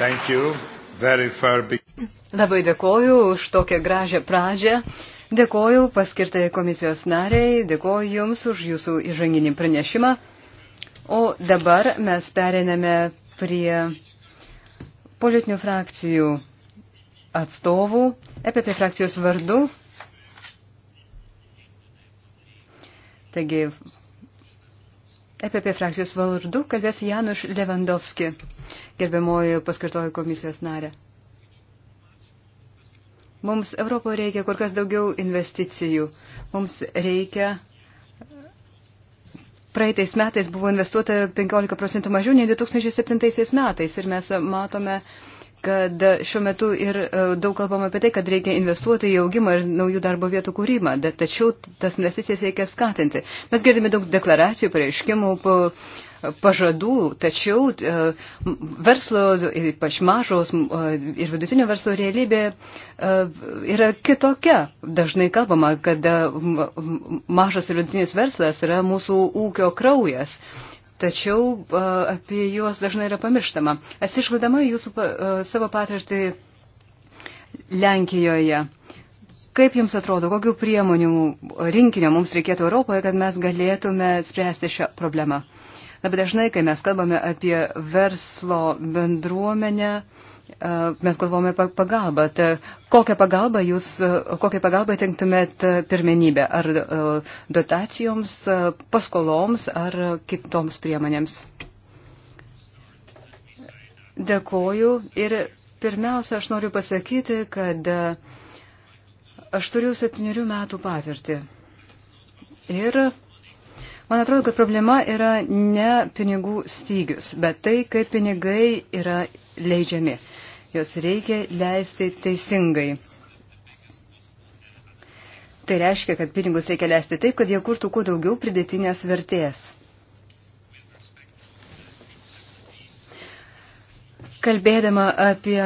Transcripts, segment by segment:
Labai dėkoju už tokią gražią pradžią. Dėkoju paskirtai komisijos nariai, dėkoju Jums už Jūsų įžanginį pranešimą. O dabar mes periname prie politinių frakcijų atstovų, EPP frakcijos vardu. Taigi, EPP frakcijos vardu kalbės Januš Levandovski gerbiamoji paskirtoji komisijos narė. Mums Europoje reikia kur kas daugiau investicijų. Mums reikia. Praeitais metais buvo investuota 15 procentų mažiau nei 2007 metais ir mes matome uh, kad šiuo metu ir e, daug kalbama apie tai, kad reikia investuoti į augimą ir naujų darbo vietų kūrimą, tačiau tas investicijas reikia skatinti. Mes girdime daug deklaracijų, pareiškimų, pažadų, tačiau e, verslo, ypač mažos e, ir vidutinio verslo realybė yra kitokia. Dažnai kalbama, kad mažas ir vidutinis verslas yra mūsų ūkio kraujas tačiau apie juos dažnai yra pamirštama. Atsižvelgdama jūsų savo patirtį Lenkijoje, kaip jums atrodo, kokiu priemonių rinkinio mums reikėtų Europoje, kad mes galėtume spręsti šią problemą? Labai dažnai, kai mes kalbame apie verslo bendruomenę, uh, mes galvome pagalbą. Tai kokią pagalbą jūs, kokią pagalbą tenktumėt pirmenybę? Ar dotacijoms, paskoloms ar kitoms priemonėms? Dėkoju ir pirmiausia, aš noriu pasakyti, kad aš turiu septyniarių metų patirtį. Ir Man atrodo, kad problema yra ne pinigų stygius, bet tai, kaip pinigai yra leidžiami. Jos reikia leisti teisingai. Tai reiškia, kad pinigus reikia leisti taip, kad jie kurtų kuo daugiau pridėtinės vertės. Kalbėdama apie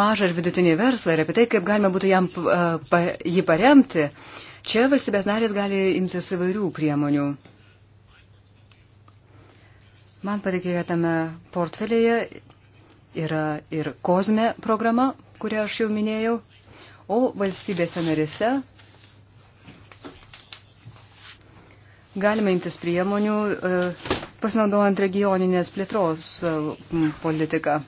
mažą ir vidutinį verslą ir apie tai, kaip galima būtų jam, pa, jį paremti, čia valstybės narės gali imtis įvairių priemonių. Man patikėjo tame portfelėje Yra ir kozme programa, kurią aš jau minėjau, o valstybėse narise galima imtis priemonių e, pasinaudojant regioninės plėtros e, politiką.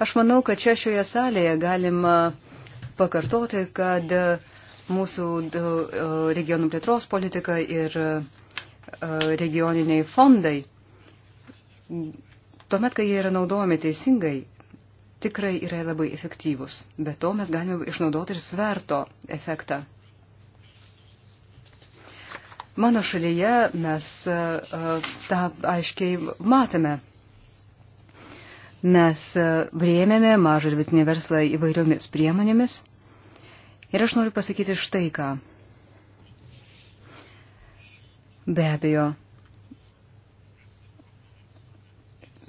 Aš manau, kad čia šioje salėje galima pakartoti, kad e, mūsų regionų plėtros politika ir regioniniai fondai Tuomet, kai jie yra naudojami teisingai, tikrai yra labai efektyvus. Be to mes galime išnaudoti ir sverto efektą. Mano šalyje mes e, e, tą aiškiai matome. Mes e, rėmėme mažą ir vidutinį verslą įvairiomis priemonėmis. Ir aš noriu pasakyti štai ką. Be abejo,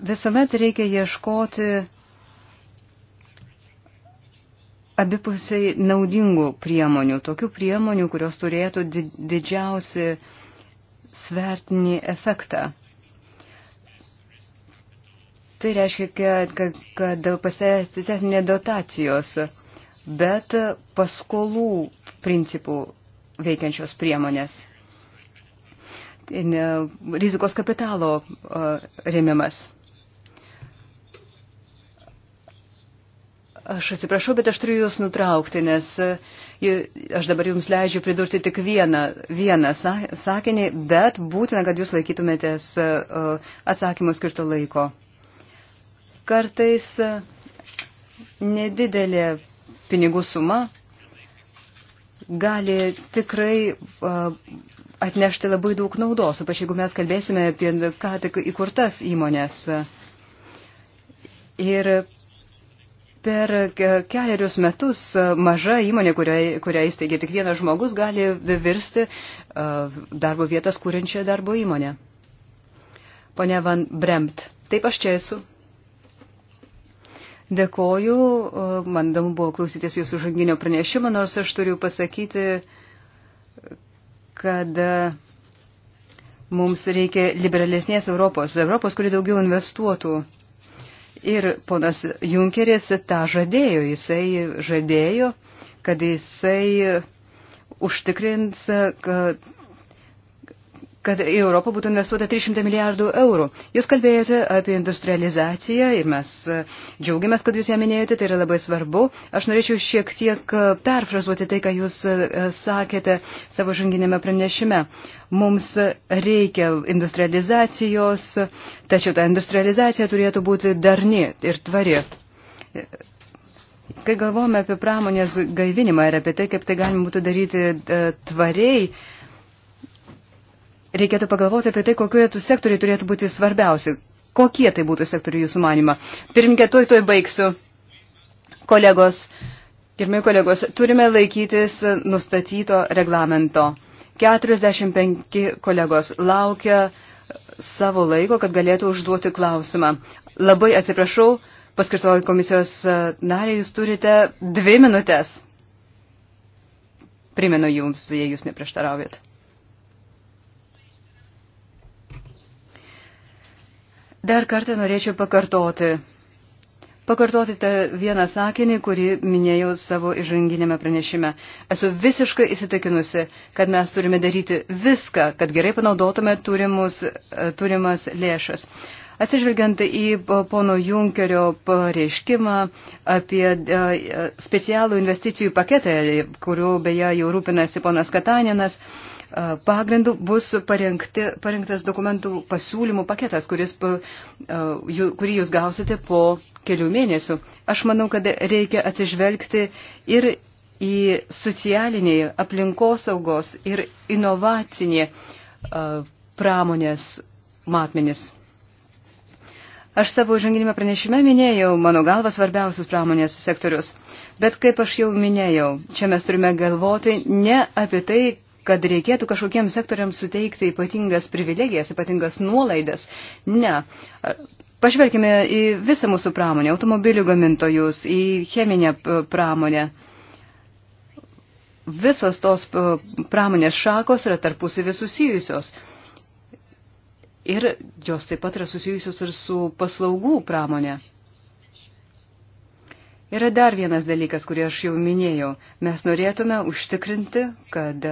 visuomet reikia ieškoti abipusiai naudingų priemonių, tokių priemonių, kurios turėtų didžiausi svertinį efektą. Tai reiškia, kad, kad pasitęs ne dotacijos, bet paskolų principų veikiančios priemonės. Rizikos kapitalo remiamas. Aš atsiprašau, bet aš turiu jūs nutraukti, nes e, aš dabar jums leidžiu pridurti tik vieną, vieną sakinį, bet būtina, kad jūs laikytumėtės e, e, atsakymų skirto laiko. Kartais nedidelė pinigų suma gali tikrai atnešti labai daug naudos, ypač jeigu mes kalbėsime apie ką tik įkurtas įmonės. Ir Per keliarius metus e, maža įmonė, kurią, kurią įsteigė tik vienas žmogus, gali virsti e, darbo vietas kūrinčią darbo įmonę. Pone Van Bremt, taip aš čia esu. Dėkoju, e, man įdomu buvo klausytis jūsų žanginio pranešimo, nors aš turiu pasakyti, kad mums reikia liberalesnės Europos, Europos, kuri daugiau investuotų Ir ponas Junkeris tą žadėjo, jisai žadėjo, kad jisai užtikrins, kad kad į Europą būtų investuota 300 milijardų eurų. Jūs kalbėjote apie industrializaciją ir mes e, džiaugiamės, kad jūs ją minėjote, tai yra labai svarbu. Aš norėčiau šiek tiek e, perfrazuoti tai, ką jūs e, sakėte savo žanginėme pranešime. Mums reikia industrializacijos, tačiau ta industrializacija turėtų būti darni ir tvari. Kai galvojame apie pramonės gaivinimą ir apie tai, kaip tai galima būtų daryti tvariai, reikėtų pagalvoti apie tai, kokie tų sektoriai turėtų būti svarbiausi. Kokie tai būtų sektoriai jūsų manima? Pirmininkė, tuoj tuoj baigsiu. Kolegos, pirmieji kolegos, turime laikytis nustatyto reglamento. 45 kolegos laukia savo laiko, kad galėtų užduoti klausimą. Labai atsiprašau, paskirtoji komisijos narė, jūs turite dvi minutės. Primenu jums, jei jūs neprieštaraujate. Dar kartą norėčiau pakartoti. Pakartoti tą vieną sakinį, kurį minėjau savo įžanginėme pranešime. Esu visiškai įsitikinusi, kad mes turime daryti viską, kad gerai panaudotume turimus, turimas lėšas. Atsižvelgiant į pono Junkerio pareiškimą apie e, specialų investicijų paketą, kuriuo beje jau rūpinasi ponas Kataninas, pagrindu bus parengti, parengtas dokumentų pasiūlymų paketas, kuris, kurį jūs gausite po kelių mėnesių. Aš manau, kad reikia atsižvelgti ir į socialinį, aplinkosaugos ir inovacinį pramonės matmenis. Aš savo žanginime pranešime minėjau mano galva svarbiausius pramonės sektorius, bet kaip aš jau minėjau, čia mes turime galvoti ne apie tai, kad reikėtų kažkokiems sektoriams suteikti ypatingas privilegijas, ypatingas nuolaidas. Ne. Pažvelkime į visą mūsų pramonę, automobilių gamintojus, į cheminę pramonę. Visos tos pramonės šakos yra tarpusavį susijusios. Ir jos taip pat yra susijusios ir su paslaugų pramonė. Yra dar vienas dalykas, kurį aš jau minėjau. Mes norėtume užtikrinti, kad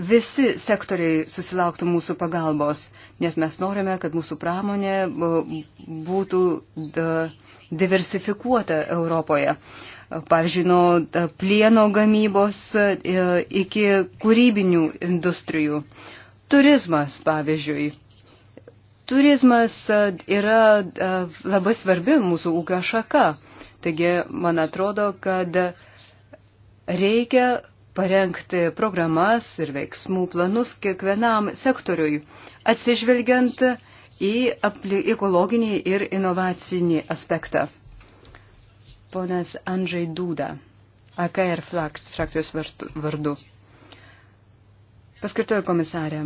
visi sektoriai susilauktų mūsų pagalbos, nes mes norime, kad mūsų pramonė e, būtų e, diversifikuota Europoje. Pavyzdžiui, nuo e, plieno gamybos iki kūrybinių industrijų. Turizmas, pavyzdžiui. Turizmas yra labai svarbi mūsų ūkio šaka. Taigi, man atrodo, kad reikia parengti programas ir veiksmų planus kiekvienam sektoriui, atsižvelgiant į ekologinį ir inovacinį aspektą. Ponas Andžai Dūda, AKR frakcijos vardu. Paskirtoju komisarė,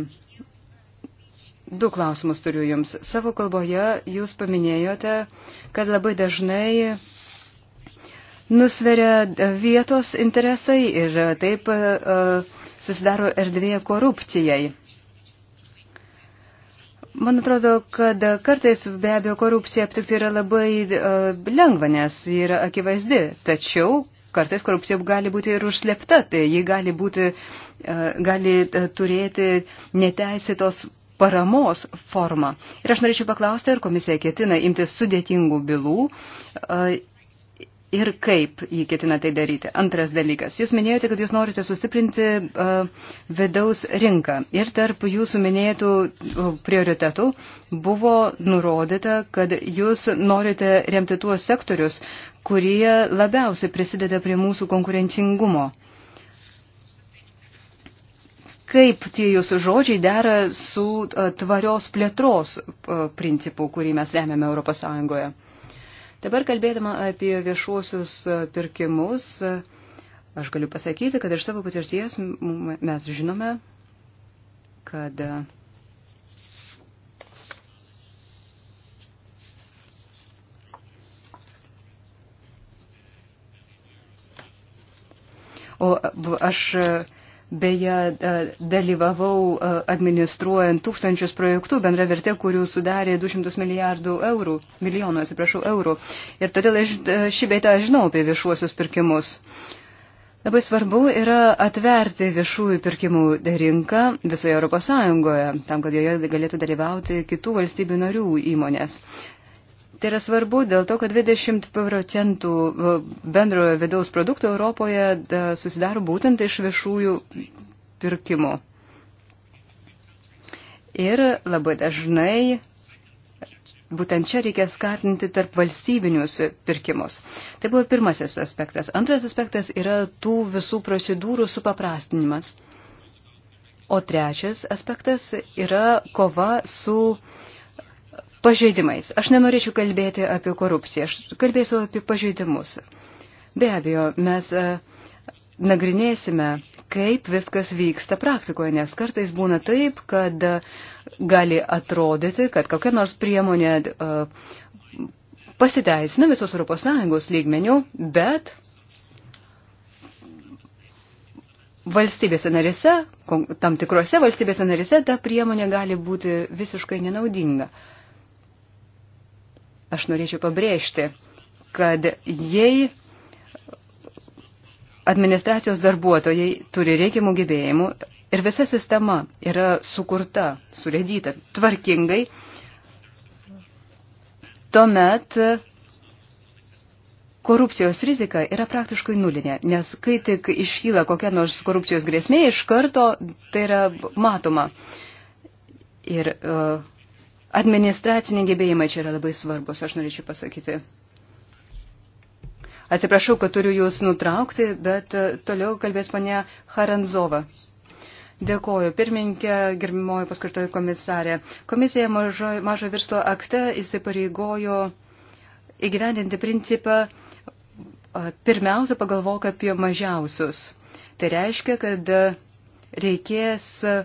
du klausimus turiu jums. Savo kalboje jūs paminėjote, kad labai dažnai nusveria e, vietos interesai ir e, taip e, susidaro erdvėje korupcijai. Man atrodo, kad kartais be abejo korupcija aptikti yra labai lengva, nes ji yra akivaizdi. Tačiau kartais korupcija gali būti ir užslepta, tai ji gali, būti, gali turėti neteisėtos paramos formą. Ir aš norėčiau paklausti, ar komisija ketina imtis sudėtingų bylų ir kaip jį ketina tai daryti. Antras dalykas. Jūs minėjote, kad jūs norite sustiprinti uh, vidaus rinką. Ir tarp jūsų minėtų e, prioritetų buvo nurodyta, kad jūs norite remti tuos sektorius, kurie labiausiai prisideda prie mūsų konkurencingumo. Kaip tie jūsų žodžiai dera su uh, tvarios plėtros uh, principu, kurį mes remiame Europos Sąjungoje? Dabar kalbėdama apie viešuosius e, pirkimus, e, aš galiu pasakyti, kad iš savo patirties mes žinome, kad e, O aš Beje, e, dalyvavau e, administruojant tūkstančius projektų bendra vertė, kurių sudarė 200 milijardų eurų, milijonų, atsiprašau, eurų. Ir todėl aš e, šį beitą žinau apie viešuosius pirkimus. Labai svarbu yra atverti viešųjų pirkimų rinką visoje Europos Sąjungoje, tam, kad joje galėtų dalyvauti kitų valstybių narių įmonės. Tai yra svarbu dėl to, kad 20 procentų e, bendrojo vidaus produkto Europoje e, susidaro būtent iš viešųjų pirkimų. Ir labai dažnai būtent čia reikia skatinti tarp valstybinius pirkimus. Tai buvo pirmasis aspektas. Antras aspektas yra tų visų procedūrų supaprastinimas. O trečias aspektas yra kova su uh, pažeidimais. Aš nenorėčiau kalbėti apie korupciją, aš kalbėsiu apie pažeidimus. Be abejo, mes e, nagrinėsime, kaip viskas vyksta praktikoje, nes kartais būna taip, kad e, gali atrodyti, kad kokia nors priemonė e, pasiteisina visos ES lygmenių, bet valstybėse narise, tam tikrose valstybėse narise ta priemonė gali būti visiškai nenaudinga. Uh, Aš norėčiau pabrėžti, kad jei administracijos darbuotojai turi reikiamų gebėjimų ir visa sistema yra sukurta, surėdyta tvarkingai, tuomet korupcijos rizika yra praktiškai nulinė, nes kai tik iškyla kokia nors korupcijos grėsmė, iš karto tai yra matoma. Ir uh, administraciniai gebėjimai čia yra labai svarbus, aš norėčiau pasakyti. Atsiprašau, kad turiu jūs nutraukti, bet e, toliau kalbės ponia Haranzova. Dėkoju. Pirmininkė, gerbimoji paskirtoji komisarė. Komisija mažo, mažo verslo akte įsipareigojo įgyvendinti principą pirmiausia pagalvok apie mažiausius. Tai reiškia, kad reikės uh,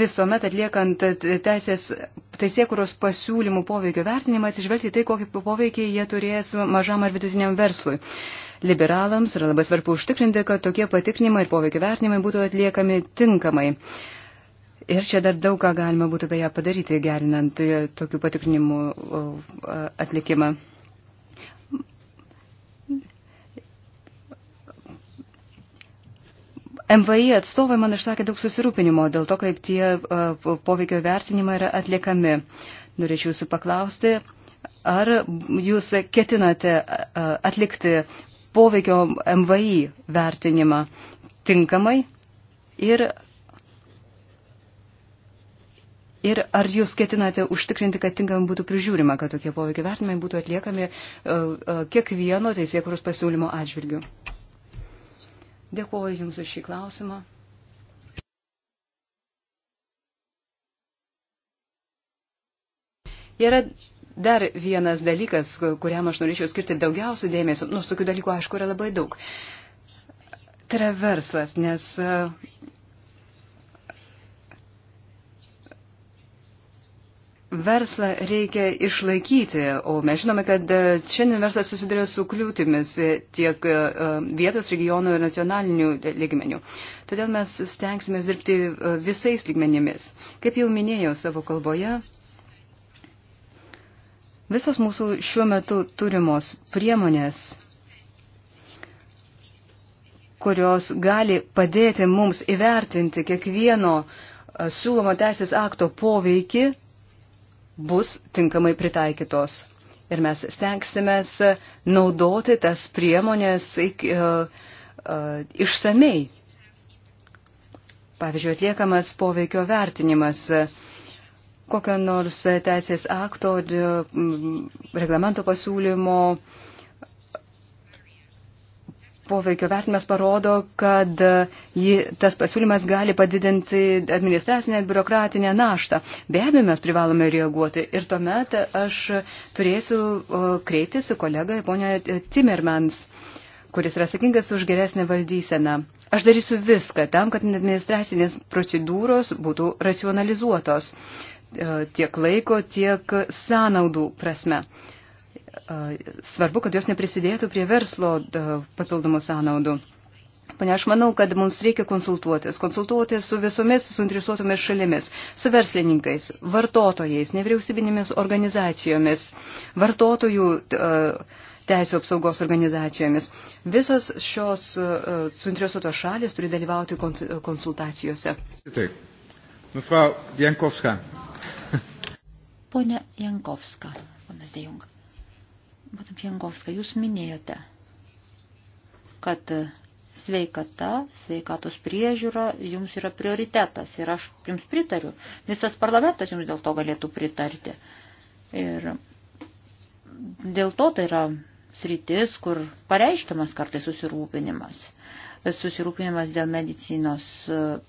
visuomet atliekant teisės, teisėkuros pasiūlymų poveikio vertinimą atsižvelgti tai, kokį poveikį jie turės mažam ar vidutiniam verslui. Liberalams yra labai svarbu užtikrinti, kad tokie patikrinimai ir poveikio vertinimai būtų atliekami tinkamai. Ir čia dar daug ką galima būtų beje padaryti, gerinant tokių patikrinimų atlikimą. MVI atstovai man išsakė daug susirūpinimo dėl to, kaip tie poveikio vertinimai yra atliekami. Norėčiau jūsų paklausti, ar jūs ketinate atlikti poveikio MVI vertinimą tinkamai ir, ir ar jūs ketinate užtikrinti, kad tinkamai būtų prižiūrima, kad tokie poveikio vertinimai būtų atliekami kiekvieno teisėkurus pasiūlymo atžvilgiu. Dėkuoju Jums už šį klausimą. Yra dar vienas dalykas, kuriam aš norėčiau skirti daugiausia dėmesio, nors tokių dalykų, aišku, yra labai daug. Tai yra verslas, nes Verslą reikia išlaikyti, o mes žinome, kad e, šiandien verslas susiduria su kliūtimis tiek e, e, vietos, regionų ir nacionalinių lygmenių. Todėl mes stengsime dirbti visais lygmenimis. Kaip jau minėjau savo kalboje, visos mūsų šiuo metu turimos priemonės kurios gali padėti mums įvertinti kiekvieno siūlomo teisės akto poveikį bus tinkamai pritaikytos. Ir mes stengsime naudoti tas priemonės e, e, išsamei. Pavyzdžiui, atliekamas poveikio vertinimas kokio nors teisės akto e, reglamento pasiūlymo poveikio vertimas parodo, kad ji, tas pasiūlymas gali padidinti administracinę ir biurokratinę naštą. Be abejo, mes privalome reaguoti. Ir tuomet aš turėsiu kreiptis į kolegą, ponia Timmermans, kuris yra sakingas už geresnę valdyseną. Aš darysiu viską tam, kad administracinės procedūros būtų racionalizuotos e, tiek laiko, tiek sąnaudų prasme svarbu, kad jos neprisidėtų prie verslo papildomų sąnaudų. Pane, aš manau, kad mums reikia konsultuotis, konsultuotis su visomis suinteresuotomis šalimis, su verslininkais, vartotojais, nevyriausybinėmis organizacijomis, vartotojų teisų apsaugos organizacijomis. Visos šios suinteresuotos šalis turi dalyvauti konsultacijose. Taip. Mufrau nu, Jankovska. Pone Jankovska, ponas Dejunga. Matam Jankovska, jūs minėjote, kad sveikata, sveikatos priežiūra jums yra prioritetas ir aš jums pritariu. Visas parlamentas jums dėl to galėtų pritarti. Ir dėl to tai yra sritis, kur pareiškiamas kartais susirūpinimas. Susirūpinimas dėl medicinos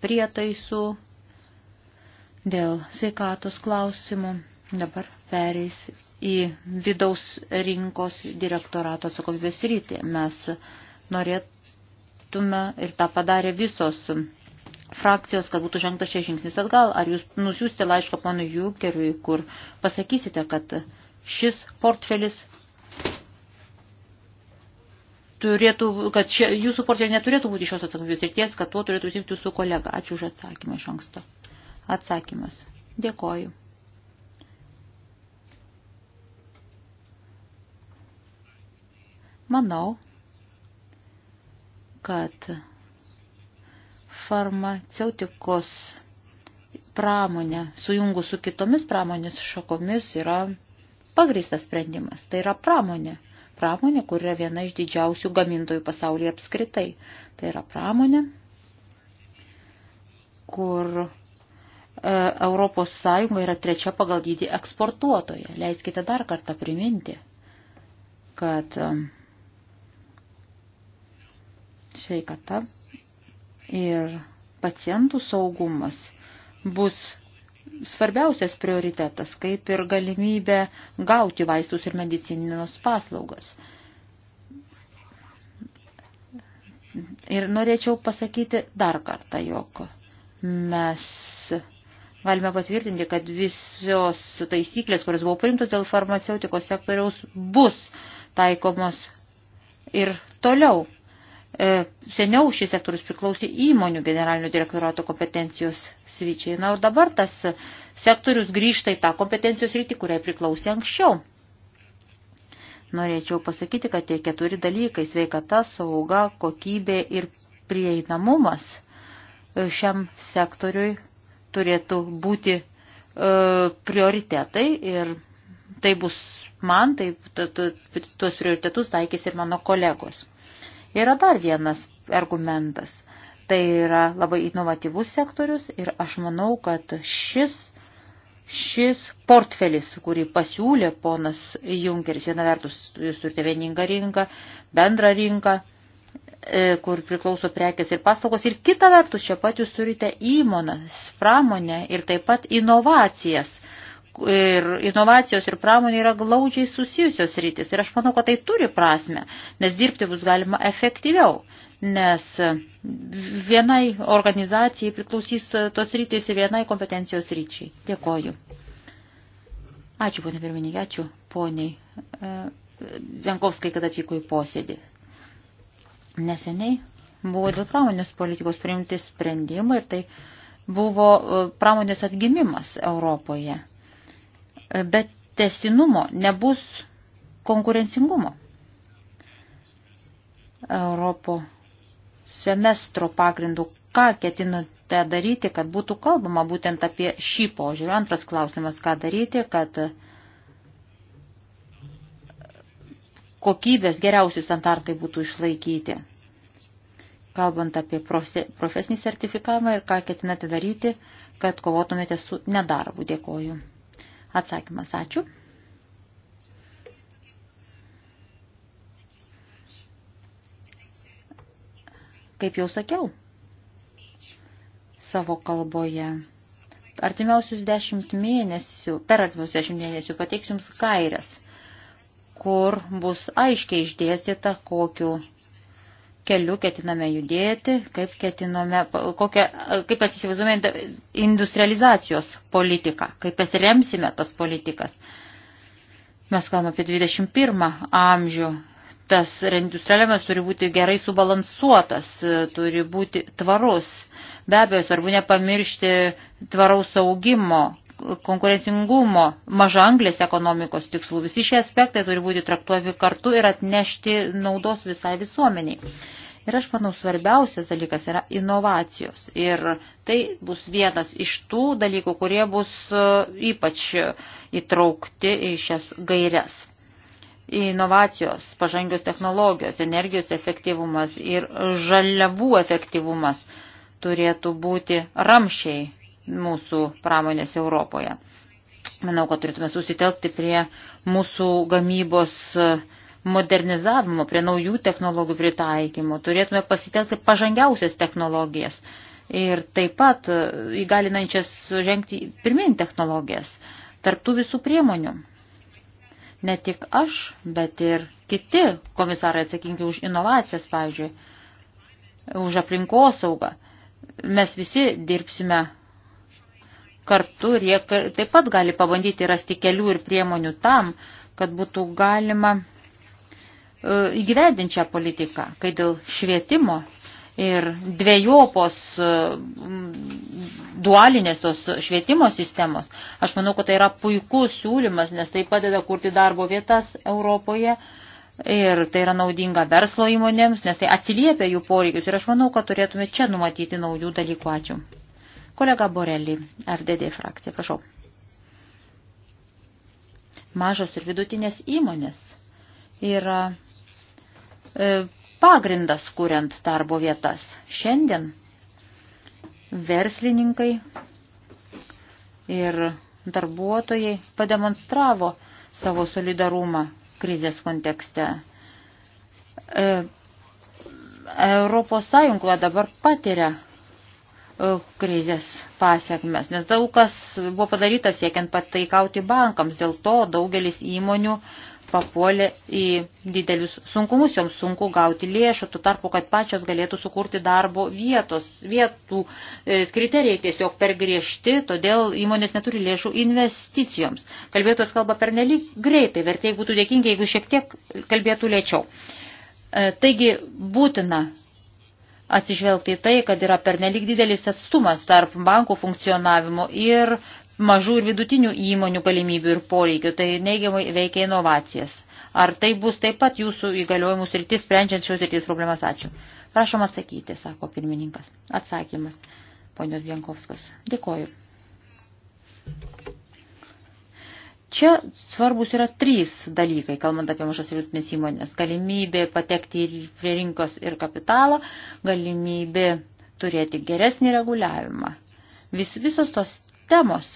prietaisų, dėl sveikatos klausimų. Dabar pereis į vidaus rinkos direktorato atsakomybės rytį. Mes norėtume ir tą padarė visos frakcijos, kad būtų žengtas šie žingsnis atgal. Ar jūs nusiųsite laišką ponui Jukeriui, kur pasakysite, kad šis portfelis turėtų, kad šia, jūsų portfelė neturėtų būti šios atsakomybės ir ties, kad tuo turėtų užsimti jūsų kolega. Ačiū už atsakymą iš anksto. Atsakymas. Dėkoju. Manau, kad farmaceutikos pramonė, sujungus su kitomis pramonės šakomis, yra pagristas sprendimas. Tai yra pramonė. Pramonė, kur yra viena iš didžiausių gamintojų pasaulyje apskritai. Tai yra pramonė, kur e, Europos Sąjunga yra trečia pagal dydį eksportuotoja. Leiskite dar kartą priminti, kad sveikata ir pacientų saugumas bus svarbiausias prioritetas, kaip ir galimybė gauti vaistus ir medicininos paslaugas. Ir norėčiau pasakyti dar kartą, jog mes galime patvirtinti, kad visos taisyklės, kurios buvo priimtos dėl farmaceutikos sektoriaus, bus taikomos ir toliau. E, seniau šis sektorius priklausė įmonių generalinio direktorato kompetencijos svyčiai. Na, o dabar tas sektorius grįžta į tą kompetencijos rytį, kuriai priklausė anksčiau. Norėčiau pasakyti, kad tie keturi dalykai - sveikata, sauga, kokybė ir prieinamumas e, šiam sektoriui turėtų būti e, prioritetai ir tai bus man, tai tuos prioritetus taikys ir mano kolegos. Yra dar vienas argumentas. Tai yra labai inovatyvus sektorius ir aš manau, kad šis, šis portfelis, kurį pasiūlė ponas Junkeris, viena vertus jūs turite vieningą rinką, bendrą rinką, e, kur priklauso prekės ir paslaugos. Ir kita vertus, čia pat jūs turite įmonas, pramonę ir taip pat inovacijas, ir inovacijos ir pramonė yra glaudžiai susijusios rytis. Ir aš manau, kad tai turi prasme, nes dirbti bus galima efektyviau, nes vienai organizacijai priklausys tos rytis ir vienai kompetencijos ryčiai. Dėkoju. Ačiū, ponė pirmininkė, ačiū poniai Venkovskai, kad atvyko į posėdį. Neseniai buvo dėl pramonės politikos priimti sprendimai ir tai buvo e, pramonės atgimimas Europoje bet tesinumo nebus konkurencingumo. Europo semestro pagrindų, ką ketinate daryti, kad būtų kalbama būtent apie šį požiūrį. Antras klausimas, ką daryti, kad kokybės geriausi standartai būtų išlaikyti. Kalbant apie profesinį sertifikavimą ir ką ketinate daryti, kad kovotumėte su nedarbu. Dėkoju. Atsakymas ačiū. Kaip jau sakiau, savo kalboje artimiausius dešimt mėnesių, per artimiausius dešimt mėnesių pateiksiu jums kairės, kur bus aiškiai išdėstyta, kokiu keliu ketiname judėti, kaip, ketiname, kokia, kaip mes įsivaizduojame industrializacijos politiką, kaip mes remsime tas politikas. Mes kalbame apie 21 amžių. Tas reindustrialiavimas turi būti gerai subalansuotas, turi būti tvarus. Be abejo, svarbu nepamiršti tvaraus augimo, konkurencingumo, mažanglės ekonomikos tikslų. Visi šie aspektai turi būti traktuojami kartu ir atnešti naudos visai visuomeniai. Ir aš manau, svarbiausias dalykas yra inovacijos. Ir tai bus vienas iš tų dalykų, kurie bus e, ypač įtraukti į šias gairias. Inovacijos, pažangios technologijos, energijos efektyvumas ir žaliavų efektyvumas turėtų būti ramšiai mūsų pramonės Europoje. Manau, kad turėtume susitelkti prie mūsų gamybos modernizavimo, prie naujų technologijų pritaikymo. Turėtume pasitelkti pažangiausias technologijas ir taip pat įgalinančias žengti pirmin technologijas tarptų visų priemonių. Ne tik aš, bet ir kiti komisarai atsakingi už inovacijas, pavyzdžiui, už aplinkosaugą. Mes visi dirbsime kartu ir jie taip pat gali pabandyti rasti kelių ir priemonių tam, kad būtų galima e, įgyvendinti šią politiką, kai dėl švietimo ir dviejopos e, dualinės tos švietimo sistemos. Aš manau, kad tai yra puikus siūlymas, nes tai padeda kurti darbo vietas Europoje. Ir tai yra naudinga verslo įmonėms, nes tai atsiliepia jų poreikius. Ir aš manau, kad turėtume čia numatyti naujų dalykų. Ačiū. Kolega Borelli, FDD frakcija, prašau. Mažos ir vidutinės įmonės yra e, pagrindas, kuriant darbo vietas. Šiandien verslininkai ir darbuotojai pademonstravo savo solidarumą krizės kontekste. E, Europos Sąjunga dabar patiria E, krizės pasiekmes, nes daug kas buvo padaryta siekiant pataikauti bankams, dėl to daugelis įmonių papuolė į didelius sunkumus, joms sunku gauti lėšų, tu tarpu, kad pačios galėtų sukurti darbo vietos, vietų e, kriterijai tiesiog per griežti, todėl įmonės neturi lėšų investicijoms. Kalbėtos kalba per nelik greitai, vertėjai būtų dėkingi, jeigu šiek tiek kalbėtų lėčiau. E, taigi būtina atsižvelgti į tai, kad yra pernelik didelis atstumas tarp bankų funkcionavimo ir mažų ir vidutinių įmonių galimybių ir poreikių, tai neigiamai veikia inovacijas. Ar tai bus taip pat jūsų įgaliojimus rytis, sprendžiant šios rytis problemas? Ačiū. Prašom atsakyti, sako pirmininkas. Atsakymas, ponios Bienkovskas. Dėkoju. Čia svarbus yra trys dalykai, kalbant apie mažas ir vidutinės įmonės. Galimybė patekti prie rinkos ir kapitalo, galimybė turėti geresnį reguliavimą. Vis, visos tos temos,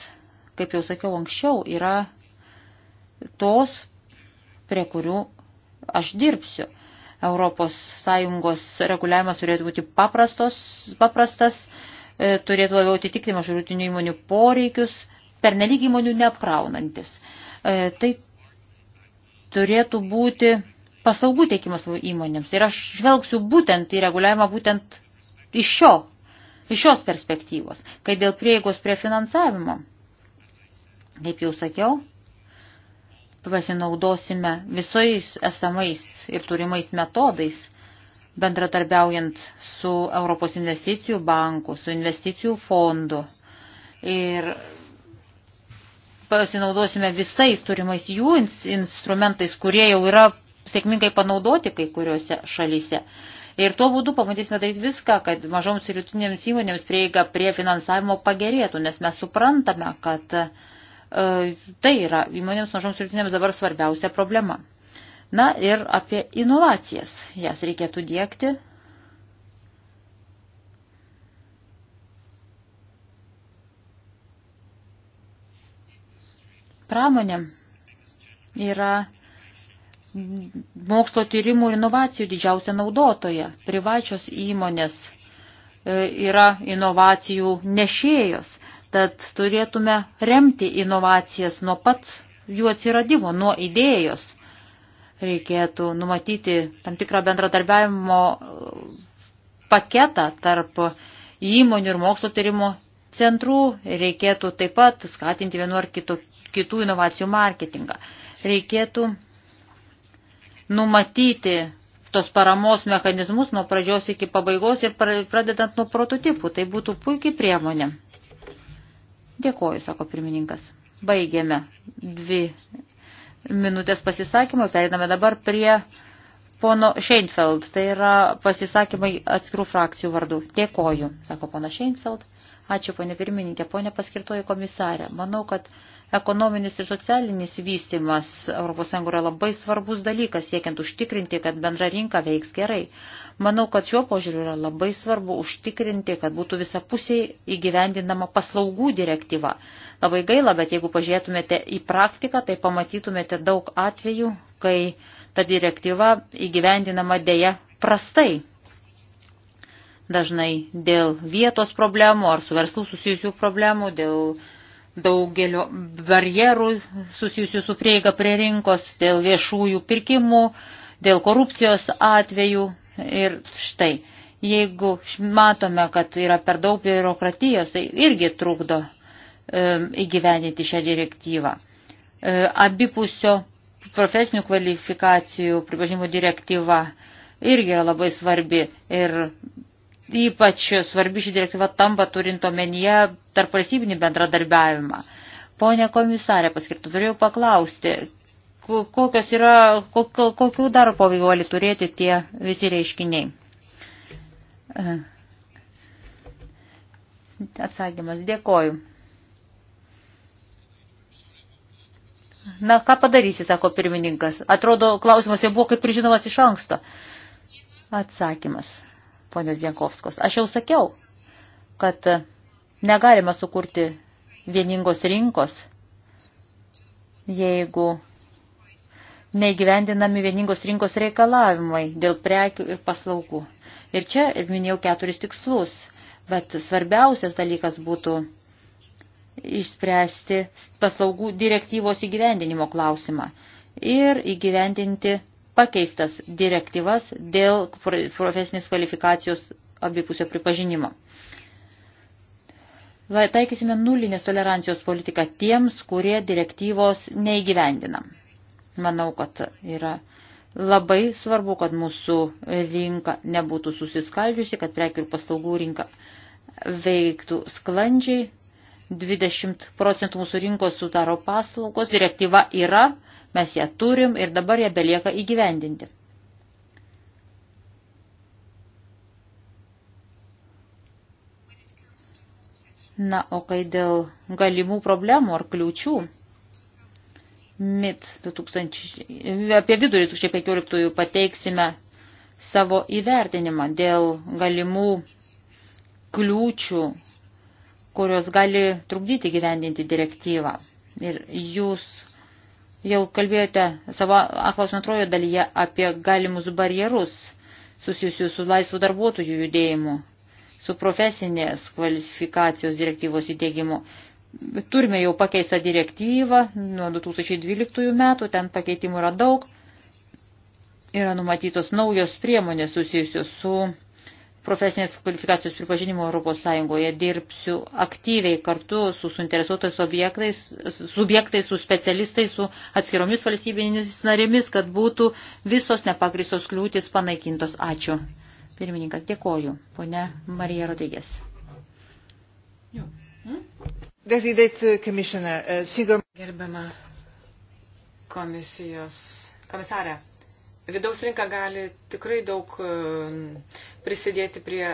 kaip jau sakiau anksčiau, yra tos, prie kurių aš dirbsiu. Europos Sąjungos reguliavimas turėtų būti paprastos, paprastas, e, turėtų labiau atitikti mažurutinių įmonių poreikius pernelyg įmonių neapkraunantis. E, tai turėtų būti paslaugų teikimas įmonėms. Ir aš žvelgsiu būtent į reguliavimą būtent iš, šio, iš šios perspektyvos, kai dėl prieigos prie finansavimo, kaip jau sakiau, pasinaudosime visais esamais ir turimais metodais, bendratarbiaujant su Europos investicijų banku, su investicijų fondu. Ir pasinaudosime visais turimais jų instrumentais, kurie jau yra sėkmingai panaudoti kai kuriuose šalyse. Ir tuo būdu pamatysime daryti viską, kad mažoms ir rytinėms įmonėms prieiga prie finansavimo pagerėtų, nes mes suprantame, kad e, tai yra įmonėms mažoms ir rytinėms dabar svarbiausia problema. Na ir apie inovacijas. Jas reikėtų dėkti pramonė yra mokslo tyrimų ir inovacijų didžiausia naudotoja. Privačios įmonės e, yra inovacijų nešėjos, tad turėtume remti inovacijas nuo pat jų atsiradimo, nuo idėjos. Reikėtų numatyti tam tikrą bendradarbiavimo e, paketą tarp įmonių ir mokslo tyrimų centrų reikėtų taip pat skatinti vienu ar kitok, kitų inovacijų marketingą. Reikėtų numatyti tos paramos mechanizmus nuo pradžios iki pabaigos ir pradedant nuo prototipų. Tai būtų puikiai priemonė. Dėkoju, sako pirmininkas. Baigėme dvi minutės pasisakymą, periname dabar prie pono Sheinfeld. Tai yra pasisakymai atskirų frakcijų vardu. Dėkoju, sako pono Sheinfeld. Ačiū, ponė pirmininkė, ponė paskirtoji komisarė. Manau, kad Ekonominis ir socialinis vystimas ES yra labai svarbus dalykas, siekiant užtikrinti, kad bendra rinka veiks gerai. Manau, kad šiuo požiūriu yra labai svarbu užtikrinti, kad būtų visapusiai įgyvendinama paslaugų direktyva. Labai gaila, bet jeigu pažiūrėtumėte į praktiką, tai pamatytumėte daug atvejų, kai ta direktyva įgyvendinama dėja prastai dažnai dėl vietos problemų ar su verslu susijusių problemų, dėl daugelio barjerų susijusių su prieiga prie rinkos, dėl viešųjų pirkimų, dėl korupcijos atvejų. Ir štai, jeigu matome, kad yra per daug biurokratijos, tai irgi trukdo įgyveninti šią direktyvą. E, abipusio profesinių kvalifikacijų pripažinimo direktyva irgi yra labai svarbi ir ypač svarbi ši direktyva tampa turint omenyje tarp valstybinį bendradarbiavimą. Pone komisarė paskirtų, turėjau paklausti, kokios yra, kokių dar poveikio gali turėti tie visi reiškiniai. Atsakymas, dėkoju. Na, ką padarysi, sako pirmininkas. Atrodo, klausimas jau buvo kaip ir žinomas iš anksto. Atsakymas ponės Bienkovskos. Aš jau sakiau, kad negalima sukurti vieningos rinkos, jeigu neįgyvendinami vieningos rinkos reikalavimai dėl prekių ir paslaugų. Ir čia ir minėjau keturis tikslus, bet svarbiausias dalykas būtų išspręsti paslaugų direktyvos įgyvendinimo klausimą ir įgyvendinti pakeistas direktyvas dėl profesinės kvalifikacijos abipusio pripažinimo. Taikysime nulinės tolerancijos politiką tiems, kurie direktyvos neįgyvendina. Manau, kad yra labai svarbu, kad mūsų rinka nebūtų susiskaldžiusi, kad prekių ir paslaugų rinka veiktų sklandžiai. 20 procentų mūsų rinkos sudaro paslaugos, direktyva yra, mes ją turim ir dabar ją belieka įgyvendinti. Na, o kai dėl galimų problemų ar kliūčių, MIT 2000, apie vidurį 2015 pateiksime savo įvertinimą dėl galimų kliūčių, kurios gali trukdyti gyvendinti direktyvą. Ir jūs Jau kalbėjote savo aklaus antrojo dalyje apie galimus barjerus susijusius su laisvų darbuotojų judėjimu, su profesinės kvalifikacijos direktyvos įdėgymu. Turime jau pakeistą direktyvą nuo 2012 metų, ten pakeitimų yra daug. Yra numatytos naujos priemonės susijusios su profesinės kvalifikacijos pripažinimo Europos Sąjungoje dirbsiu aktyviai kartu su suinteresuotais objektais, subjektais, su specialistais, su atskiromis valstybinėmis narėmis, kad būtų visos nepagrisos kliūtis panaikintos. Ačiū. Pirmininkas, dėkoju. Pone Marija Rodrygės. Uh, Gerbiama komisijos komisarė. Vidaus rinka gali tikrai daug e, prisidėti prie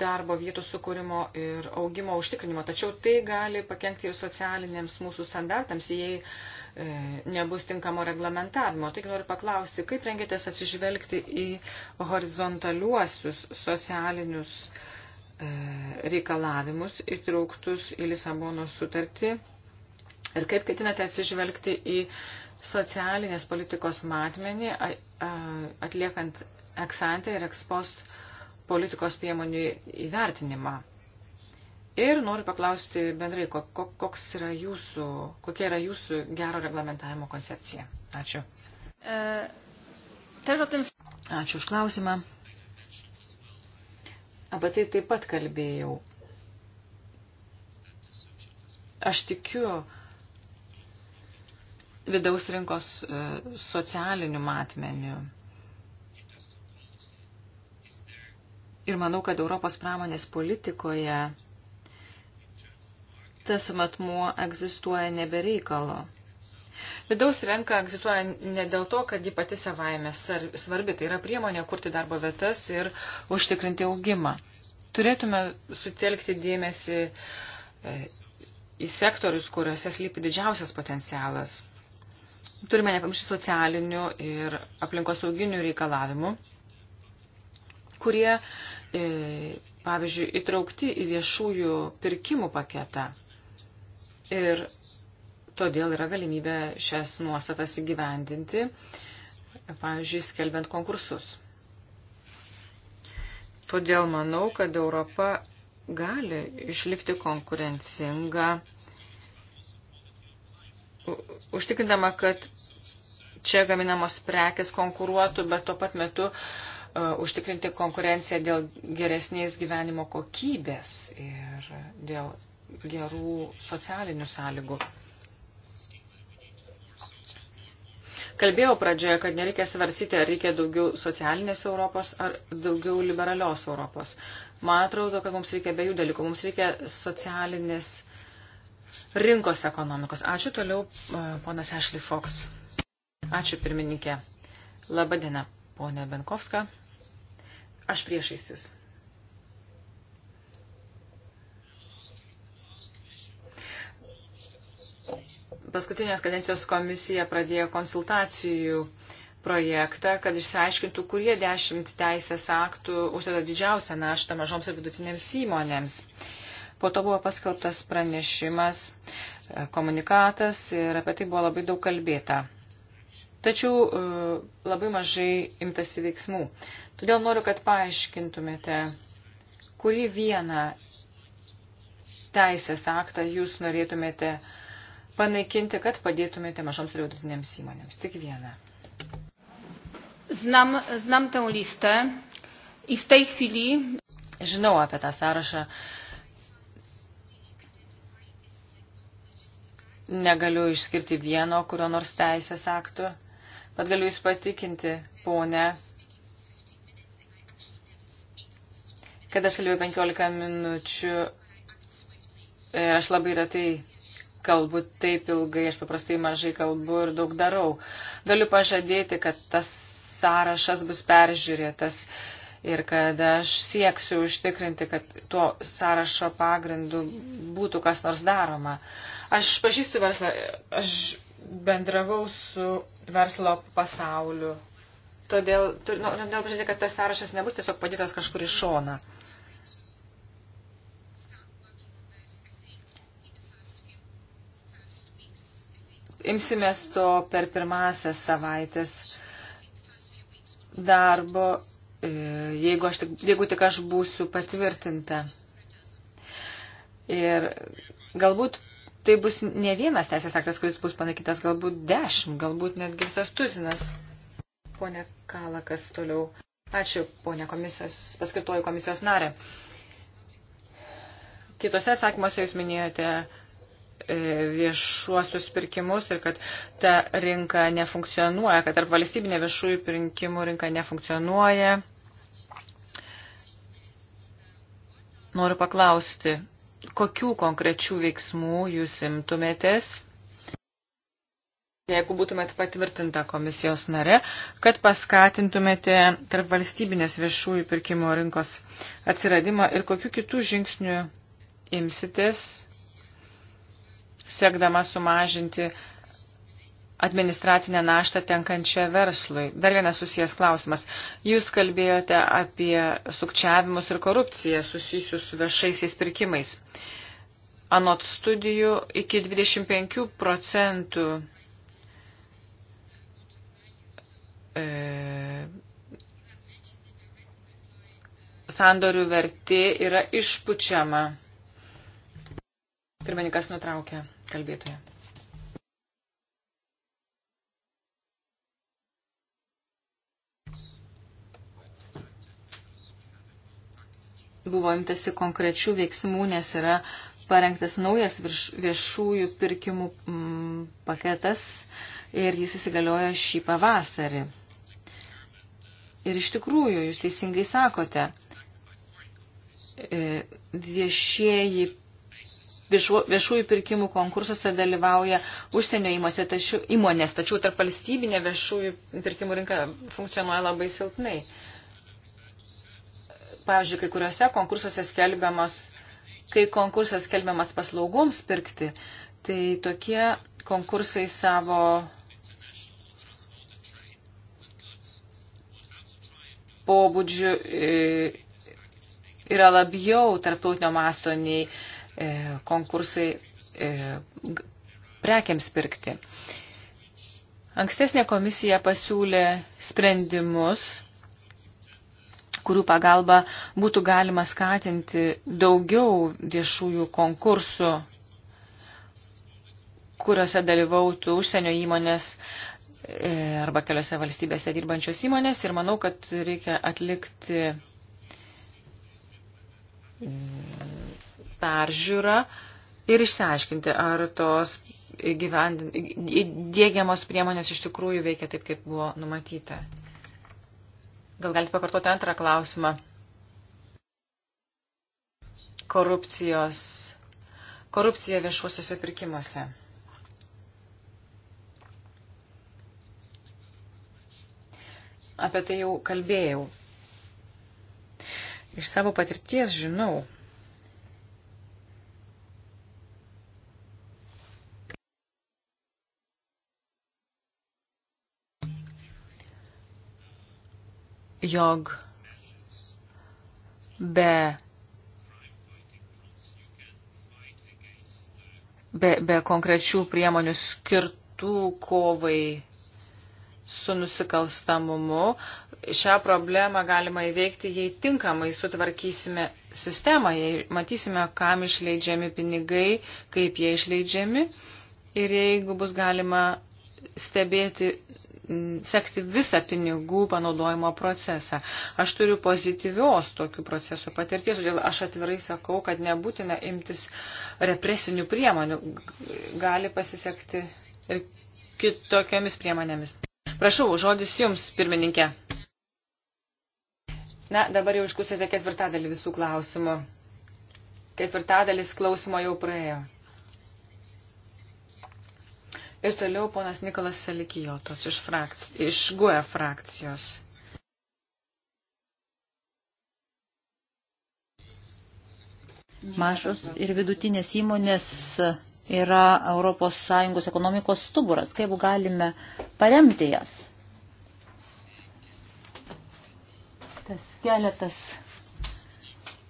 darbo vietų sukūrimo ir augimo užtikrinimo, tačiau tai gali pakengti ir socialiniams mūsų standartams, jei e, nebus tinkamo reglamentavimo. Tik noriu paklausti, kaip rengėtės atsižvelgti į horizontaliuosius socialinius e, reikalavimus įtrauktus į Lisabonos sutartį ir kaip ketinate atsižvelgti į socialinės politikos matmenį, atliekant eksantę ir ekspost politikos priemonių įvertinimą. Ir noriu paklausti bendrai, koks yra jūsų, kokia yra jūsų gero reglamentavimo koncepcija. Ačiū. E, Ačiū už klausimą. Apie tai taip pat kalbėjau. Aš tikiu, vidaus rinkos e, socialiniu matmeniu. Ir manau, kad Europos pramonės politikoje tas matmuo egzistuoja nebereikalo. Vidaus renka egzistuoja ne dėl to, kad ji pati savaime svarbi, tai yra priemonė kurti darbo vietas ir užtikrinti augimą. Turėtume sutelkti dėmesį e, į sektorius, kuriuose slypi didžiausias potencialas. Turime nepamiršti socialinių ir aplinkosauginių reikalavimų, kurie, e, pavyzdžiui, įtraukti į viešųjų pirkimų paketą. Ir todėl yra galimybė šias nuostatas įgyvendinti, pavyzdžiui, skelbiant konkursus. Todėl manau, kad Europa gali išlikti konkurencinga užtikrindama, kad čia gaminamos prekes konkuruotų, bet tuo pat metu uh, užtikrinti konkurenciją dėl geresnės gyvenimo kokybės ir dėl gerų socialinių sąlygų. Kalbėjau pradžioje, kad nereikia svarsyti, ar reikia daugiau socialinės Europos ar daugiau liberalios Europos. Man atrodo, kad mums reikia be jų dalykų. Mums reikia socialinės rinkos ekonomikos. Ačiū toliau, e, ponas Ashley Fox. Ačiū pirmininkė. Labadiena, ponė Benkovska. Aš priešais jūs. Paskutinės kadencijos komisija pradėjo konsultacijų projektą, kad išsiaiškintų, kurie dešimt teisės aktų uždeda didžiausią naštą mažoms ir vidutinėms įmonėms. Po to buvo paskelbtas pranešimas, e, komunikatas ir apie tai buvo labai daug kalbėta. Tačiau e, labai mažai imtasi veiksmų. Todėl noriu, kad paaiškintumėte, kurį vieną teisės aktą jūs norėtumėte panaikinti, kad padėtumėte mažoms ir vidutinėms įmonėms. Tik vieną. Znam, znam tę listę į tej chwili. Žinau apie tą sąrašą negaliu išskirti vieno, kurio nors teisės akto, bet galiu jūs patikinti, ponę, kad aš kalbėjau 15 minučių ir aš labai retai kalbu taip ilgai, aš paprastai mažai kalbu ir daug darau. Galiu pažadėti, kad tas sąrašas bus peržiūrėtas ir kad aš sieksiu užtikrinti, kad tuo sąrašo pagrindu būtų kas nors daroma. Uh, Aš pažįstu verslą, aš bendravau su verslo pasauliu. Todėl nu, nu, noriu nu, pažiūrėti, kad tas sąrašas nebus tiesiog padėtas kažkur į šoną. Imsimės to per pirmąsias savaitės darbo, e, jeigu, aš tik, jeigu tik aš būsiu patvirtinta. Ir galbūt tai bus ne vienas teisės aktas, kuris bus panaikytas, galbūt dešimt, galbūt netgi visas tuzinas. Pone Kalakas toliau. Ačiū, ponė komisijos, paskirtoju komisijos narė. Kitose atsakymuose jūs minėjote e, viešuosius pirkimus ir kad ta rinka nefunkcionuoja, kad tarp valstybinė viešųjų pirkimų rinka nefunkcionuoja. Noriu paklausti, kokių konkrečių veiksmų jūs imtumėtės, jeigu būtumėt patvirtinta komisijos nare, kad paskatintumėte tarp valstybinės viešųjų pirkimo rinkos atsiradimą ir kokiu kitų žingsnių imsitės, siekdama sumažinti administracinę naštą tenkančią verslui. Dar vienas susijęs klausimas. Jūs kalbėjote apie sukčiavimus ir korupciją susijusius su viešaisiais pirkimais. Anot studijų iki 25 procentų e, sandorių vertė yra išpučiama. Pirmininkas nutraukė kalbėtoje. buvo imtasi konkrečių veiksmų, nes yra parengtas naujas virš, viešųjų pirkimų mm, paketas ir jis įsigaliojo šį pavasarį. Ir iš tikrųjų, jūs teisingai sakote, e, viešieji, viešų, viešųjų pirkimų konkursuose dalyvauja užsienio įmonės, tačiau, įmonės, tačiau tarp valstybinė viešųjų pirkimų rinka funkcionuoja labai silpnai pavyzdžiui, kai kuriuose konkursuose skelbiamos, kai konkursas skelbiamas paslaugoms pirkti, tai tokie konkursai savo pobūdžių e, yra labiau tarptautinio masto nei e, konkursai e, prekiams pirkti. Ankstesnė komisija pasiūlė sprendimus kurių pagalba būtų galima skatinti daugiau viešųjų konkursų, kuriuose dalyvautų užsienio įmonės e, arba keliose valstybėse dirbančios įmonės ir manau, kad reikia atlikti mm, peržiūrą ir išsiaiškinti, ar tos dėgiamos priemonės iš tikrųjų veikia taip, kaip buvo numatyta. Gal galite pakartoti antrą klausimą? Korupcijos. Korupcija viešuosiuose pirkimuose. Apie tai jau kalbėjau. Iš savo patirties žinau, jog be, be, be konkrečių priemonių skirtų kovai su nusikalstamumu, šią problemą galima įveikti, jei tinkamai sutvarkysime sistemą, jei matysime, kam išleidžiami pinigai, kaip jie išleidžiami ir jeigu bus galima stebėti, sekti visą pinigų panaudojimo procesą. Aš turiu pozityvios tokių procesų patirties, todėl aš atvirai sakau, kad nebūtina imtis represinių priemonių. Gali pasisekti ir kitokiamis priemonėmis. Prašau, žodis jums, pirmininkė. Na, dabar jau išklausėte ketvirtadalį visų klausimų. Ketvirtadalis klausimo jau praėjo. Ir toliau ponas Nikolas Selikijotos iš, frakci... iš GUE frakcijos. Mažos ir vidutinės įmonės yra ES ekonomikos stuburas. Kaip galime paremti jas? Tas keletas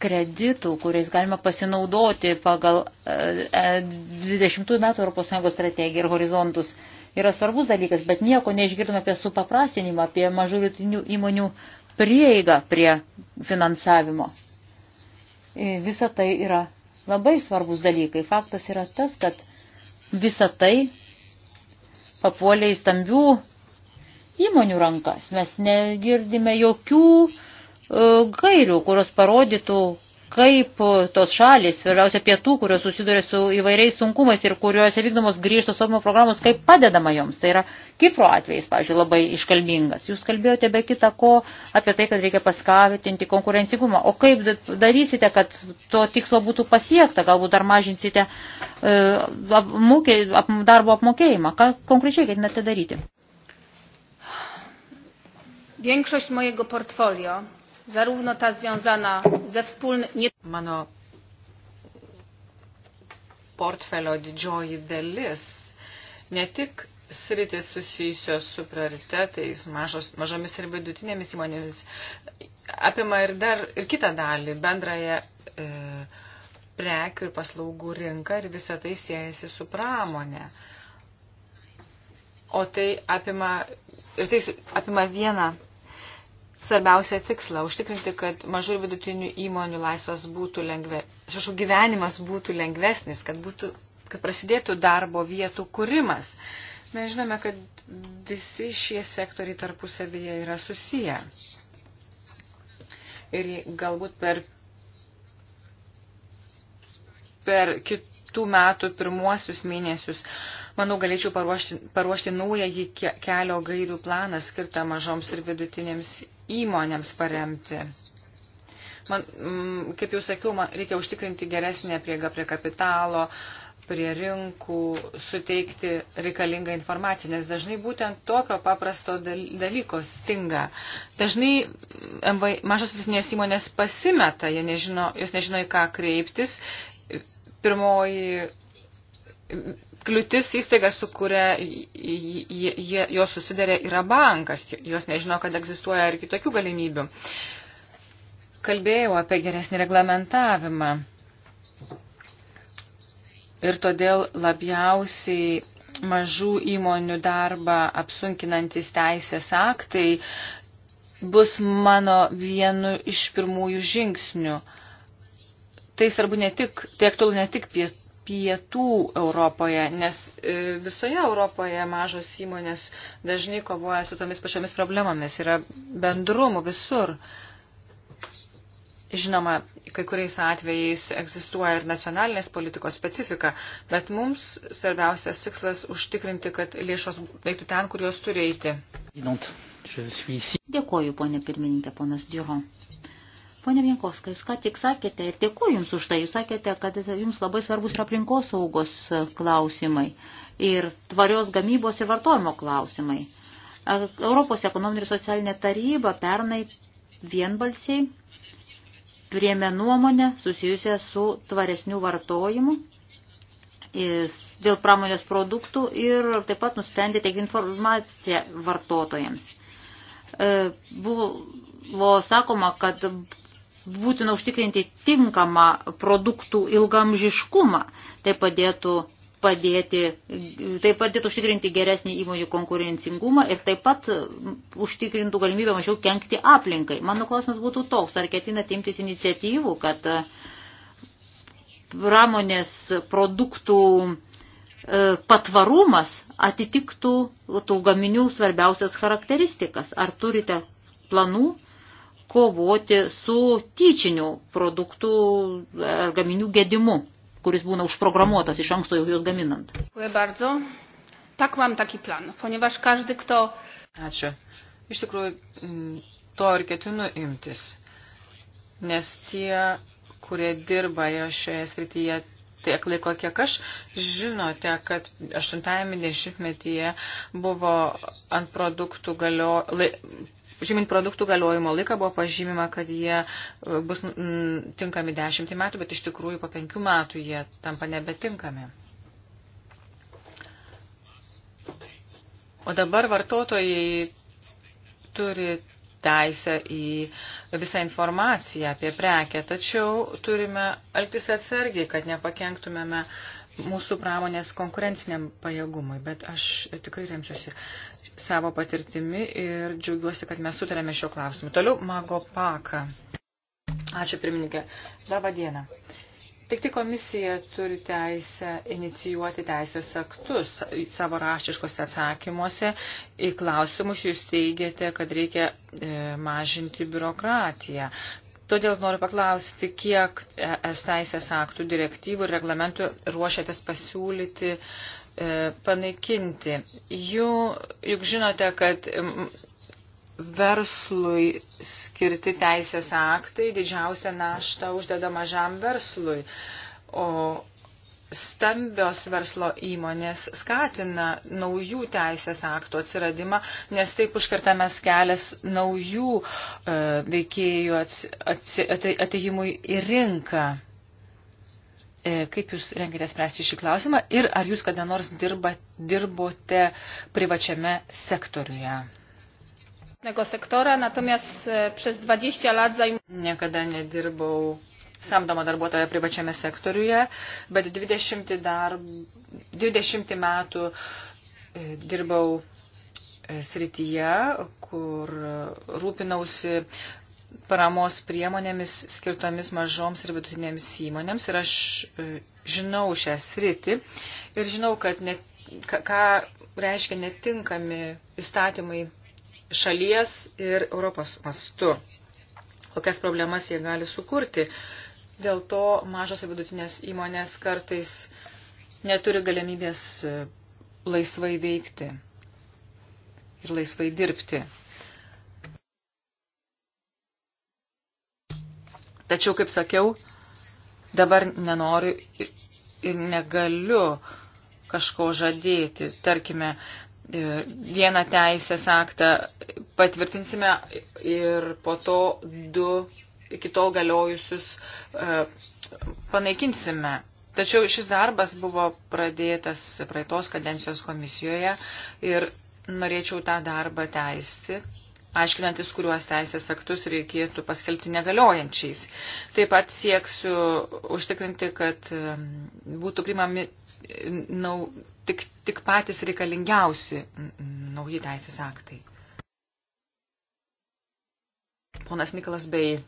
kreditų, kuriais galima pasinaudoti pagal 20 e, e, metų ES strategiją ir horizontus, yra svarbus dalykas, bet nieko neišgirdome apie supaprastinimą, apie mažų rytinių įmonių prieigą prie finansavimo. E, visa tai yra labai svarbus dalykai. Faktas yra tas, kad visa tai papuolė į stambių įmonių rankas. Mes negirdime jokių E, gairių, kurios parodytų, kaip tos šalis, vėliausia pietų, kurios susiduria su įvairiais sunkumais ir kuriuose vykdomos grįžtos saugumo programos, kaip padedama joms. Tai yra Kipro atvejais, pavyzdžiui, labai iškalbingas. Jūs kalbėjote be kita ko apie tai, kad reikia paskavitinti konkurencingumą. O kaip darysite, kad to tikslo būtų pasiekta? Galbūt dar mažinsite e, apmokė, ap, darbo apmokėjimą. Ką konkrečiai ketinate daryti? Większość mojego portfolio zarówno ta związana ze wspólnym... Mano portfelio didžioji dalis, ne tik sritis susijusios su prioritetais, mažos, mažomis ir vidutinėmis įmonėmis, apima ir dar ir kitą dalį, bendrąją e, prekių ir paslaugų rinką ir visą tai siejasi su pramonė. O tai apima, ir tai apima vieną svarbiausią tikslą - užtikrinti, kad mažų ir vidutinių įmonių laisvas būtų lengve, šešų gyvenimas būtų lengvesnis, kad, būtų, kad prasidėtų darbo vietų kūrimas. Mes žinome, kad visi šie sektoriai tarpusavyje yra susiję. Ir galbūt per, per kitų metų pirmuosius mėnesius manau, galėčiau paruošti, paruošti naują kelio gairių planą skirtą mažoms ir vidutinėms įmonėms paremti. Man, mm, kaip jau sakiau, man reikia užtikrinti geresnę priegą prie kapitalo, prie rinkų, suteikti reikalingą informaciją, nes dažnai būtent tokio paprasto dalyko stinga. Dažnai MV, mažos vidutinės įmonės pasimeta, jie nežino, jos nežino, į ką kreiptis. Pirmoji kliūtis įstaiga, su kuria jos susidarė, yra bankas. Jos nežino, kad egzistuoja ir kitokių galimybių. Kalbėjau apie geresnį reglamentavimą. Ir todėl labiausiai mažų įmonių darbą apsunkinantis teisės aktai bus mano vienu iš pirmųjų žingsnių. Tai svarbu ne tik, tai aktualu ne tik piet, pietų Europoje, nes e, visoje Europoje mažos įmonės dažnai kovoja su tomis pačiomis problemomis, yra bendrumų visur. Žinoma, kai kuriais atvejais egzistuoja ir nacionalinės politikos specifika, bet mums svarbiausias tikslas užtikrinti, kad lėšos veiktų ten, kur jos turi eiti. Dėkoju, ponė pirmininkė, ponas Diuro. Pone Vienkovska, jūs ką tik sakėte, ir dėkuoju Jums už tai, Jūs sakėte, kad Jums labai svarbus yra aplinkos saugos klausimai ir tvarios gamybos ir vartojimo klausimai. Europos ekonominė ir socialinė taryba pernai vienbalsiai priemė nuomonę susijusią su tvaresniu vartojimu dėl pramonės produktų ir taip pat nusprendė teikti informaciją vartotojams. E, buvo sakoma, kad būtina užtikrinti tinkamą produktų ilgamžiškumą. Tai padėtų padėti, taip padėtų užtikrinti geresnį įmonių konkurencingumą ir taip pat užtikrintų galimybę mažiau kenkti aplinkai. Mano klausimas būtų toks, ar ketina imtis iniciatyvų, kad e, pramonės produktų e, patvarumas atitiktų tų gaminių svarbiausias charakteristikas. Ar turite planų kovoti su tyčiniu produktų ar e, gaminių gedimu, kuris būna užprogramuotas iš anksto jau juos gaminant. Tak mam taki plan, ponieważ każdy, kto... Ačiū. Iš tikrųjų, to ir ketinu imtis. Nes tie, kurie dirba šioje srityje tiek laiko, kiek aš, žinote, kad 80-metyje buvo ant produktų galio, lai, žymint produktų galiojimo laiką buvo pažymima, kad jie e, bus tinkami dešimtį metų, bet iš tikrųjų po penkių metų jie tampa nebetinkami. O dabar vartotojai turi teisę į visą informaciją apie prekę, tačiau turime elgtis atsargiai, kad nepakenktumėme mūsų pramonės konkurenciniam pajėgumui, bet aš tikrai remsiuosi savo patirtimi ir džiaugiuosi, kad mes sutarėme šio klausimu. Toliau Mago Paka. Ačiū, pirmininkė. Labą dieną. Tik tai komisija turi teisę inicijuoti teisės aktus savo raštiškose atsakymuose. Į klausimus jūs teigiate, kad reikia e, mažinti biurokratiją. Todėl noriu paklausti, kiek es teisės aktų direktyvų ir reglamentų ruošiatės pasiūlyti uh, E, panaikinti. Jų, juk žinote, kad verslui skirti teisės aktai didžiausią naštą uždeda mažam verslui, o stambios verslo įmonės skatina naujų teisės aktų atsiradimą, nes taip užkartamas kelias naujų e, veikėjų atėjimui į rinką. E, kaip Jūs renkite spręsti šį klausimą ir ar Jūs kada nors dirba, dirbote privačiame sektoriuje? Sektora, natomiast e, przez 20 lat zajm... Niekada nedirbau samdomo darbuotojo privačiame sektoriuje, bet 20, darb, 20 metų e, dirbau srityje, kur rūpinausi paramos priemonėmis skirtomis mažoms ir vidutinėms įmonėms. Ir aš e, žinau šią sritį ir žinau, kad net, ką reiškia netinkami įstatymai šalies ir Europos mastu, kokias problemas jie gali sukurti. Dėl to mažos ir vidutinės įmonės kartais neturi galimybės e, laisvai veikti ir laisvai dirbti. Tačiau, kaip sakiau, dabar nenoriu ir negaliu kažko žadėti. Tarkime, e, vieną teisės aktą patvirtinsime ir po to du iki tol galiojusius e, panaikinsime. Tačiau šis darbas buvo pradėtas praeitos kadencijos komisijoje ir norėčiau tą darbą teisti, aiškinantis, kuriuos teisės aktus reikėtų paskelbti negaliojančiais. Taip pat sieksiu užtikrinti, kad um, būtų primami nau, tik, tik patys reikalingiausi nauji teisės aktai. Ponas Nikolas Bei.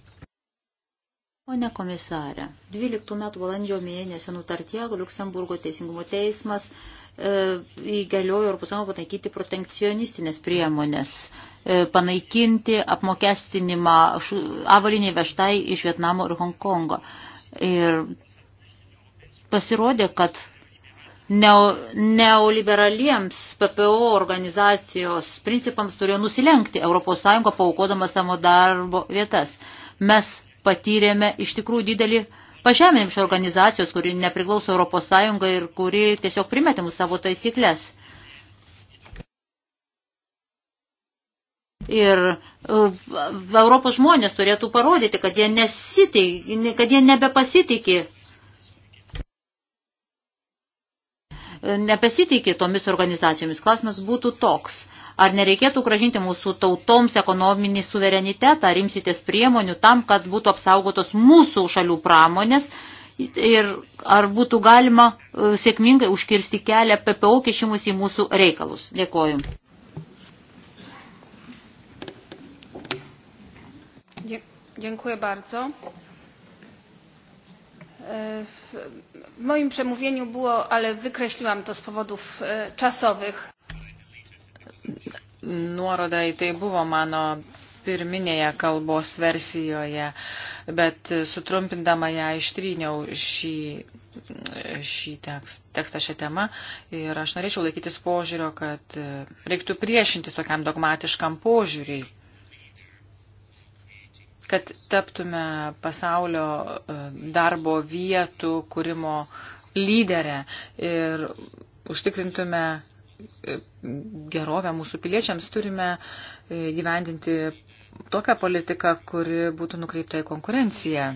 Pone komisarė, 12 metų valandžio mėnesio nutartie Luksemburgo teisingumo teismas E, įgaliojo Europos Sąjungą panaikyti protekcionistinės priemonės, e, panaikinti apmokestinimą avaliniai veštai iš Vietnamo ir Hongkongo. Ir pasirodė, kad neo, neoliberaliems PPO organizacijos principams turėjo nusilenkti Europos Sąjunga paukodama savo darbo vietas. Mes patyrėme iš tikrųjų didelį pažemėm iš organizacijos, kuri nepriklauso Europos Sąjungai ir kuri tiesiog primetė mums savo taisyklės. Ir uh, Europos žmonės turėtų parodyti, kad jie, nesitik, kad jie nebepasitikė nebesitikė tomis organizacijomis. Klausimas būtų toks. Ar nereikėtų gražinti mūsų tautoms ekonominį suverenitetą, ar imsitės priemonių tam, kad būtų apsaugotos mūsų šalių pramonės ir ar būtų galima e, sėkmingai užkirsti kelią PPO kišimus į mūsų reikalus. Dėkoju. Dziękuję bardzo. E, w moim przemówieniu było, ale wykreśliłam to z powodów e, czasowych. Nuoroda į tai buvo mano pirminėje kalbos versijoje, bet sutrumpindama ją ištryniau šį, šį tekst, tekstą šią temą ir aš norėčiau laikytis požiūrio, kad e, reiktų priešintis tokiam dogmatiškam požiūriui kad taptume pasaulio e, darbo vietų kūrimo lyderę ir užtikrintume e, gerovę mūsų piliečiams, turime e, gyvendinti tokią politiką, kuri būtų nukreipta į konkurenciją.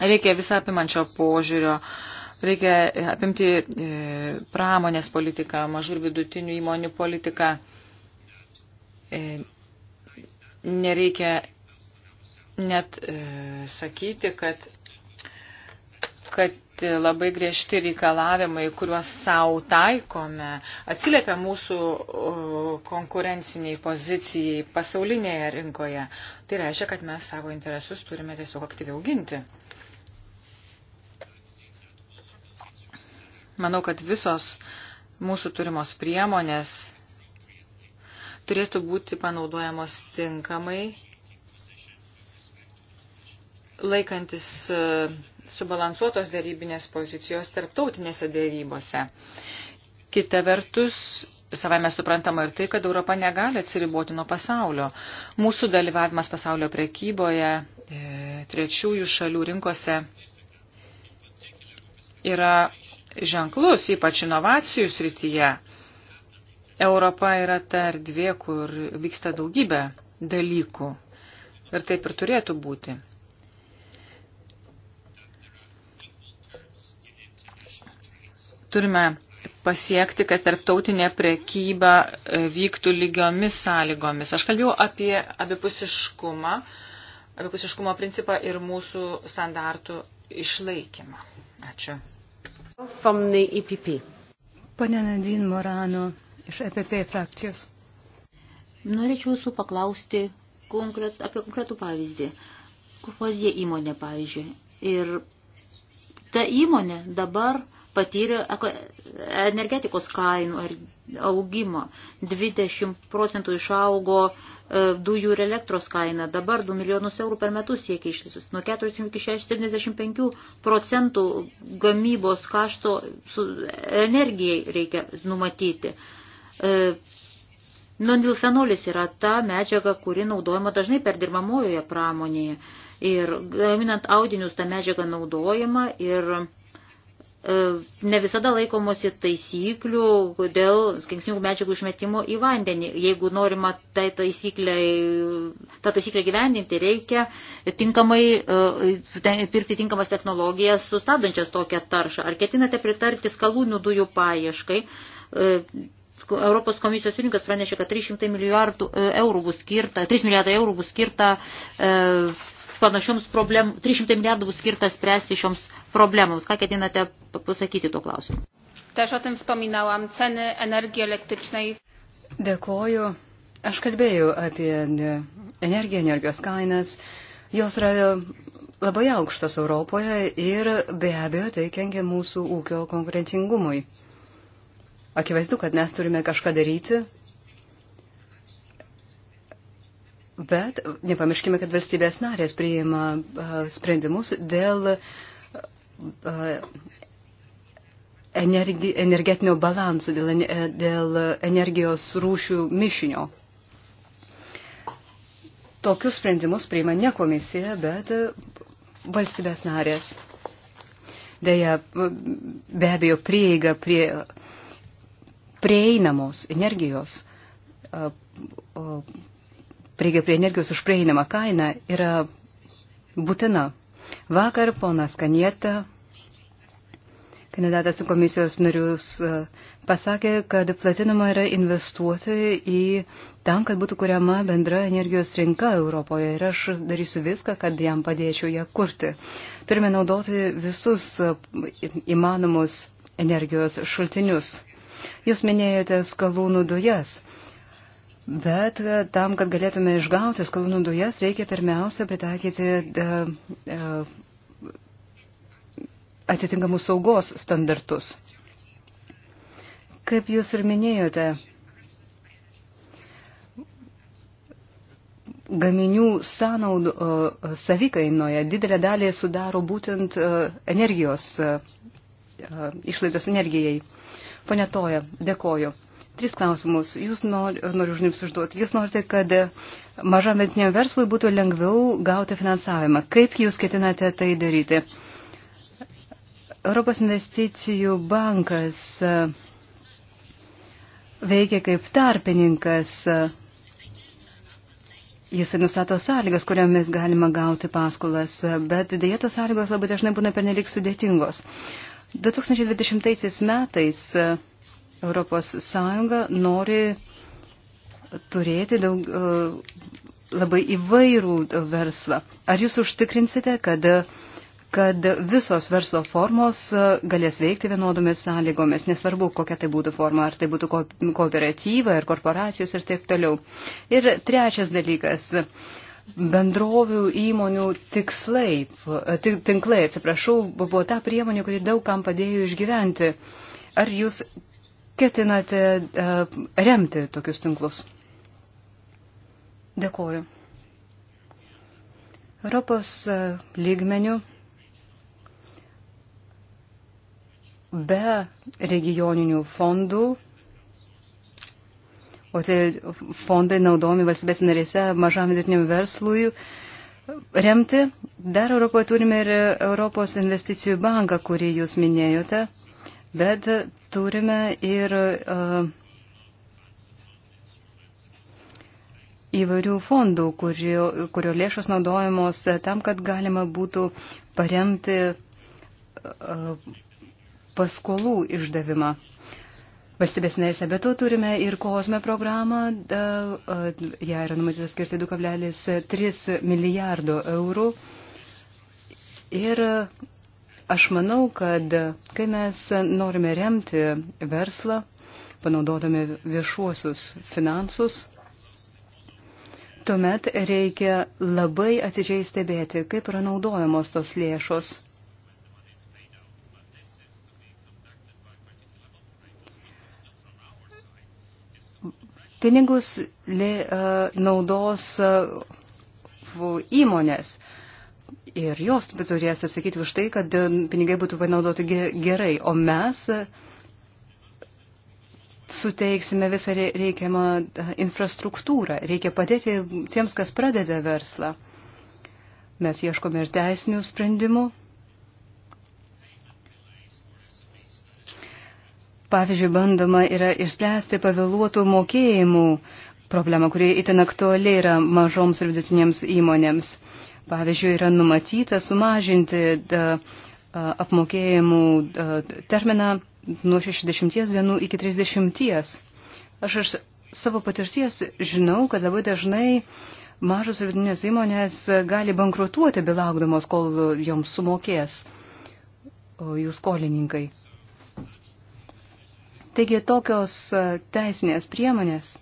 Reikia visą apimančio požiūrio, reikia apimti pramonės politiką, mažų ir vidutinių įmonių politiką nereikia net e, sakyti, kad, kad labai griežti reikalavimai, kuriuos savo taikome, atsiliepia mūsų e, konkurenciniai pozicijai pasaulinėje rinkoje. Tai reiškia, kad mes savo interesus turime tiesiog aktyviau ginti. Manau, kad visos mūsų turimos priemonės turėtų būti panaudojamos tinkamai, laikantis e, subalansuotos dėrybinės pozicijos tarptautinėse dėrybose. Kita vertus, savai mes suprantama ir tai, kad Europa negali atsiriboti nuo pasaulio. Mūsų dalyvavimas pasaulio prekyboje, e, trečiųjų šalių rinkose yra ženklus, ypač inovacijų srityje Europa yra ta erdvė, kur vyksta daugybė dalykų. Ir taip ir turėtų būti. Turime pasiekti, kad tarptautinė prekyba e, vyktų lygiomis sąlygomis. Aš kalbėjau apie abipusiškumą, abipusiškumo principą ir mūsų standartų išlaikymą. Ačiū. E Pane Nadin Morano iš EPP frakcijos. Norėčiau jūsų paklausti konkret, apie konkretų pavyzdį. Kurpozie įmonė, pavyzdžiui. Ir ta įmonė dabar patyrė energetikos kainų augimą. 20 procentų išaugo e, dujų ir elektros kaina. Dabar 2 milijonus eurų per metus siekia išlisus. Nuo 40 iki 75 procentų gamybos kašto energijai reikia numatyti. E, Nonilfenolis yra ta medžiaga, kuri naudojama dažnai perdirbamojoje pramonėje. Ir gaminant audinius tą medžiagą naudojama ir e, ne visada laikomosi taisyklių dėl kenksmingų medžiagų išmetimo į vandenį. Jeigu norima tą tai taisyklę, tą taisyklę gyvendinti, reikia tinkamai, e, pirkti tinkamas technologijas sustabdančias tokią taršą. Ar ketinate pritarti skalūnių dujų paieškai? Europos komisijos pirmininkas pranešė, kad 300 milijardų e, eurų bus skirta, 3 milijardai eurų bus skirta e, panašioms problemams, 300 milijardų bus skirta spręsti šioms problemams. Ką ketinate pasakyti tuo klausimu? Też o tym wspominałam, ceny energii elektrycznej. Dėkoju. Aš kalbėjau apie e, energiją, energijos kainas. Jos yra e, labai aukštos Europoje ir be abejo tai kenkia mūsų ūkio konkurencingumui. Akivaizdu, kad mes turime kažką daryti, bet nepamirškime, kad valstybės narės priima uh, sprendimus dėl uh, energi, energetinio balansų, dėl, dėl energijos rūšių mišinio. Tokius sprendimus priima ne komisija, bet valstybės narės. Deja, be abejo, prieiga prie uh, prieinamos energijos, prieiga prie energijos už prieinamą kainą yra būtina. Vakar ponas Kanieta, kandidatas į komisijos narius, pasakė, kad platinama yra investuoti į tam, kad būtų kuriama bendra energijos rinka Europoje ir aš darysiu viską, kad jam padėčiau ją kurti. Turime naudoti visus įmanomus energijos šaltinius. Jūs minėjote skalūnų dujas. Bet e, tam, kad galėtume išgauti skalūnų dujas, reikia pirmiausia pritaikyti e, e, atitinkamus saugos standartus. Kaip jūs ir minėjote, gaminių sąnaudų savikainoje didelę dalį sudaro būtent energijos išlaidos energijai. Pone Toja, dėkoju. Tris klausimus. Jūs nor, noriu žinims užduoti. Jūs norite, kad mažam vidutiniam verslui būtų lengviau gauti finansavimą. Kaip jūs ketinate tai daryti? Europos investicijų bankas e, veikia kaip tarpininkas. E, Jis nustato sąlygas, kuriomis galima gauti paskolas, e, bet dėja tos sąlygos labai dažnai būna pernelik sudėtingos. 2020 metais e, Europos Sąjunga nori turėti daug, e, labai įvairų verslą. Ar jūs užtikrinsite, kad, kad visos verslo formos e, galės veikti vienodomis sąlygomis, nesvarbu, kokia tai būtų forma, ar tai būtų kooperatyva, ar korporacijos ir taip toliau. Ir trečias dalykas bendrovių įmonių tikslai, e, tinklai, atsiprašau, buvo ta priemonė, kuri daug kam padėjo išgyventi. Ar jūs ketinate e, remti tokius tinklus? Dėkoju. Europos e, lygmenių be regioninių fondų o tie fondai naudomi valstybės narėse mažam vidutiniam verslui remti. Dar Europoje turime ir Europos investicijų banką, kurį jūs minėjote, bet turime ir uh, įvairių fondų, kurio, kurio lėšos naudojamos tam, kad galima būtų paremti e, paskolų išdavimą valstybės narėse. Be to turime ir kosme programą, ją yra numatyta skirti 2,3 milijardo eurų. Ir aš manau, kad kai mes norime remti verslą, panaudodami viešuosius finansus, tuomet reikia labai atidžiai stebėti, kaip yra naudojamos tos lėšos. Pinigus li, e, naudos e, įmonės. Ir jos turės atsakyti už tai, kad e, pinigai būtų panaudoti gerai, o mes suteiksime visą reikiamą infrastruktūrą. Reikia padėti tiems, kas pradeda verslą. Mes ieškome ir teisinių sprendimų, Pavyzdžiui, bandoma yra išspręsti pavėluotų mokėjimų problemą, kuri itin aktuali yra mažoms ir vidutinėms įmonėms. Pavyzdžiui, yra numatyta sumažinti da, apmokėjimų da, terminą nuo 60 dienų iki 30. Aš iš savo patirties žinau, kad labai dažnai mažos ir vidutinės įmonės gali bankrutuoti, belaukdamos, kol joms sumokės jų skolininkai. Taigi tokios e, teisinės priemonės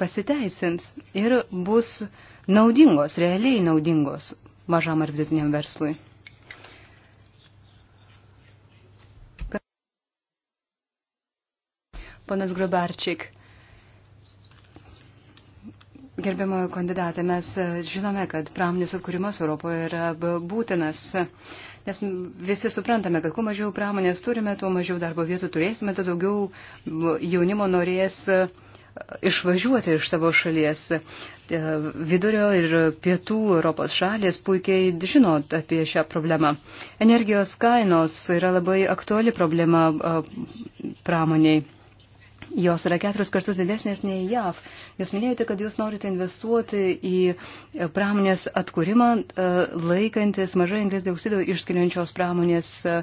pasiteisins ir bus naudingos, realiai naudingos mažam ar vidutiniam verslui. Ponas Grubarčik. Gerbiamojo kandidatė, mes e, žinome, kad pramonės atkūrimas Europoje yra būtinas, nes visi suprantame, kad kuo mažiau pramonės turime, tuo mažiau darbo vietų turėsime, tuo daugiau jaunimo norės e, išvažiuoti iš savo šalies. E, vidurio ir pietų Europos šalės puikiai žino apie šią problemą. Energijos kainos yra labai aktuali problema pramoniai. Jos yra keturis kartus didesnės nei JAV. Jūs minėjote, kad jūs norite investuoti į pramonės atkūrimą, e, laikantis mažai anglės dioksido išskiriančios pramonės e,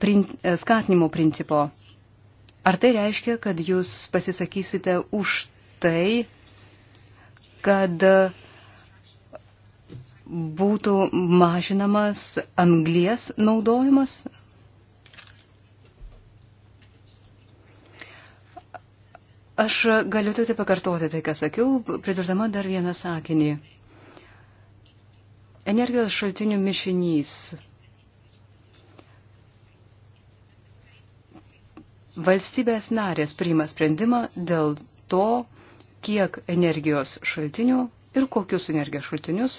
prin, e, skatinimo principo. Ar tai reiškia, kad jūs pasisakysite už tai, kad būtų mažinamas anglies naudojimas, Aš galiu tik tai pakartoti tai, ką sakiau, pridurdama dar vieną sakinį. Energijos šaltinių mišinys valstybės narės priima sprendimą dėl to, kiek energijos šaltinių ir kokius energijos šaltinius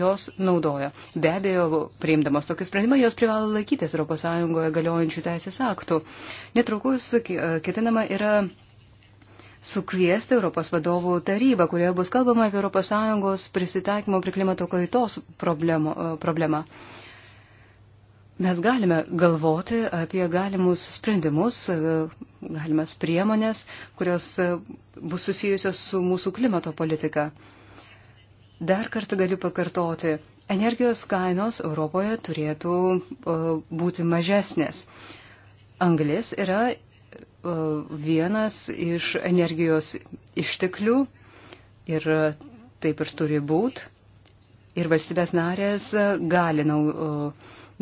jos naudoja. Be abejo, priimdamos tokį sprendimą, jos privalo laikytis ES galiojančių teisės aktų. Netrukus ketinama yra sukviesti Europos vadovų tarybą, kurioje bus kalbama apie ES prisitaikymo prie klimato kaitos problemo, e, problemą. Mes galime galvoti apie galimus sprendimus, e, galimas priemonės, kurios e, bus susijusios su mūsų klimato politika. Dar kartą galiu pakartoti, energijos kainos Europoje turėtų būti mažesnės. Anglis yra E, vienas iš energijos išteklių ir taip ir turi būti. Ir valstybės narės gali e,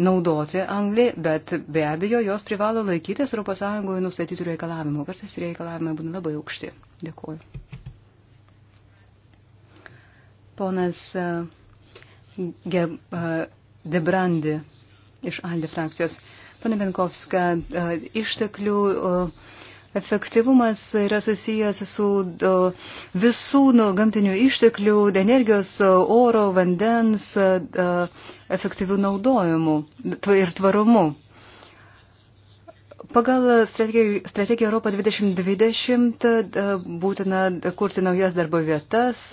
naudoti anglį, bet be abejo jos privalo laikytis ES nustatytų reikalavimų. Kartais reikalavimai būna labai aukšti. Dėkuoju. Ponas e, Debrandi iš Aldi frakcijos. Pane Benkovska, e, išteklių e, efektyvumas yra susijęs su e, visų nu, gamtinių išteklių, energijos, oro, vandens efektyvių naudojimu ir tvarumu. Pagal strategiją Europą 2020 būtina kurti naujas darbo vietas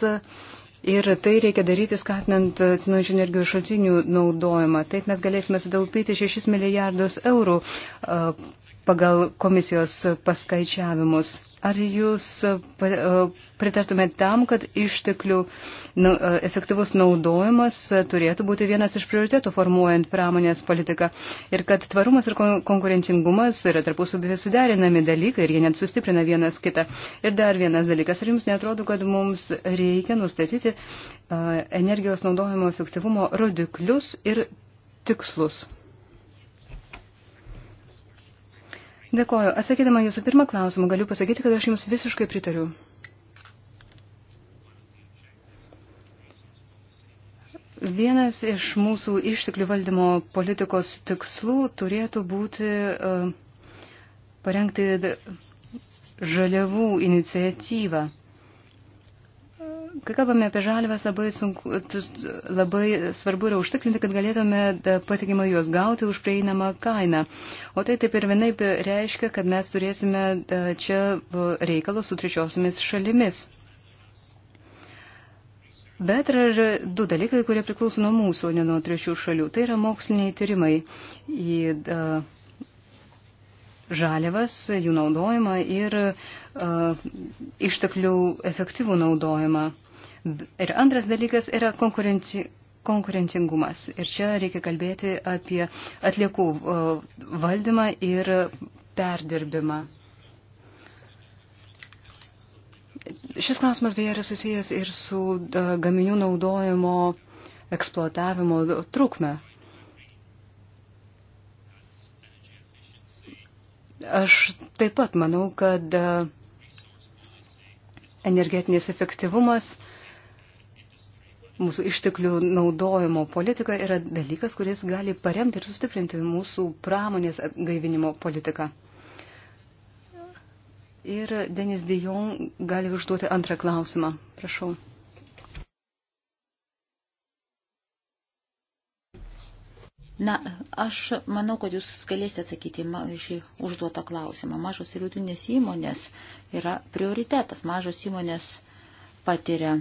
Ir tai reikia daryti skatinant atsinaujinčių energijos šaltinių naudojimą. Taip mes galėsime sutaupyti 6 milijardus eurų pagal komisijos paskaičiavimus. Ar jūs e, pritartumėt tam, kad išteklių nu, e, efektyvus naudojimas turėtų būti vienas iš prioritėtų formuojant pramonės politiką ir kad tvarumas ir konkurencingumas yra tarpusavį suderinami dalykai ir jie net sustiprina vienas kitą. Ir dar vienas dalykas, ar jums netrodo, kad mums reikia nustatyti e, energijos naudojimo efektyvumo rodiklius ir tikslus? Dėkoju. Atsakydama jūsų pirmą klausimą, galiu pasakyti, kad aš jums visiškai pritariu. Vienas iš mūsų išteklių valdymo politikos tikslų turėtų būti e, parengti žaliavų iniciatyvą. Kai kalbame apie žalvės, labai, sunku, labai svarbu yra užtikrinti, kad galėtume patikimai juos gauti už prieinamą kainą. O tai taip ir vienaip reiškia, kad mes turėsime čia reikalą su trečiosiomis šalimis. Bet yra ir du dalykai, kurie priklauso nuo mūsų, ne nuo trečių šalių. Tai yra moksliniai tyrimai į uh, žaliavas, jų naudojimą ir uh, išteklių efektyvų naudojimą. Ir antras dalykas yra konkurenci, konkurencingumas. Ir čia reikia kalbėti apie atliekų uh, valdymą ir perdirbimą. Šis klausimas beje yra susijęs ir su uh, gaminių naudojimo eksploatavimo trukme. Aš taip pat manau, kad e, energetinės efektyvumas, mūsų išteklių naudojimo politika yra dalykas, kuris gali paremti ir sustiprinti mūsų pramonės gaivinimo politiką. Ir Denis Dijon gali užduoti antrą klausimą. Prašau. Na, aš manau, kad jūs galėsite atsakyti šį užduotą klausimą. Mažos ir vidutinės įmonės yra prioritetas. Mažos įmonės patiria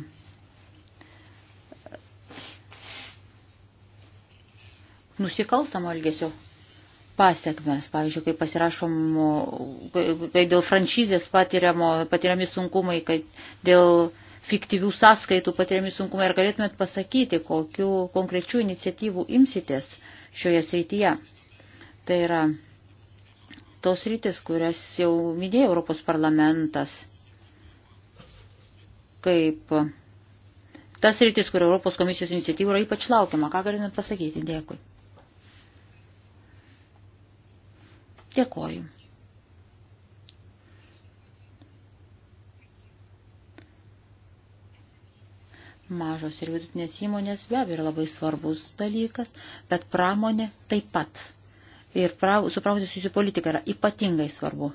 nusikalstamo elgesio pasiekmes. Pavyzdžiui, kai pasirašomo, kai dėl franšizės patiriami sunkumai, kai dėl fiktyvių sąskaitų patiriami sunkumai. Ar galėtumėt pasakyti, kokiu konkrečiu iniciatyvų imsitės? Uh, šioje srityje. Tai yra tos rytis, kurias jau minėjo Europos parlamentas, kaip tas rytis, kur Europos komisijos iniciatyvų yra ypač laukiama. Ką galime pasakyti? Dėkui. Dėkoju. Mažos ir vidutinės įmonės be abejo yra labai svarbus dalykas, bet pramonė taip pat. Ir pra, su pramonė susijusi politika yra ypatingai svarbu.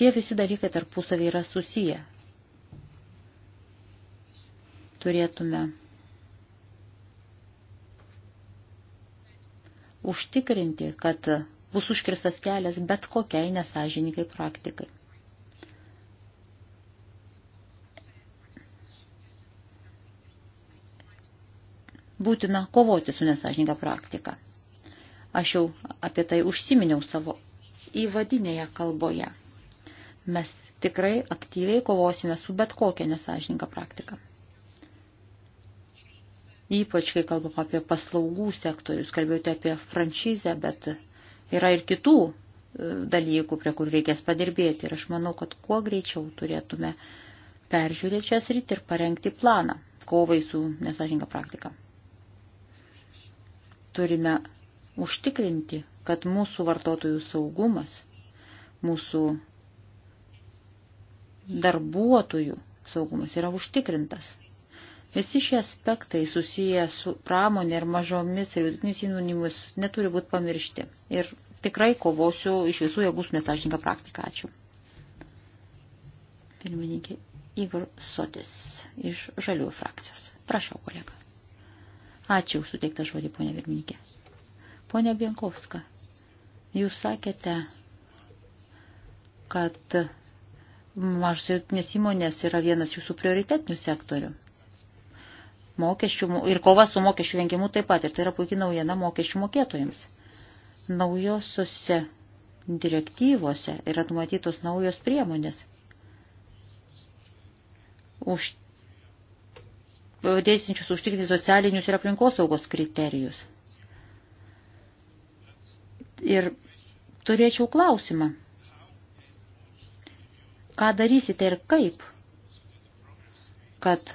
Tie visi dalykai tarpusavį yra susiję. Turėtume užtikrinti, kad bus užkirstas kelias bet kokiai nesažininkai praktikai. būtina kovoti su nesažininga praktika. Aš jau apie tai užsiminiau savo įvadinėje kalboje. Mes tikrai aktyviai kovosime su bet kokia nesažininga praktika. Ypač, kai kalbam apie paslaugų sektorius, kalbėjote apie franšizę, bet yra ir kitų e, dalykų, prie kur reikės padirbėti. Ir aš manau, kad kuo greičiau turėtume peržiūrėti šią sritį ir parengti planą kovai su nesažininga praktika. Turime užtikrinti, kad mūsų vartotojų saugumas, mūsų darbuotojų saugumas yra užtikrintas. Visi šie aspektai susiję su pramonė ir mažomis ir vidutinius įmonimis neturi būti pamiršti. Ir tikrai kovosiu iš visų jėgų su nesažininką praktiką. Ačiū. Pirmininkė Igor Sotis iš Žaliųjų frakcijos. Prašau, kolega. Ačiū už suteiktą žodį, ponė Virminkė. Pone Bienkovska, jūs sakėte, kad mažos jautinės įmonės yra vienas jūsų prioritetinių sektorių. Mokesčių, ir kova su mokesčių vengimu taip pat, ir tai yra puikiai naujiena mokesčių mokėtojams. Naujosiuose direktyvose yra numatytos naujos priemonės už dėsinčius užtikrinti socialinius ir aplinkosaugos kriterijus. Ir turėčiau klausimą. Ką darysite ir kaip, kad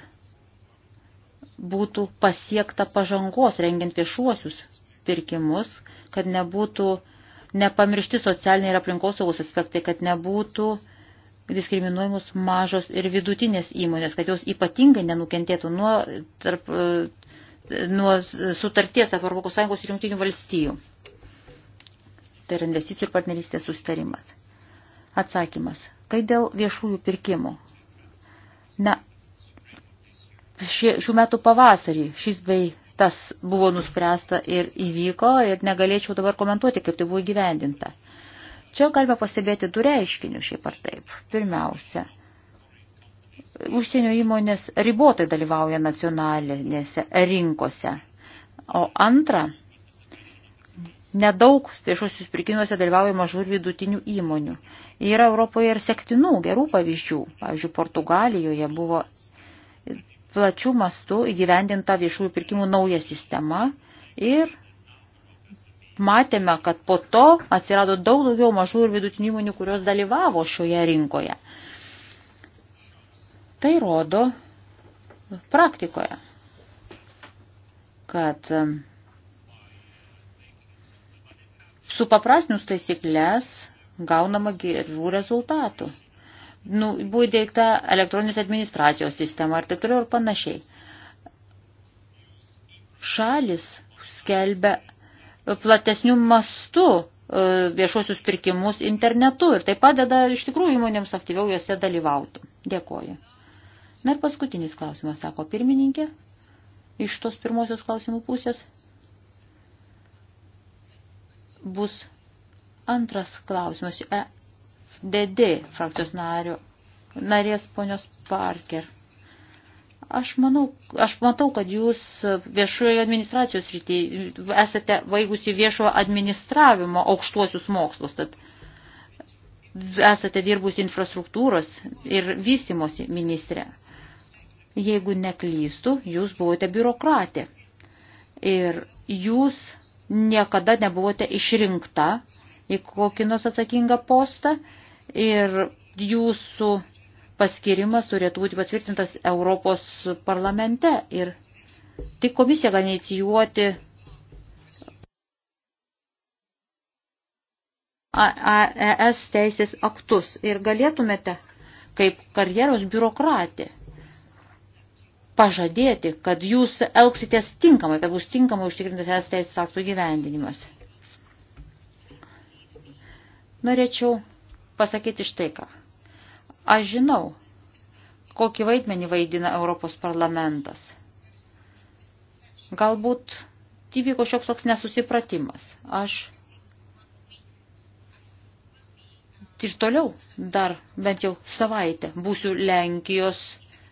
būtų pasiekta pažangos rengiant viešuosius pirkimus, kad nebūtų nepamiršti socialiniai ir aplinkosaugos aspektai, kad nebūtų uh, diskriminuojamos mažos ir vidutinės įmonės, kad jos ypatingai nenukentėtų nuo, tarp, e, nuo sutarties tarp Europos Sąjungos ir Junktinių valstijų. Tai yra investicijų ir partnerystės sustarimas. Atsakymas. Kai dėl viešųjų pirkimų? Na, šie, šių metų pavasarį šis bei tas buvo nuspręsta ir įvyko ir negalėčiau dabar komentuoti, kaip tai buvo įgyvendinta. Čia galime pastebėti du reiškinius šiaip ar taip. Pirmiausia, užsienio įmonės ribotai dalyvauja nacionalinėse rinkose. O antra, nedaug viešuosius pirkimuose dalyvauja mažų ir vidutinių įmonių. Yra Europoje ir sektinų gerų pavyzdžių. Pavyzdžiui, Portugalijoje buvo plačių mastų įgyvendinta viešųjų pirkimų nauja sistema ir matėme, kad po to atsirado daug daugiau mažų ir vidutinių įmonių, kurios dalyvavo šioje rinkoje. Tai rodo praktikoje, kad um, supaprasnius taisyklės gaunama gerų rezultatų. Nu, buvo įdėkta elektroninės administracijos sistema ir taip toliau ir panašiai. Šalis skelbia platesnių mastų e, viešuosius pirkimus internetu ir tai padeda iš tikrųjų įmonėms aktyviau juose dalyvauti. Dėkoju. Na ir paskutinis klausimas, sako pirmininkė, iš tos pirmosios klausimų pusės. Bus antras klausimas, DD frakcijos nario, narės ponios Parker. Aš, manau, aš matau, kad jūs viešojo administracijos rytį esate vaigusi viešojo administravimo aukštuosius mokslus, tad esate dirbusi infrastruktūros ir vystimosi ministre. Jeigu neklystų, jūs buvote biurokratė ir jūs niekada nebuvote išrinkta į kokį nors atsakingą postą ir jūsų paskirimas turėtų būti patvirtintas Europos parlamente ir tik komisija gali inicijuoti ES teisės aktus ir galėtumėte kaip karjeros biurokratė pažadėti, kad jūs elgsitės tinkamai, kad bus tinkamai užtikrintas ES teisės aktų gyvendinimas. Norėčiau pasakyti štai ką. Aš žinau, kokį vaidmenį vaidina Europos parlamentas. Galbūt įvyko šioks toks nesusipratimas. Aš ir toliau dar bent jau savaitę būsiu Lenkijos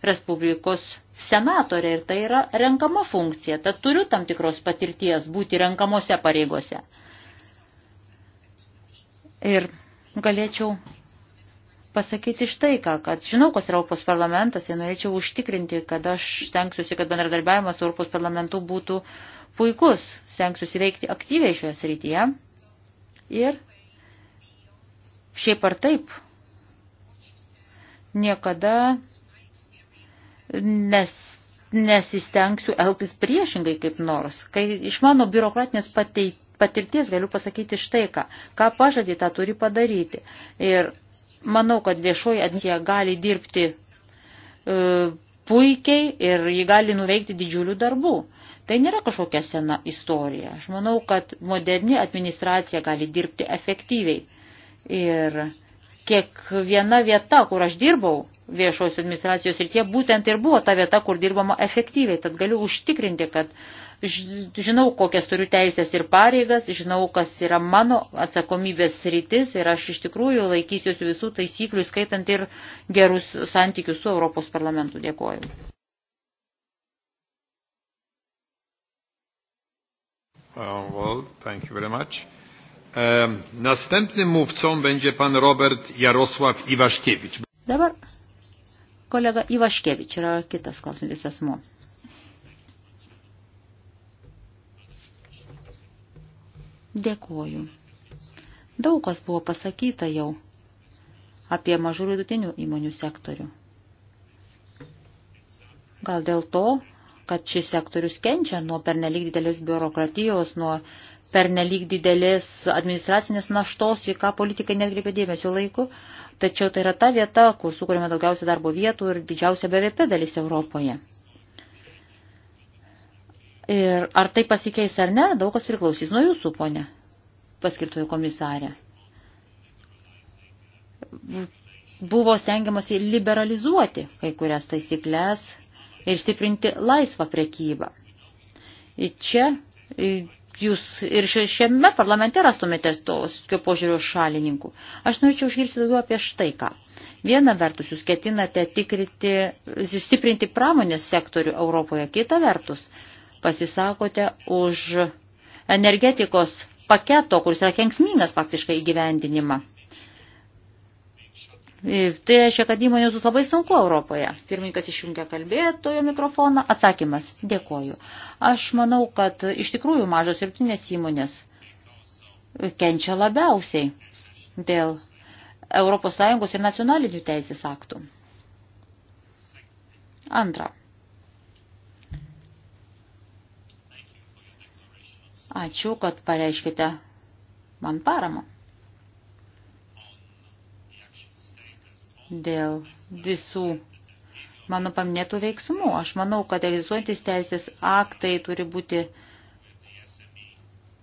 Respublikos senatorė ir tai yra renkama funkcija. Tad turiu tam tikros patirties būti renkamose pareigose. Ir galėčiau pasakyti štai ką, kad žinau, kas yra Europos parlamentas ir ja norėčiau užtikrinti, kad aš stengsiuosi, kad bendradarbiavimas su Europos parlamentu būtų puikus, stengsiuosi veikti aktyviai šioje srityje ir šiaip ar taip niekada nes, nesistengsiu elgtis priešingai kaip nors. Kai iš mano biurokratinės patirties galiu pasakyti štai ką, ką pažadį tą turi padaryti. Ir Manau, kad viešoji administracija gali dirbti e, puikiai ir ji gali nuveikti didžiulių darbų. Tai nėra kažkokia sena istorija. Aš manau, kad moderni administracija gali dirbti efektyviai. Ir kiekviena vieta, kur aš dirbau viešos administracijos ir tie būtent ir buvo ta vieta, kur dirbama efektyviai. Tad galiu užtikrinti, kad žinau, kokias turiu teisės ir pareigas, žinau, kas yra mano atsakomybės rytis ir aš iš tikrųjų laikysiuosi visų taisyklių, skaitant ir gerus santykius su Europos parlamentu. Dėkoju. Uh, well, thank you very much. Um, następnym mówcą będzie pan Robert Jarosław Iwaszkiewicz. Dabar kolega Iwaszkiewicz yra kitas klausimas asmo. Dėkoju. Daug kas buvo pasakyta jau apie mažų vidutinių įmonių sektorių. Gal dėl to, kad šis sektorius kenčia nuo pernelyg didelės biurokratijos, nuo pernelyg didelės administracinės naštos, į ką politikai netkreipia dėmesio laiku, tačiau tai yra ta vieta, kur sukūrėme daugiausia darbo vietų ir didžiausia BVP dalis Europoje. Ir ar tai pasikeis ar ne, daug kas priklausys nuo jūsų, ponė, paskirtojų komisarė. Buvo stengiamasi liberalizuoti kai kurias taisyklės ir stiprinti laisvą prekybą. Ir čia jūs ir šiame parlamente rastumėte tos požiūrio šalininkų. Aš norėčiau išgirsti daugiau apie štai ką. Viena vertus, jūs ketinate tikrinti, stiprinti pramonės sektorių Europoje, kita vertus, pasisakote už energetikos paketo, kuris yra kenksmingas faktiškai įgyvendinimą. E, tai reiškia, kad įmonės bus labai sunku Europoje. Pirmininkas išjungia kalbėtojo mikrofoną. Atsakymas. Dėkoju. Aš manau, kad iš tikrųjų mažos ir įmonės kenčia labiausiai dėl ES ir nacionalinių teisės aktų. Antra. Ačiū, kad pareiškite man paramą. Dėl visų mano paminėtų veiksmų. Aš manau, kad egzistuojantis teisės aktai turi būti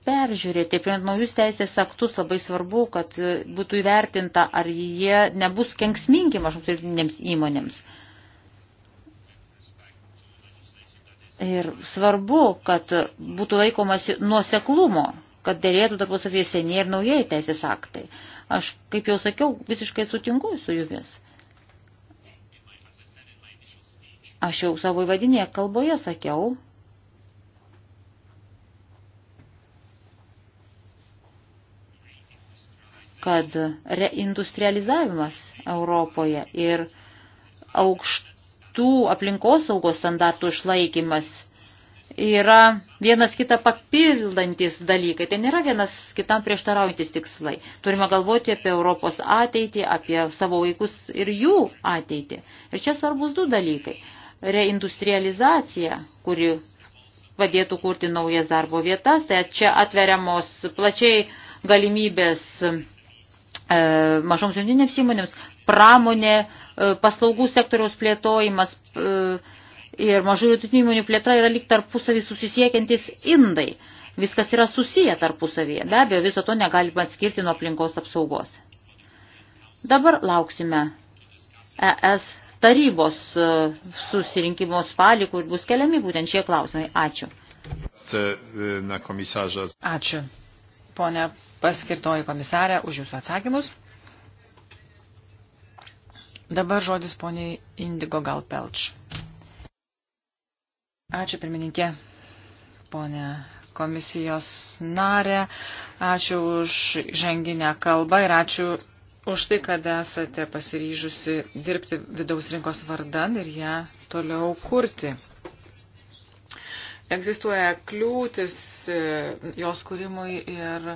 peržiūrėti. Priimant naujus teisės aktus labai svarbu, kad būtų įvertinta, ar jie nebus kenksmingi mažoms ir didinėms įmonėms. įmonėms Ir svarbu, kad būtų laikomasi nuoseklumo, kad dėlėtų tarpusavėje seniai ir naujai teisės aktai. Aš, kaip jau sakiau, visiškai sutinku su jumis. Aš jau savo įvadinėje kalboje sakiau, kad reindustrializavimas Europoje ir aukšt aukštų aplinkosaugos standartų išlaikymas yra vienas kitą papildantis dalykai. Tai nėra vienas kitam prieštaraujantis tikslai. Turime galvoti apie Europos ateitį, apie savo vaikus ir jų ateitį. Ir čia svarbus du dalykai. Reindustrializacija, kuri padėtų kurti naujas darbo vietas, tai čia atveriamos plačiai galimybės E, mažoms jungtinėms įmonėms, pramonė, e, paslaugų sektoriaus plėtojimas e, ir mažų vidutinių įmonių plėtra yra lyg tarpusavį susisiekiantis indai. Viskas yra susiję tarpusavyje. Be abejo, viso to negalima atskirti nuo aplinkos apsaugos. Dabar lauksime ES tarybos susirinkimo spalį, kur bus keliami būtent šie klausimai. Ačiū. Ačiū ponė paskirtoji komisarė, už jūsų atsakymus. Dabar žodis poniai Indigo Galpelč. Ačiū pirmininkė, ponė komisijos narė. Ačiū už ženginę kalbą ir ačiū už tai, kad esate pasiryžusi dirbti vidaus rinkos vardan ir ją toliau kurti egzistuoja kliūtis e, jos kūrimui ir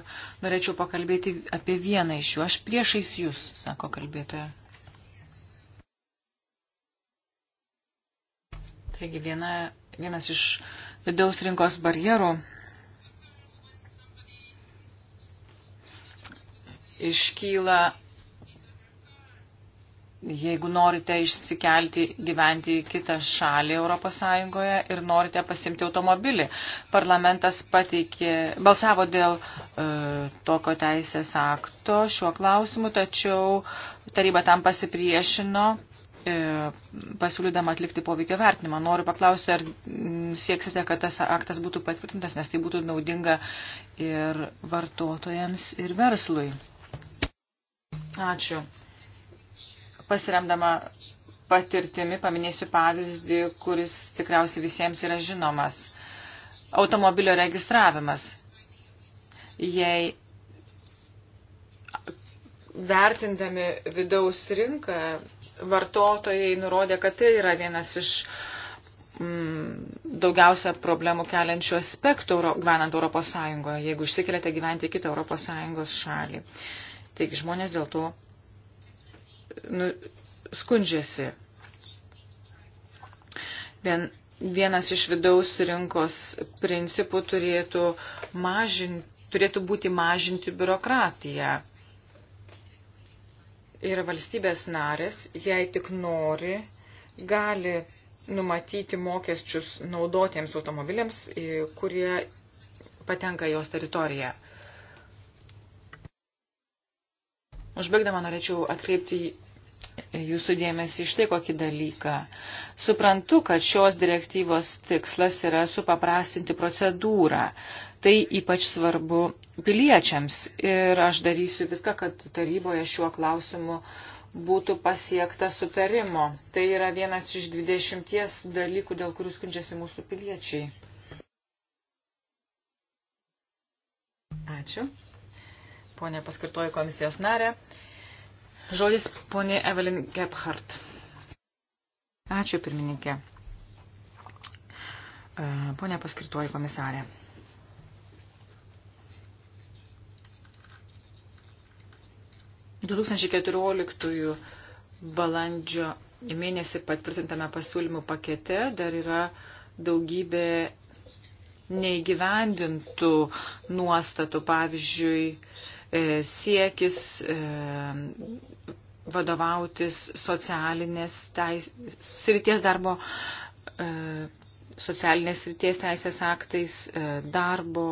norėčiau pakalbėti apie vieną iš jų. Aš priešais jūs, sako kalbėtoja. Taigi viena, vienas iš vidaus rinkos barjerų iškyla Jeigu norite išsikelti gyventi į kitą šalį ES ir norite pasimti automobilį, parlamentas pateikė, balsavo dėl e, tokio teisės akto šiuo klausimu, tačiau taryba tam pasipriešino e, pasiūlydama atlikti poveikio vertinimą. Noriu paklausti, ar sieksite, kad tas aktas būtų patvirtintas, nes tai būtų naudinga ir vartotojams, ir verslui. Ačiū. Pasiremdama patirtimi paminėsiu pavyzdį, kuris tikriausiai visiems yra žinomas. Automobilio registravimas. Jei vertindami vidaus rinką, vartotojai nurodė, kad tai yra vienas iš mm, daugiausia problemų keliančių aspektų gyvenant Europos Sąjungoje, jeigu išsikeliate gyventi kitą Europos Sąjungos šalį. Taigi žmonės dėl to nu, skundžiasi. Vien, vienas iš vidaus rinkos principų turėtų, mažin, turėtų būti mažinti biurokratiją. Ir valstybės narės, jei tik nori, gali numatyti mokesčius naudotiems automobiliams, kurie patenka jos teritoriją. Užbaigdama norėčiau atkreipti jūsų dėmesį iš tai kokį dalyką. Suprantu, kad šios direktyvos tikslas yra supaprastinti procedūrą. Tai ypač svarbu piliečiams ir aš darysiu viską, kad taryboje šiuo klausimu būtų pasiekta sutarimo. Tai yra vienas iš dvidešimties dalykų, dėl kurių skundžiasi mūsų piliečiai. Ačiū. Pone paskirtoji komisijos narė. Žodis ponė Evelyn Gebhardt. Ačiū, pirmininkė. E, Pone paskirtuoji komisarė. balandžio mėnesį patvirtintame pasiūlymų pakete dar yra daugybė neįgyvendintų nuostatų, pavyzdžiui, E, siekis e, vadovautis socialinės teis, srities darbo, e, socialinės srities teisės aktais, darbo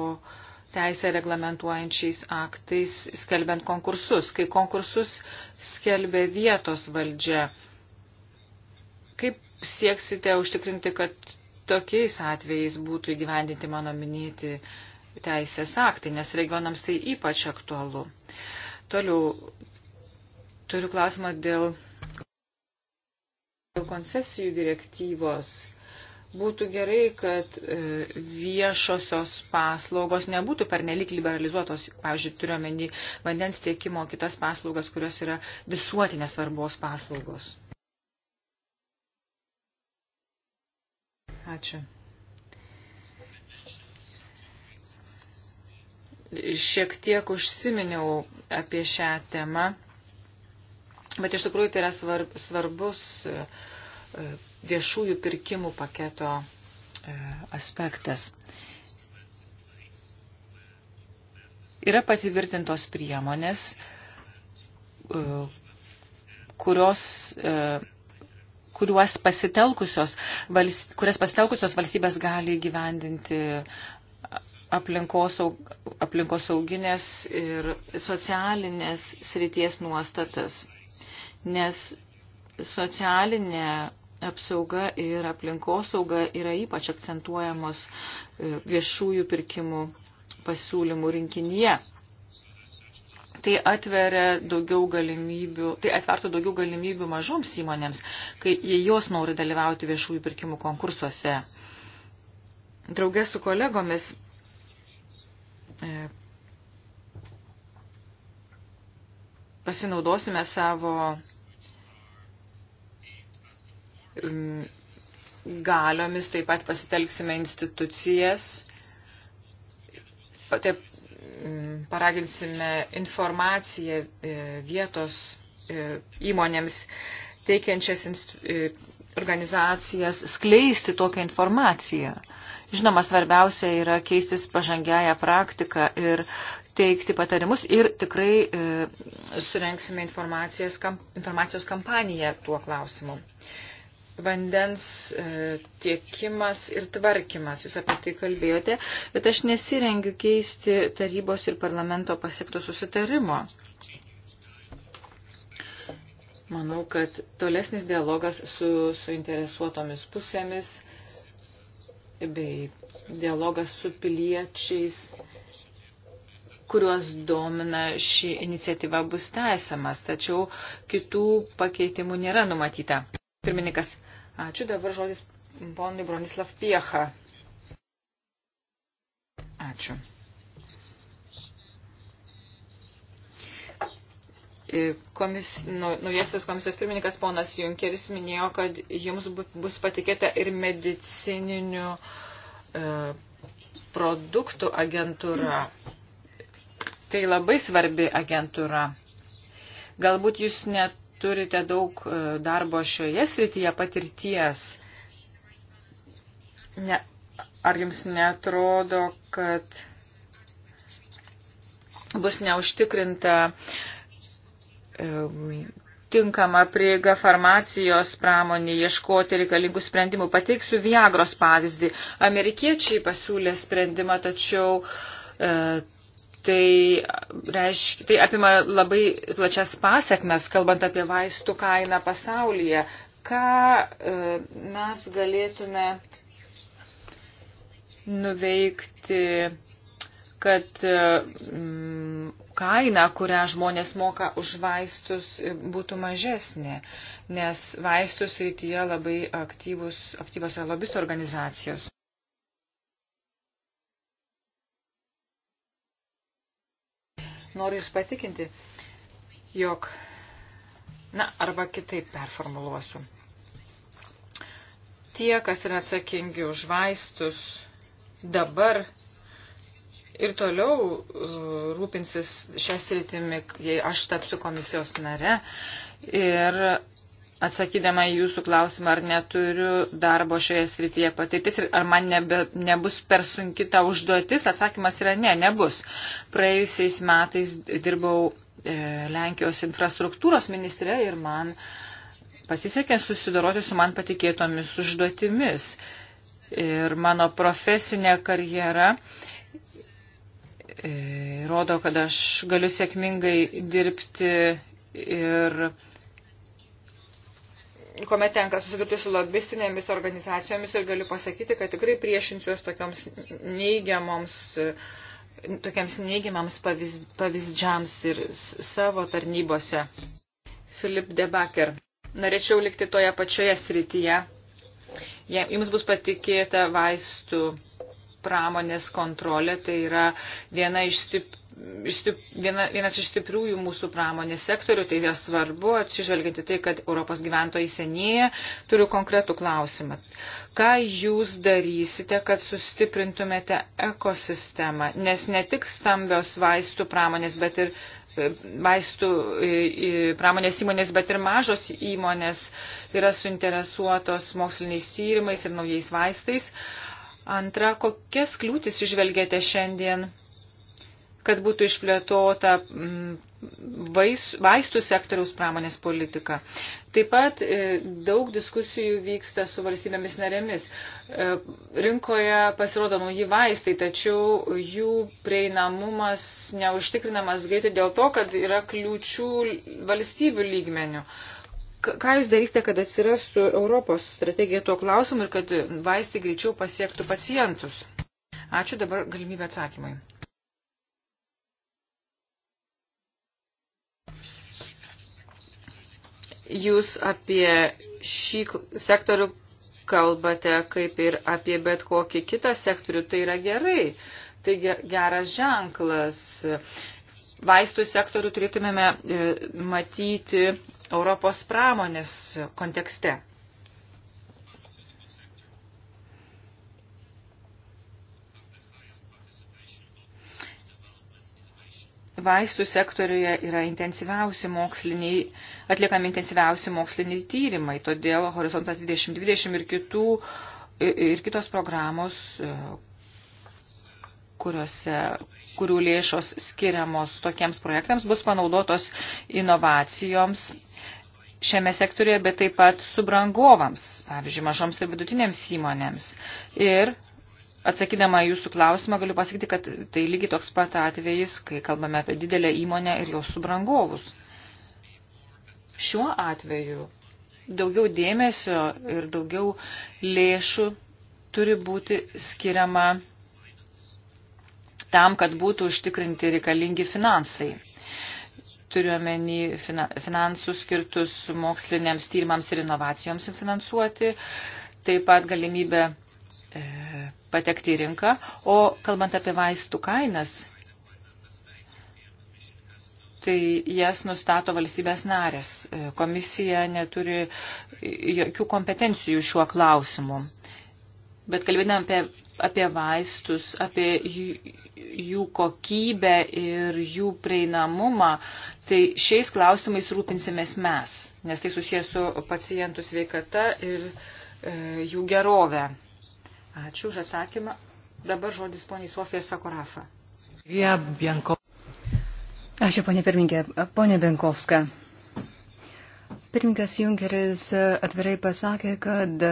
teisę reglamentuojančiais aktais, skelbiant konkursus. Kai konkursus skelbia vietos valdžia, kaip sieksite užtikrinti, kad tokiais atvejais būtų įgyvendinti mano minėti teisės aktai, nes regionams tai ypač aktualu. Toliau turiu klausimą dėl, dėl koncesijų direktyvos. Būtų gerai, kad e, viešosios paslaugos nebūtų pernelik liberalizuotos, pavyzdžiui, turiuomenį vandens tiekimo kitas paslaugas, kurios yra visuotinės svarbos paslaugos. Ačiū. šiek tiek užsiminiau apie šią temą, bet iš tikrųjų tai yra svarb, svarbus e, viešųjų pirkimų paketo e, aspektas. Yra patvirtintos priemonės, e, kurios, kuriuos pasitelkusios, kurias pasitelkusios valstybės gali gyvendinti aplinkosauginės aplinkos ir socialinės srities nuostatas, nes socialinė apsauga ir aplinkosauga yra ypač akcentuojamos e, viešųjų pirkimų pasiūlymų rinkinyje. Tai atveria daugiau galimybių, tai atvertų daugiau galimybių mažoms įmonėms, kai jos nori dalyvauti viešųjų pirkimų konkursuose. Draugė su kolegomis E, pasinaudosime savo galiomis, taip pat pasitelksime institucijas, taip, paraginsime informaciją e, vietos e, įmonėms teikiančias organizacijas skleisti tokią informaciją. Žinoma, svarbiausia yra keistis pažangiają praktiką ir teikti patarimus ir tikrai e, surenksime kam, informacijos kampaniją tuo klausimu. Vandens e, tiekimas ir tvarkimas, jūs apie tai kalbėjote, bet aš nesirengiu keisti tarybos ir parlamento pasiekto susitarimo. Manau, kad tolesnis dialogas su suinteresuotomis pusėmis bei dialogas su piliečiais, kuriuos domina ši iniciatyva bus tęsiamas, tačiau kitų pakeitimų nėra numatyta. Pirmininkas, ačiū dabar žodis ponui Bronislav Piecha. Ačiū. Komis, nu, naujasis komisijos pirmininkas ponas Junkeris minėjo, kad jums bus patikėta ir medicininių e, produktų agentūra. Tai labai svarbi agentūra. Galbūt jūs neturite daug e, darbo šioje srityje patirties. Ne, ar jums netrodo, kad bus neužtikrinta uh, tinkamą prieigą farmacijos pramonė ieškoti reikalingų sprendimų. Pateiksiu Viagros pavyzdį. Amerikiečiai pasiūlė sprendimą, tačiau e, tai, reiškia, tai apima labai plačias pasiekmes, kalbant apie vaistų kainą pasaulyje. Ką e, mes galėtume nuveikti kad e, kaina, kurią žmonės moka už vaistus, e, būtų mažesnė, nes vaistus rytyje labai aktyvus, aktyvos yra lobistų organizacijos. Noriu Jūs patikinti, jog, na, arba kitaip performuluosiu. Tie, kas yra atsakingi už vaistus, dabar ir toliau uh, rūpinsis šią sritimi, jei aš tapsiu komisijos nare. Ir atsakydama į jūsų klausimą, ar neturiu darbo šioje srityje patirtis ir ar man nebe, nebus per sunki ta užduotis, atsakymas yra ne, nebus. Praėjusiais metais dirbau e, Lenkijos infrastruktūros ministre ir man pasisekė susidoroti su man patikėtomis užduotimis. Ir mano profesinė karjera E, rodo, kad aš galiu sėkmingai dirbti ir kuomet tenka susidurti su lobistinėmis organizacijomis ir galiu pasakyti, kad tikrai priešinsiuos tokioms neigiamoms, tokiems neigiamams pavyz, pavyzdžiams ir savo tarnybose. Filip Debaker. Norėčiau likti toje pačioje srityje. Jums bus patikėta vaistų pramonės kontrolė, tai yra viena iš stip, Štip, viena, vienas iš stipriųjų mūsų pramonės sektorių, tai yra svarbu atsižvelginti tai, kad Europos gyventojai senėja. Turiu konkretų klausimą. Ką jūs darysite, kad sustiprintumėte ekosistemą? Nes ne tik stambios vaistų pramonės, bet ir e, vaistų e, e, pramonės įmonės, bet ir mažos įmonės yra suinteresuotos moksliniais tyrimais ir naujais vaistais. Antra, kokias kliūtis išvelgėte šiandien, kad būtų išplėtota mm, vais, vaistų sektoriaus pramonės politika? Taip pat e, daug diskusijų vyksta su valstybėmis narėmis. E, rinkoje pasirodo nauji vaistai, tačiau jų prieinamumas neužtikrinamas greitai dėl to, kad yra kliūčių valstybių lygmenių. Uh, Ką jūs darysite, kad atsirastų Europos strategija tuo klausimu ir kad vaistai greičiau pasiektų pacientus? Ačiū dabar galimybę atsakymai. Jūs apie šį sektorių kalbate kaip ir apie bet kokį kitą sektorių, tai yra gerai. Tai geras ženklas vaistų sektorių turėtumėme e, matyti Europos pramonės kontekste. Vaistų sektoriuje yra intensyviausi moksliniai, atliekami intensyviausi moksliniai tyrimai, todėl Horizontas 2020 ir, kitų, ir kitos programos, e, kuriuose, kurių lėšos skiriamos tokiems projektams, bus panaudotos inovacijoms šiame sektoriuje, bet taip pat subrangovams, pavyzdžiui, mažoms ir vidutinėms įmonėms. Ir atsakydama jūsų klausimą, galiu pasakyti, kad tai lygiai toks pat atvejis, kai kalbame apie didelę įmonę ir jos subrangovus. Šiuo atveju daugiau dėmesio ir daugiau lėšų turi būti skiriama tam, kad būtų užtikrinti reikalingi finansai. Turiuomenį finansus skirtus moksliniams tyrimams ir inovacijoms finansuoti, taip pat galimybę e, patekti į rinką. O kalbant apie vaistų kainas, tai jas nustato valstybės narės. E, komisija neturi jokių kompetencijų šiuo klausimu. Bet kalbėdami apie apie vaistus, apie jų kokybę ir jų prieinamumą, tai šiais klausimais rūpinsimės mes, nes tai susijęs su pacientų sveikata ir e, jų gerovė. Ačiū už atsakymą. Dabar žodis poniai Sofija Sakurafa. Ačiū, ponė pirminkė. Ponė Benkovska. Pirminkas Junkeris atvirai pasakė, kad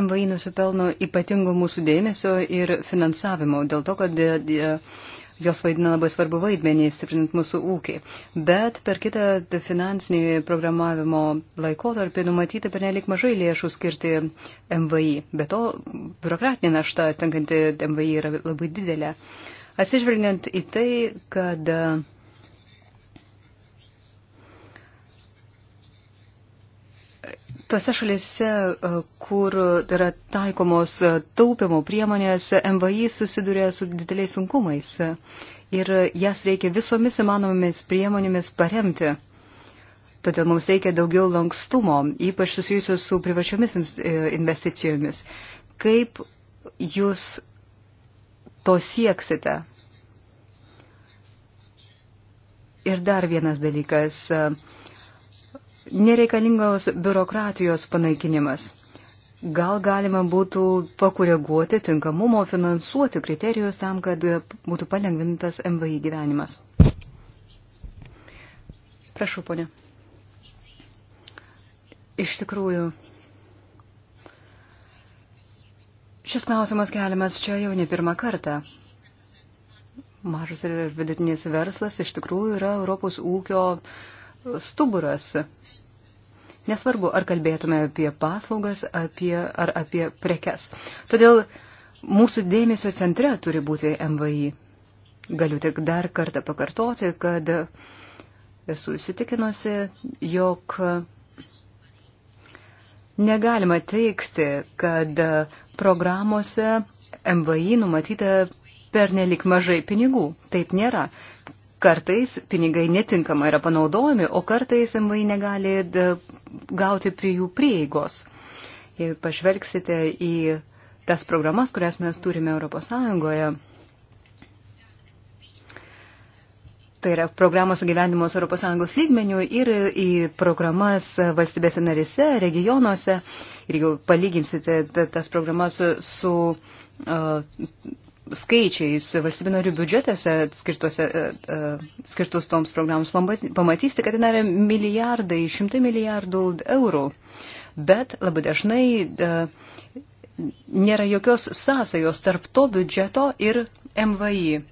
MVI nusipelno ypatingo mūsų dėmesio ir finansavimo, dėl to, kad e, e, jos vaidina labai svarbu vaidmenį, stiprinant mūsų ūkį. Bet per kitą finansinį programavimo laikotarpį numatyti per nelik mažai lėšų skirti MVI. Be to, biurokratinė našta tenkanti MVI yra labai didelė. Atsižvelgiant į tai, kad uh, Tose šalise, e, kur yra taikomos e, taupimo priemonės, MVI susiduria su dideliais sunkumais e, ir jas reikia visomis įmanomomis priemonėmis paremti. Todėl mums reikia daugiau lankstumo, ypač susijusio su privačiomis investicijomis. Kaip jūs to sieksite? Ir dar vienas dalykas. Uh, Nereikalingos biurokratijos panaikinimas. Gal galima būtų pakoreguoti tinkamumo finansuoti kriterijus tam, kad būtų palengvintas MVI gyvenimas. Prašau, ponė. Iš tikrųjų, šis klausimas keliamas čia jau ne pirmą kartą. Mažas ir vidutinis verslas iš tikrųjų yra Europos ūkio uh, stuburas. Nesvarbu, ar kalbėtume apie paslaugas apie, ar apie prekes. Todėl mūsų dėmesio centre turi būti MVI. Galiu tik dar kartą pakartoti, kad esu įsitikinusi, jog negalima teikti, kad programuose MVI numatyta per nelik mažai pinigų. Taip nėra. Kartais pinigai netinkamai yra panaudojami, o kartais MVI negali e, gauti prie jų prieigos. Jei pažvelgsite į tas programas, kurias mes turime Europos Sąjungoje, tai yra programos gyvenimos Europos Sąjungos lygmenių ir į programas valstybėse narise, regionuose, ir jeigu palyginsite tas programas su uh, skaičiais valstybinio narių biudžetuose e, e, skirtus toms programoms, pamatysite, kad ten yra milijardai, šimtai milijardų eurų. Bet labai dažnai e, nėra jokios sąsajos tarp to biudžeto ir MVI.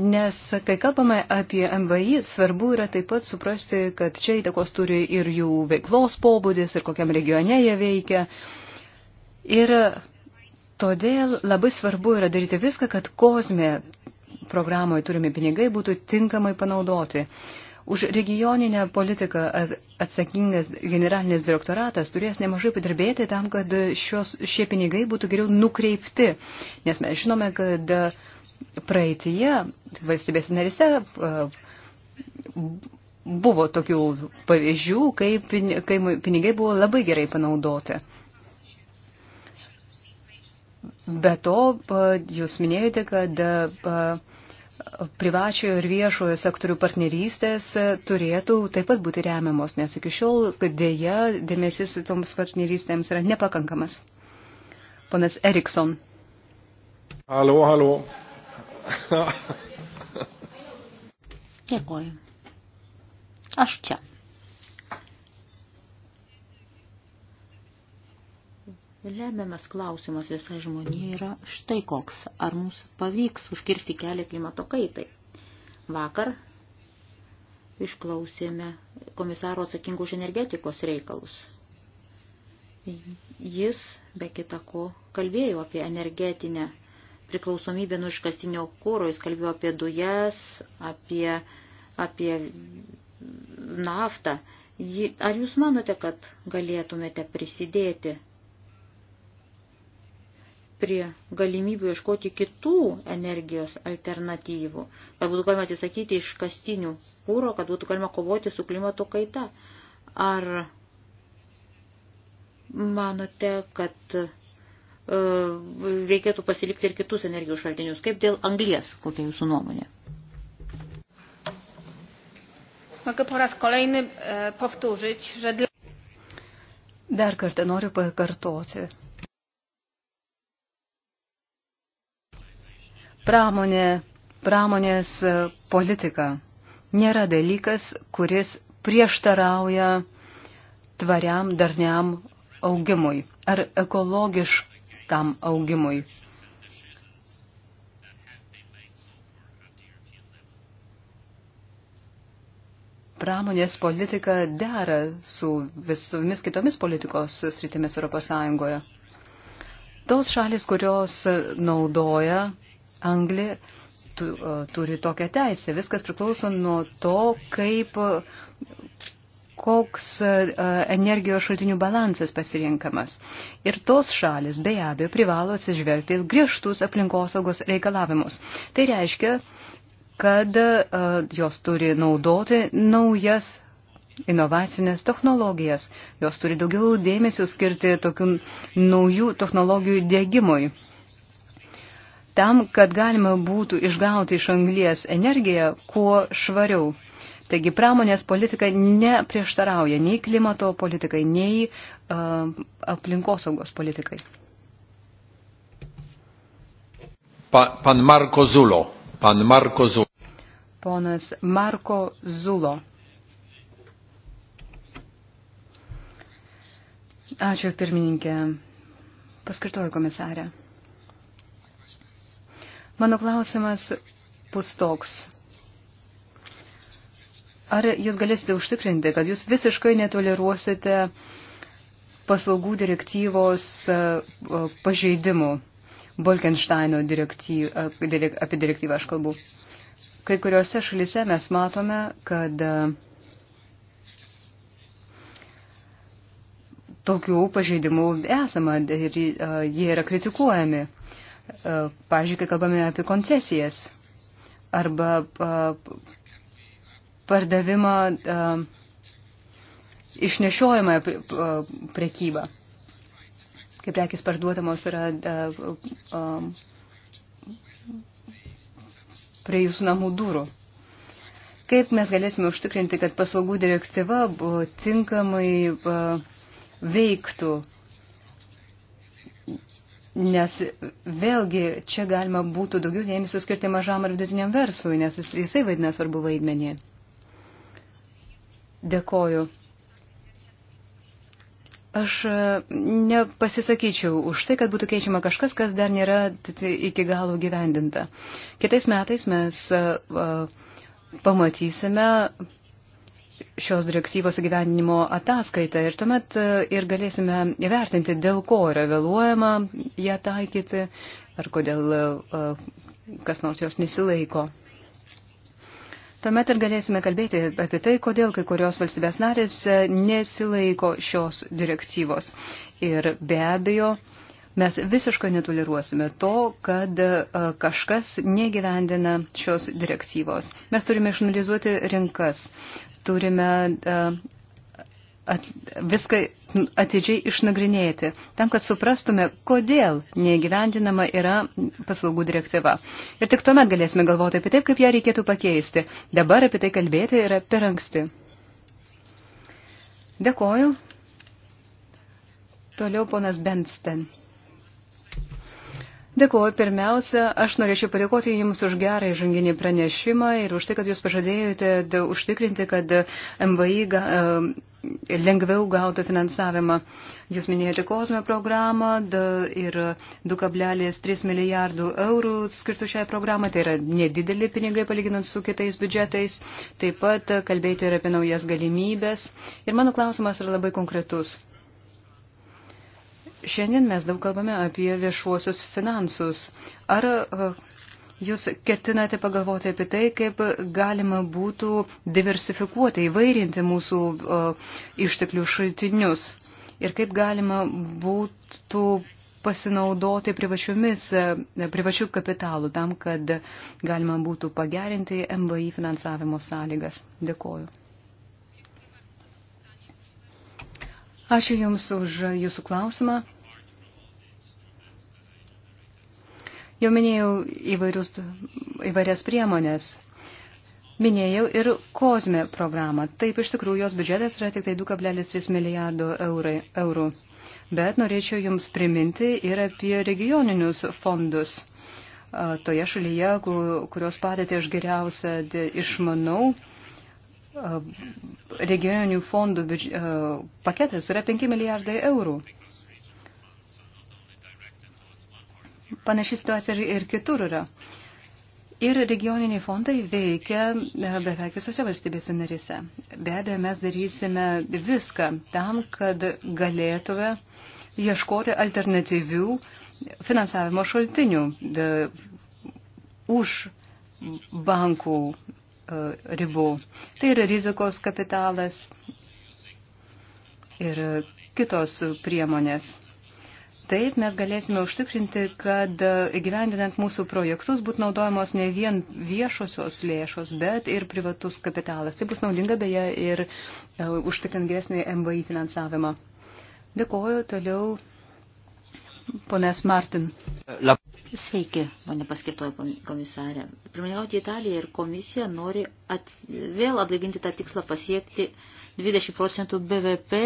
Nes, kai kalbame apie MVI, svarbu yra taip pat suprasti, kad čia įtakos turi ir jų veiklos pobūdis, ir kokiam regione jie veikia. Ir todėl labai svarbu yra daryti viską, kad kozmė programoje turimi pinigai būtų tinkamai panaudoti. Už regioninę politiką atsakingas generalinis direktoratas turės nemažai padirbėti tam, kad šios, šie pinigai būtų geriau nukreipti, nes mes žinome, kad uh, praeitie valstybės narise e, buvo tokių pavyzdžių, kai, kai pinigai buvo labai gerai panaudoti. Be to, e, jūs minėjote, kad e, privačiojo ir viešojo sektorių partnerystės turėtų taip pat būti remiamos, nes iki šiol dėja dėmesys toms partnerystėms yra nepakankamas. Ponas Erikson. Halo, halo. Dėkuoju. Aš čia. Lemiamas klausimas visai žmonijai yra štai koks. Ar mums pavyks užkirsti kelią klimato kaitai? Vakar išklausėme komisaro atsakingų už energetikos reikalus. Jis, be kita ko, kalbėjo apie energetinę priklausomybę nuo iškastinio kūro, jis kalbėjo apie dujas, apie, apie naftą. Ar jūs manote, kad galėtumėte prisidėti prie galimybių ieškoti kitų energijos alternatyvų, kad būtų galima atsisakyti iš kastinių kūro, kad būtų galima kovoti su klimato kaita. Ar manote, kad reikėtų pasilikti ir kitus energijos šaltinius. Kaip dėl anglies, kokia jūsų nuomonė? Mogę po raz kolejny e, powtórzyć, że dla... Dar kartą noriu pakartoti. Pramonė, pramonės e, politika nėra dalykas, kuris prieštarauja tvariam, darniam augimui ar ekologiškai tam augimui. pramonės politika dera su visomis kitomis politikos sritimis Europos Sąjungoje. Tos šalis, kurios naudoja anglį, tu, turi tokią teisę. Viskas priklauso nuo to, kaip koks e, e, energijos šaltinių balansas pasirinkamas. Ir tos šalis be abejo privalo atsižvelgti ir griežtus aplinkosaugos reikalavimus. Tai reiškia, kad e, jos turi naudoti naujas inovacinės technologijas, jos turi daugiau dėmesio skirti tokių naujų technologijų dėgymui. Tam, kad galima būtų išgauti iš anglies energiją kuo švariau. Taigi pramonės politika neprieštarauja nei klimato politikai, nei uh, aplinkosaugos politikai. Pa, pan Marko Zulo. Pan Marko Zulo. Ponas Marko Zulo. Ačiū pirmininkė. Paskirtoju komisarę. Mano klausimas bus toks. Ar jūs galėsite užtikrinti, kad jūs visiškai netoleruosite paslaugų direktyvos e, e, pažeidimų, Bolkensteino direktyv, e, apie direktyvą aš kalbu. Kai kuriuose šalise mes matome, kad tokių pažeidimų esama ir jie yra kritikuojami. Pavyzdžiui, kai kalbame apie koncesijas arba pardavimą išnešiojamą prekybą, kai prekis parduodamos yra prie jūsų namų durų. Kaip mes galėsime užtikrinti, kad paslaugų direktyva tinkamai veiktų, nes vėlgi čia galima būtų daugiau dėmesio skirti mažam ar vidutiniam verslui, nes jisai vaidina svarbu vaidmenį. Dėkoju. Aš e, nepasisakyčiau už tai, kad būtų keičiama kažkas, kas dar nėra iki galo gyvendinta. Kitais metais mes e, e, pamatysime šios direktyvos gyvenimo ataskaitą ir tuomet ir galėsime įvertinti, dėl ko yra vėluojama ją taikyti ar kodėl kas nors jos nesilaiko. Tuomet ir galėsime kalbėti apie tai, kodėl kai kurios valstybės narės e, nesilaiko šios direktyvos. Ir be abejo, mes visiškai netoleruosime to, kad e, kažkas negyvendina šios direktyvos. Mes turime išanalizuoti rinkas, turime e, at, viską atidžiai išnagrinėti, tam, kad suprastume, kodėl neįgyvendinama yra paslaugų direktyva. Ir tik tuomet galėsime galvoti apie taip, kaip ją reikėtų pakeisti. Dabar apie tai kalbėti yra per anksti. Dėkoju. Toliau ponas Bensten. Dėkuoju. Pirmiausia, aš norėčiau padėkoti Jums už gerą įžanginį pranešimą ir už tai, kad Jūs pažadėjote užtikrinti, kad MVI lengviau gauti finansavimą. Jūs minėjote Kozme programą da, ir 2,3 milijardų eurų skirtų šiai programą, tai yra nedideli pinigai palyginant su kitais biudžetais, taip pat kalbėti ir apie naujas galimybės. Ir mano klausimas yra labai konkretus. Šiandien mes daug kalbame apie viešuosius finansus. Ar jūs ketinate pagalvoti apie tai, kaip galima būtų diversifikuoti, įvairinti mūsų išteklių šaltinius ir kaip galima būtų pasinaudoti privačiomis, e, privačių kapitalų tam, kad galima būtų pagerinti MVI finansavimo sąlygas. Dėkoju. Ačiū Jums už Jūsų klausimą. Jau minėjau įvairius, įvairias priemonės. Minėjau ir kozme programą. Taip, iš tikrųjų, jos biudžetas yra tik tai 2,3 milijardo eurai, eurų. Bet norėčiau Jums priminti ir apie regioninius fondus. Toje šalyje, kurios padėtį aš geriausia išmanau, regioninių fondų paketas yra 5 milijardai eurų. Panaši situacija ir, ir kitur yra. Ir regioniniai fondai veikia e, beveik visose valstybėse narise. Be abejo, mes darysime viską tam, kad galėtume ieškoti alternatyvių finansavimo šaltinių de, už bankų e, ribų. Tai yra rizikos kapitalas ir kitos priemonės. Taip mes galėsime užtikrinti, kad e, gyvendinant mūsų projektus būtų naudojamos ne vien viešosios lėšos, bet ir privatus kapitalas. Tai bus naudinga beje ir uh, užtikrint geresnį MVI finansavimą. Dėkuoju toliau. Ponas Martin. Sveiki, mane paskirtoji komisarė. Pirmininkauti Italija ir komisija nori at, vėl atgaivinti tą tikslą pasiekti 20 procentų BVP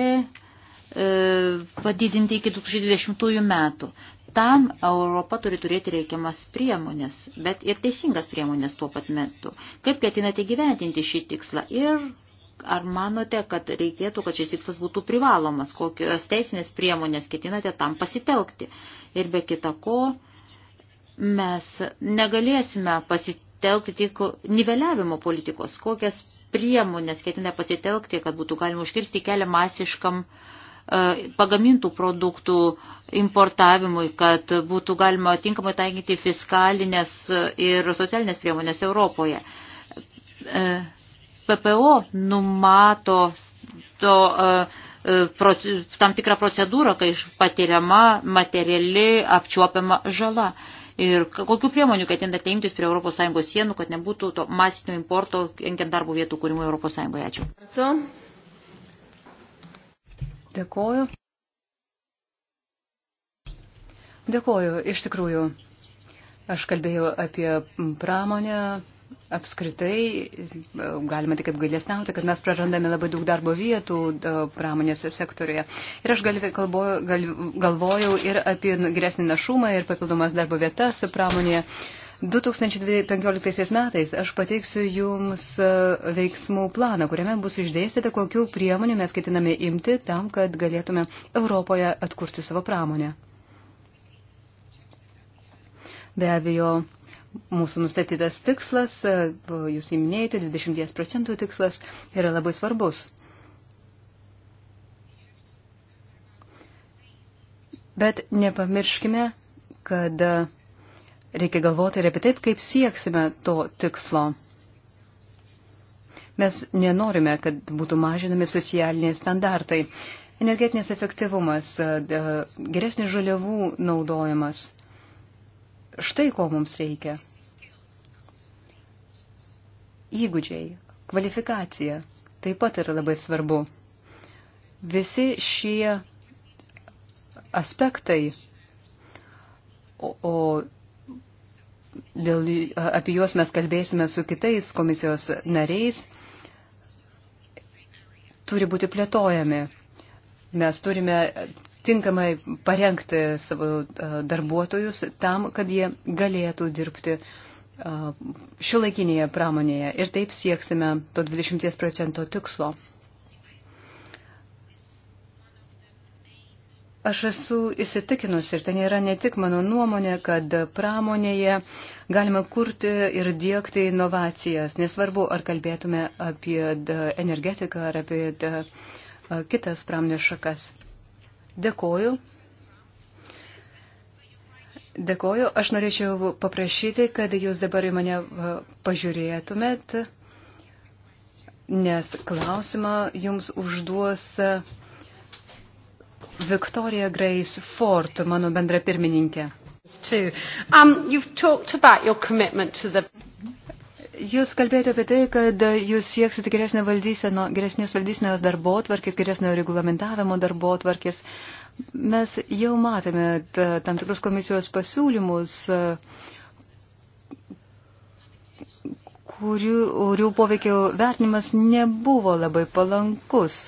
E, padidinti iki 2020 metų. Tam Europa turi turėti reikiamas priemonės, bet ir teisingas priemonės tuo pat metu. Kaip ketinate gyventinti šį tikslą ir ar manote, kad reikėtų, kad šis tikslas būtų privalomas, kokios teisinės priemonės ketinate tam pasitelkti. Ir be kita ko, mes negalėsime pasitelkti tik niveliavimo politikos, kokias priemonės ketinate pasitelkti, kad būtų galima užkirsti kelią masiškam uh, E, pagamintų produktų importavimui, kad būtų galima tinkamai taikyti fiskalinės ir socialinės priemonės Europoje. E, PPO numato to, e, tam tikrą procedūrą, kai patiriama materiali apčiuopiama žala. Ir kokiu priemoniu ketinate imtis prie ES sienų, kad nebūtų to masinio importo, enkiant darbo vietų kūrimo ES. Ačiū. Dėkoju. Dėkoju, iš tikrųjų. Aš kalbėjau apie pramonę apskritai. Galima tik apgailestauti, kad mes prarandame labai daug darbo vietų e, pramonės sektorioje. Ir aš galvojau ir apie geresnį našumą ir papildomas darbo vietas pramonėje. 2015 metais aš pateiksiu Jums e, veiksmų planą, kuriame bus išdėstyta, kokiu priemonių mes ketiname imti tam, kad galėtume Europoje atkurti savo pramonę. Be abejo, mūsų nustatytas tikslas, e, jūs įminėjote, 20 procentų tikslas yra labai svarbus. Bet nepamirškime, kad Reikia galvoti ir apie taip, kaip sieksime to tikslo. Mes nenorime, kad būtų mažinami socialiniai standartai. Energetinės efektyvumas, e, geresnis žaliavų naudojimas. Štai ko mums reikia. Įgūdžiai, kvalifikacija taip pat yra labai svarbu. Visi šie aspektai, o, o dėl, apie juos mes kalbėsime su kitais komisijos nariais, turi būti plėtojami. Mes turime tinkamai parengti savo darbuotojus tam, kad jie galėtų dirbti šilaikinėje pramonėje ir taip sieksime to 20 procento tikslo. Aš esu įsitikinus ir tai nėra ne tik mano nuomonė, kad pramonėje galima kurti ir dėkti inovacijas, nesvarbu, ar kalbėtume apie energetiką ar apie kitas pramonės šakas. Dėkoju. Dėkoju. Aš norėčiau paprašyti, kad jūs dabar į mane pažiūrėtumėt, nes klausimą jums užduos Victoria Grace Ford, mano bendra pirmininkė. Um, the... Jūs kalbėjote apie tai, kad jūs sieksite geresnės valdysenos darbo tvarkės, geresnio reglamentavimo darbo tvarkės. Mes jau matėme tam tikrus komisijos pasiūlymus, kurių, kurių poveikio vertinimas nebuvo labai palankus.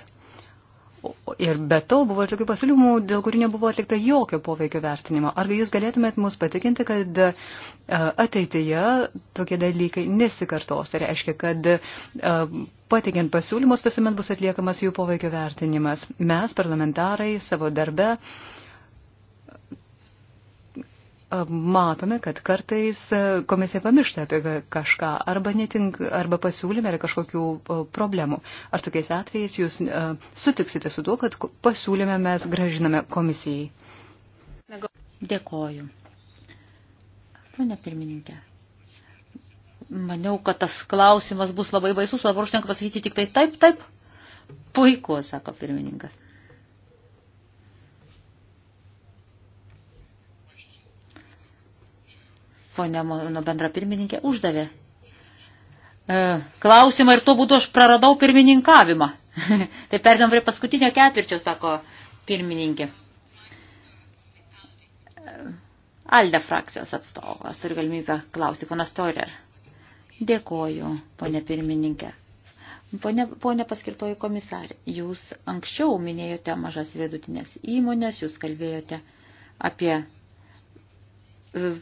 Ir be to buvo ir tokių pasiūlymų, dėl kurių nebuvo atlikta jokio poveikio vertinimo. Argi jūs galėtumėt mus patikinti, kad e, ateityje tokie dalykai nesikartos? Tai reiškia, kad e, pateikiant pasiūlymus visuomet bus atliekamas jų poveikio vertinimas. Mes, parlamentarai, savo darbe. Uh, matome, kad kartais komisija pamiršta apie kažką arba, netink, arba pasiūlyme yra kažkokių e, problemų. Ar tokiais atvejais jūs e, sutiksite su tuo, kad pasiūlyme mes gražiname komisijai? Dėkoju. Pane pirmininkė, maniau, kad tas klausimas bus labai baisus, o dabar užtenka pasakyti tik tai taip, taip. Puiku, sako pirmininkas. ponė mano bendra pirmininkė, uždavė e, klausimą ir tuo būdu aš praradau pirmininkavimą. tai perdėm prie paskutinio ketvirčio, sako pirmininkė. Alde frakcijos atstovas ir galimybę klausti, ponas Torer. Dėkoju, ponė pirmininkė. Pone, pone paskirtoji komisarė, jūs anksčiau minėjote mažas vidutinės įmonės, jūs kalbėjote apie e,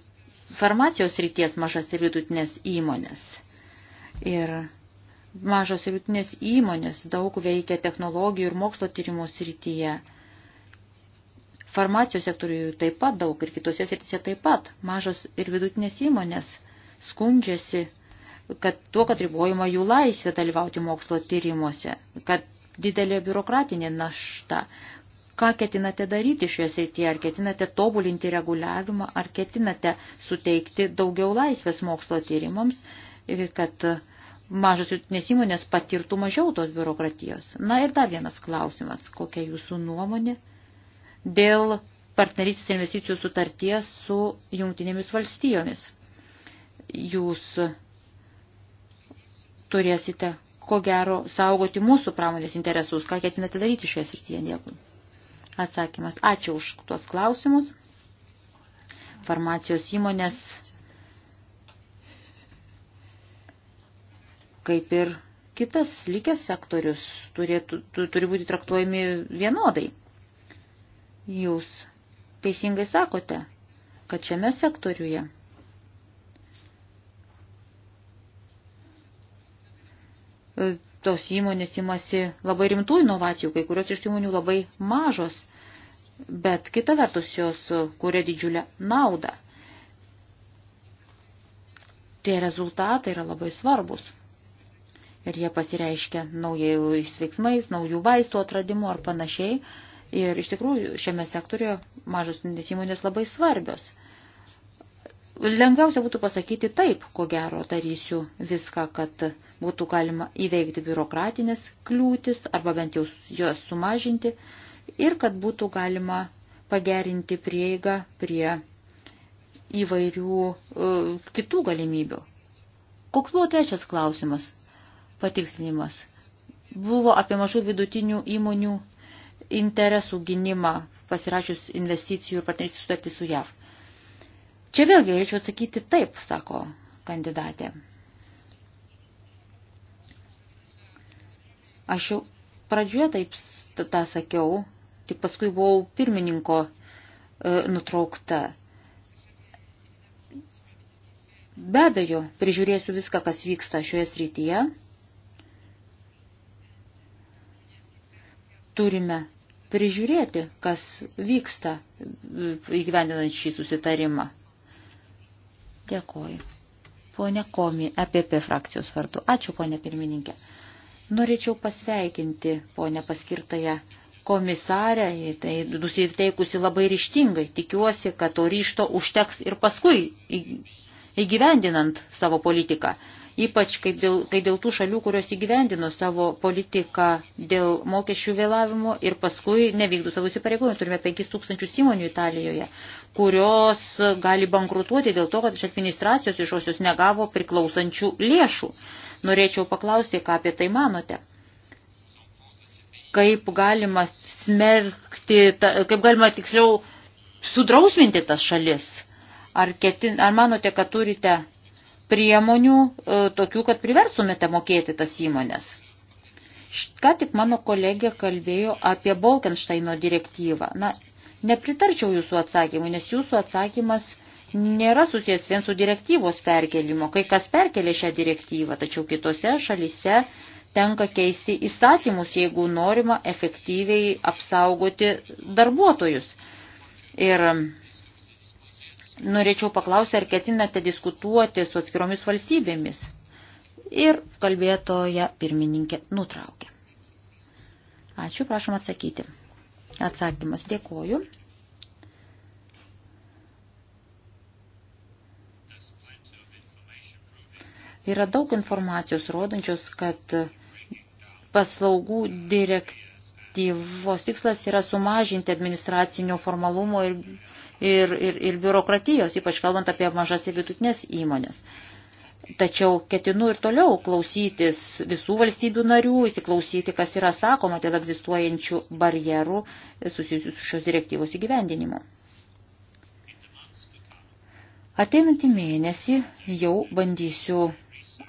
farmacijos ryties mažas ir vidutinės įmonės. Ir mažos ir vidutinės įmonės daug veikia technologijų ir mokslo tyrimų srityje. Farmacijos sektoriuje taip pat daug ir kitose srityse taip pat mažos ir vidutinės įmonės skundžiasi, kad tuo, kad ribojama jų laisvė dalyvauti mokslo tyrimuose, kad didelė biurokratinė našta, Ką ketinate daryti šioje srityje? Ar ketinate tobulinti reguliavimą, ar ketinate suteikti daugiau laisvės mokslo tyrimams, kad mažos jūtinės įmonės patirtų mažiau tos biurokratijos? Na ir dar vienas klausimas. Kokia jūsų nuomonė dėl partnerystės investicijų sutarties su jungtinėmis valstijomis? Jūs turėsite ko gero saugoti mūsų pramonės interesus. Ką ketinate daryti šioje srityje? Dėkui. Atsakymas. Ačiū už tuos klausimus. Farmacijos įmonės kaip ir kitas likęs sektorius turėtų, turi būti traktuojami vienodai. Jūs teisingai sakote, kad šiame sektoriuje tos įmonės imasi labai rimtų inovacijų, kai kurios iš įmonių labai mažos, bet kita vertus jos kuria didžiulę naudą. Tie rezultatai yra labai svarbus. Ir jie pasireiškia naujais veiksmais, naujų vaistų atradimu ar panašiai. Ir iš tikrųjų šiame sektoriuje mažos įmonės labai svarbios. Lengviausia būtų pasakyti taip, ko gero darysiu viską, kad būtų galima įveikti biurokratinės kliūtis arba bent jau juos sumažinti ir kad būtų galima pagerinti prieigą prie įvairių e, kitų galimybių. Koks buvo trečias klausimas? Patikslinimas. Buvo apie mažų vidutinių įmonių interesų gynimą pasirašius investicijų ir partnerystės sutartį su JAV. Čia vėlgi galėčiau atsakyti taip, sako kandidatė. Aš jau pradžioje taip tą sakiau, tik paskui buvau pirmininko e, nutraukta. Be abejo, prižiūrėsiu viską, kas vyksta šioje srityje. Turime prižiūrėti, kas vyksta e, įgyvendinant šį susitarimą. Dėkoju. Pone Komi, EPP frakcijos vardu. Ačiū, ponė pirmininkė. Norėčiau pasveikinti ponę paskirtąją komisarę, tai nusiteikusi labai ryštingai. Tikiuosi, kad to ryšto užteks ir paskui įgyvendinant savo politiką ypač kai dėl, kai dėl tų šalių, kurios įgyvendino savo politiką dėl mokesčių vėlavimo ir paskui nevykdų savo įsipareigojimų. Turime 5000 įmonių Italijoje, kurios gali bankrutuoti dėl to, kad iš administracijos išosios negavo priklausančių lėšų. Norėčiau paklausti, ką apie tai manote. Kaip galima smerkti, kaip galima tiksliau sudrausminti tas šalis? Ar, ketin, ar manote, kad turite priemonių e, tokių, kad priversumėte mokėti tas įmonės. Ką tik mano kolegė kalbėjo apie Bolkensteino direktyvą. Na, nepritarčiau jūsų atsakymui, nes jūsų atsakymas nėra susijęs vien su direktyvos perkelimo. Kai kas perkelė šią direktyvą, tačiau kitose šalise tenka keisti įstatymus, jeigu norima efektyviai apsaugoti darbuotojus. Ir norėčiau paklausti, ar ketinate diskutuoti su atskiromis valstybėmis. Ir kalbėtoja pirmininkė nutraukė. Ačiū, prašom atsakyti. Atsakymas dėkoju. Yra daug informacijos rodančios, kad paslaugų direktyvos tikslas yra sumažinti administracinio formalumo ir ir, ir, ir biurokratijos, ypač kalbant apie mažas ir vidutinės įmonės. Tačiau ketinu ir toliau klausytis visų valstybių narių, įsiklausyti, kas yra sakoma dėl egzistuojančių barjerų susijusių su šios direktyvos įgyvendinimu. Ateinantį mėnesį jau bandysiu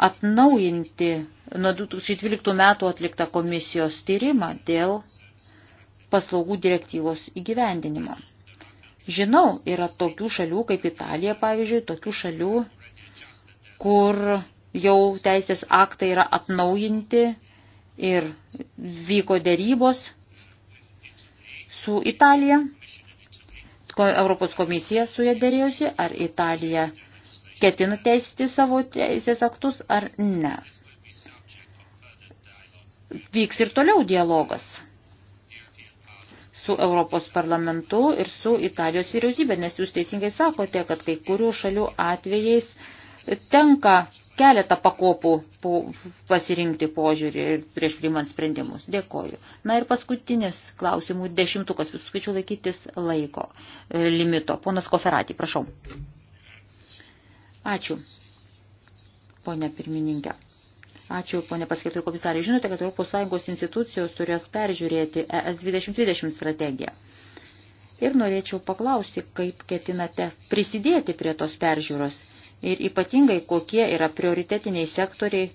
atnaujinti nuo 2012 metų atliktą komisijos tyrimą dėl paslaugų direktyvos įgyvendinimo. Žinau, yra tokių šalių kaip Italija, pavyzdžiui, tokių šalių, kur jau teisės aktai yra atnaujinti ir vyko dėrybos su Italija. Europos komisija su jie dėrėjosi, ar Italija ketina teisti savo teisės aktus ar ne. Vyks ir toliau dialogas su Europos parlamentu ir su Italijos vyriausybė, nes jūs teisingai sakote, kad kai kurių šalių atvejais tenka keletą pakopų pasirinkti požiūrį prieš priimant sprendimus. Dėkoju. Na ir paskutinis klausimų dešimtukas, visų skaičių laikytis laiko e, limito. Ponas Koferatį, prašau. Ačiū, ponia pirmininkė. Ačiū, ponė paskirtų komisarė. Žinote, kad ES institucijos turės peržiūrėti ES 2020 strategiją. Ir norėčiau paklausti, kaip ketinate prisidėti prie tos peržiūros ir ypatingai kokie yra prioritetiniai sektoriai,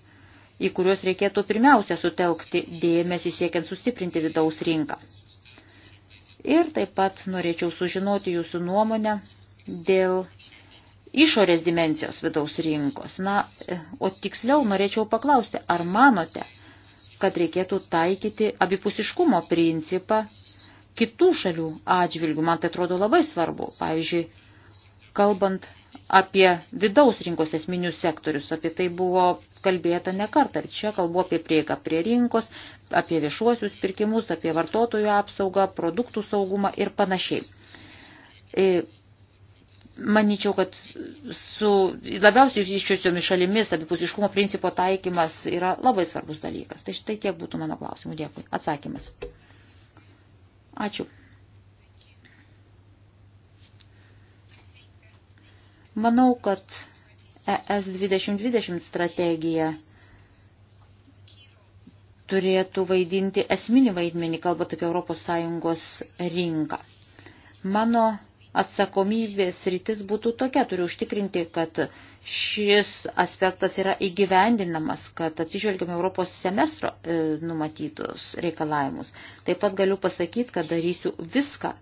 į kuriuos reikėtų pirmiausia sutelkti dėmesį siekiant sustiprinti vidaus rinką. Ir taip pat norėčiau sužinoti jūsų nuomonę dėl išorės dimensijos vidaus rinkos. Na, o tiksliau norėčiau paklausti, ar manote, kad reikėtų taikyti abipusiškumo principą kitų šalių atžvilgių. Man tai atrodo labai svarbu. Pavyzdžiui, kalbant apie vidaus rinkos esminius sektorius, apie tai buvo kalbėta ne kartą. Ir čia kalbu apie prieigą prie rinkos, apie viešuosius pirkimus, apie vartotojų apsaugą, produktų saugumą ir panašiai. E, Maničiau, kad su labiausiai išsiščiosiomis šalimis abipusiškumo principo taikymas yra labai svarbus dalykas. Tai štai tiek būtų mano klausimų. Dėkui. Atsakymas. Ačiū. Manau, kad ES 2020 strategija turėtų vaidinti esminį vaidmenį, kalbant apie ES rinką. Mano atsakomybės rytis būtų tokia. Turiu užtikrinti, kad šis aspektas yra įgyvendinamas, kad atsižvelgiam Europos semestro e, numatytus reikalavimus. Taip pat galiu pasakyti, kad darysiu viską,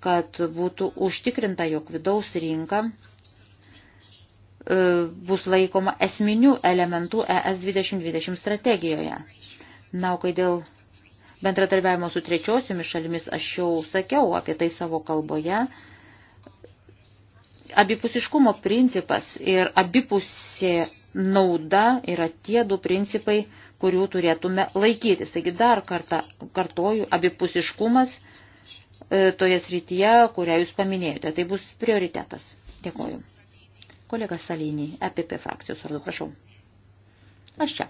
kad būtų užtikrinta, jog vidaus rinka e, bus laikoma esminių elementų ES 2020 strategijoje. Na, o kai dėl bendradarbiavimo su trečiosiomis šalimis aš jau sakiau apie tai savo kalboje, abipusiškumo principas ir abipusė nauda yra tie du principai, kurių turėtume laikytis. Taigi dar kartą kartoju, abipusiškumas e, toje srityje, kurią jūs paminėjote. Tai bus prioritetas. Dėkoju. Kolega Salinį, EPP frakcijos vardu, prašau. Aš čia.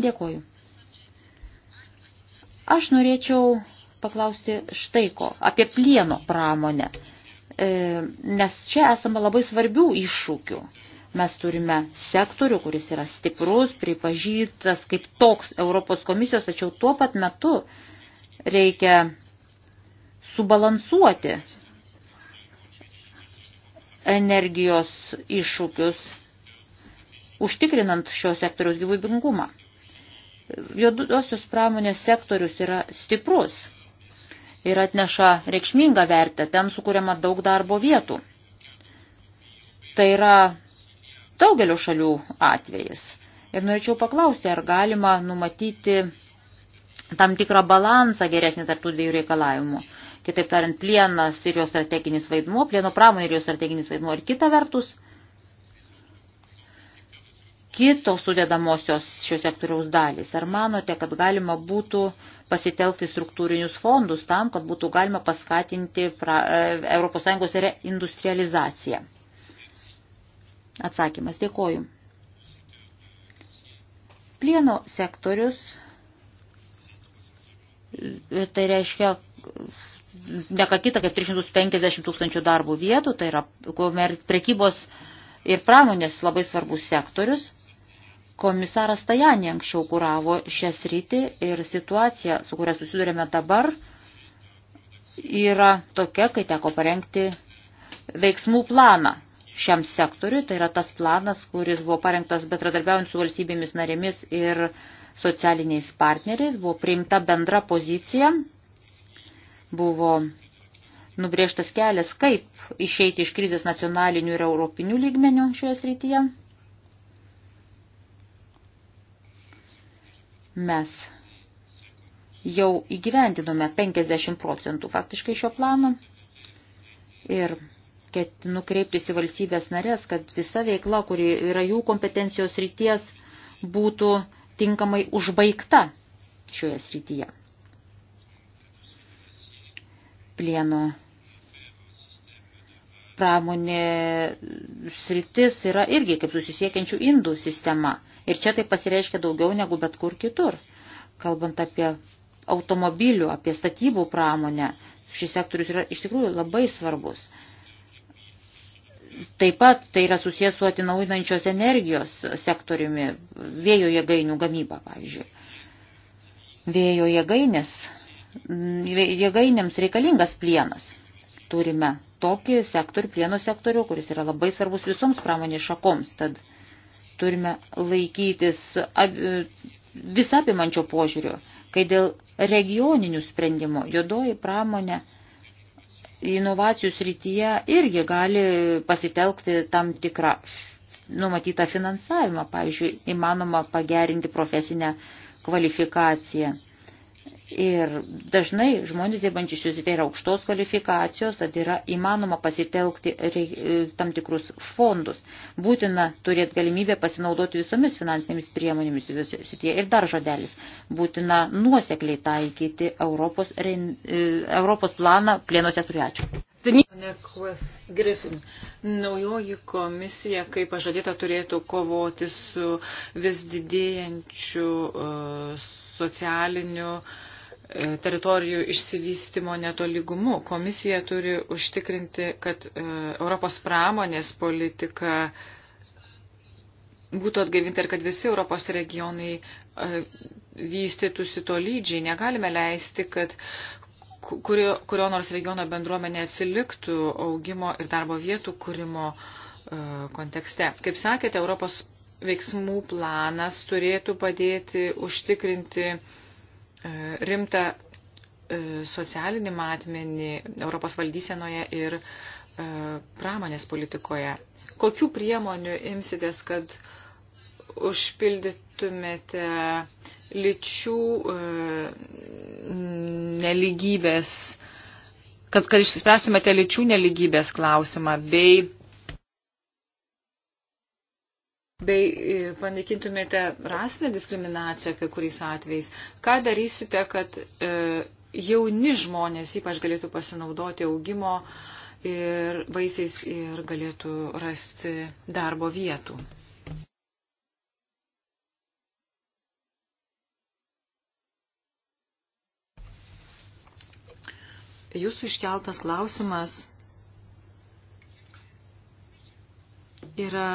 Dėkoju. Aš norėčiau paklausti štai ko, apie plieno pramonę, e, nes čia esame labai svarbių iššūkių. Mes turime sektorių, kuris yra stiprus, pripažytas kaip toks Europos komisijos, tačiau tuo pat metu reikia subalansuoti energijos iššūkius, užtikrinant šio sektoriaus gyvybingumą. Juodosios pramonės sektorius yra stiprus ir atneša reikšmingą vertę, ten sukūriama daug darbo vietų. Tai yra daugelio šalių atvejis. Ir norėčiau paklausti, ar galima numatyti tam tikrą balansą geresnį tarp tų dviejų reikalavimų. Kitaip tariant, plienas ir jo strateginis vaidmuo, plieno pramonė ir jo strateginis vaidmuo. Ir kita vertus, uh, kitos sudėdamosios šio sektoriaus dalys? Ar manote, kad galima būtų pasitelkti struktūrinius fondus tam, kad būtų galima paskatinti ES reindustrializaciją? Atsakymas, dėkoju. Plieno sektorius, e, tai reiškia ne ką kitą kaip 350 tūkstančių darbų vietų, tai yra prekybos ir pramonės labai svarbus sektorius. Komisaras Tajani anksčiau kuravo šią sritį ir situacija, su kuria susidurėme dabar, yra tokia, kai teko parengti veiksmų planą šiam sektoriui. Tai yra tas planas, kuris buvo parengtas betradarbiaujant su valstybėmis narėmis ir socialiniais partneriais. Buvo priimta bendra pozicija, buvo nubrėžtas kelias, kaip išeiti iš krizės nacionalinių ir europinių lygmenių šioje srityje. Mes jau įgyvendinome 50 procentų faktiškai šio plano ir ketinu kreiptis į valstybės narės, kad visa veikla, kuri yra jų kompetencijos ryties, būtų tinkamai užbaigta šioje srityje. Plieno pramonė sritis yra irgi kaip susisiekiančių indų sistema. Ir čia tai pasireiškia daugiau negu bet kur kitur. Kalbant apie automobilių, apie statybų pramonę, šis sektorius yra iš tikrųjų labai svarbus. Taip pat tai yra susijęs su atinaujinančios energijos sektoriumi, vėjo jėgainių gamyba, pavyzdžiui. Vėjo jėgainės, jėgainėms reikalingas plienas. Turime tokį sektorių, plieno sektorių, kuris yra labai svarbus visoms pramonės šakoms. Tad turime laikytis visapimančio požiūrio, kai dėl regioninių sprendimų juodoji pramonė inovacijų srityje irgi gali pasitelkti tam tikrą numatytą finansavimą, pavyzdžiui, įmanoma pagerinti profesinę kvalifikaciją Ir dažnai žmonės dirbančių šiuose tai yra aukštos kvalifikacijos, tad yra įmanoma pasitelkti e, tam tikrus fondus. Būtina turėti galimybę pasinaudoti visomis finansinėmis priemonėmis sitie. Ir dar žodelis. Būtina nuosekliai taikyti Europos, rein, e, Europos planą plėnuose turiu ačiū. Griffin, naujoji komisija, kaip pažadėta, turėtų kovoti su vis didėjančiu uh, socialiniu uh, E, teritorijų išsivystimo netoligumu. Komisija turi užtikrinti, kad e, Europos pramonės politika būtų atgaivinta ir kad visi Europos regionai e, vystytųsi tolydžiai. Negalime leisti, kad kurio, kurio nors regiono bendruomenė atsiliktų augimo ir darbo vietų kūrimo kontekste. Kaip sakėte, Europos veiksmų planas turėtų padėti užtikrinti uh, E, rimtą e, socialinį matmenį Europos valdysenoje ir e, pramonės politikoje. Kokių priemonių imsitės, kad užpildytumėte lyčių neligybės, kad, kad išspręstumėte lyčių neligybės klausimą bei bei e, panaikintumėte rasinę diskriminaciją kai kuriais atvejais. Ką darysite, kad e, jauni žmonės ypač galėtų pasinaudoti augimo ir vaisiais ir galėtų rasti darbo vietų? Jūsų iškeltas klausimas yra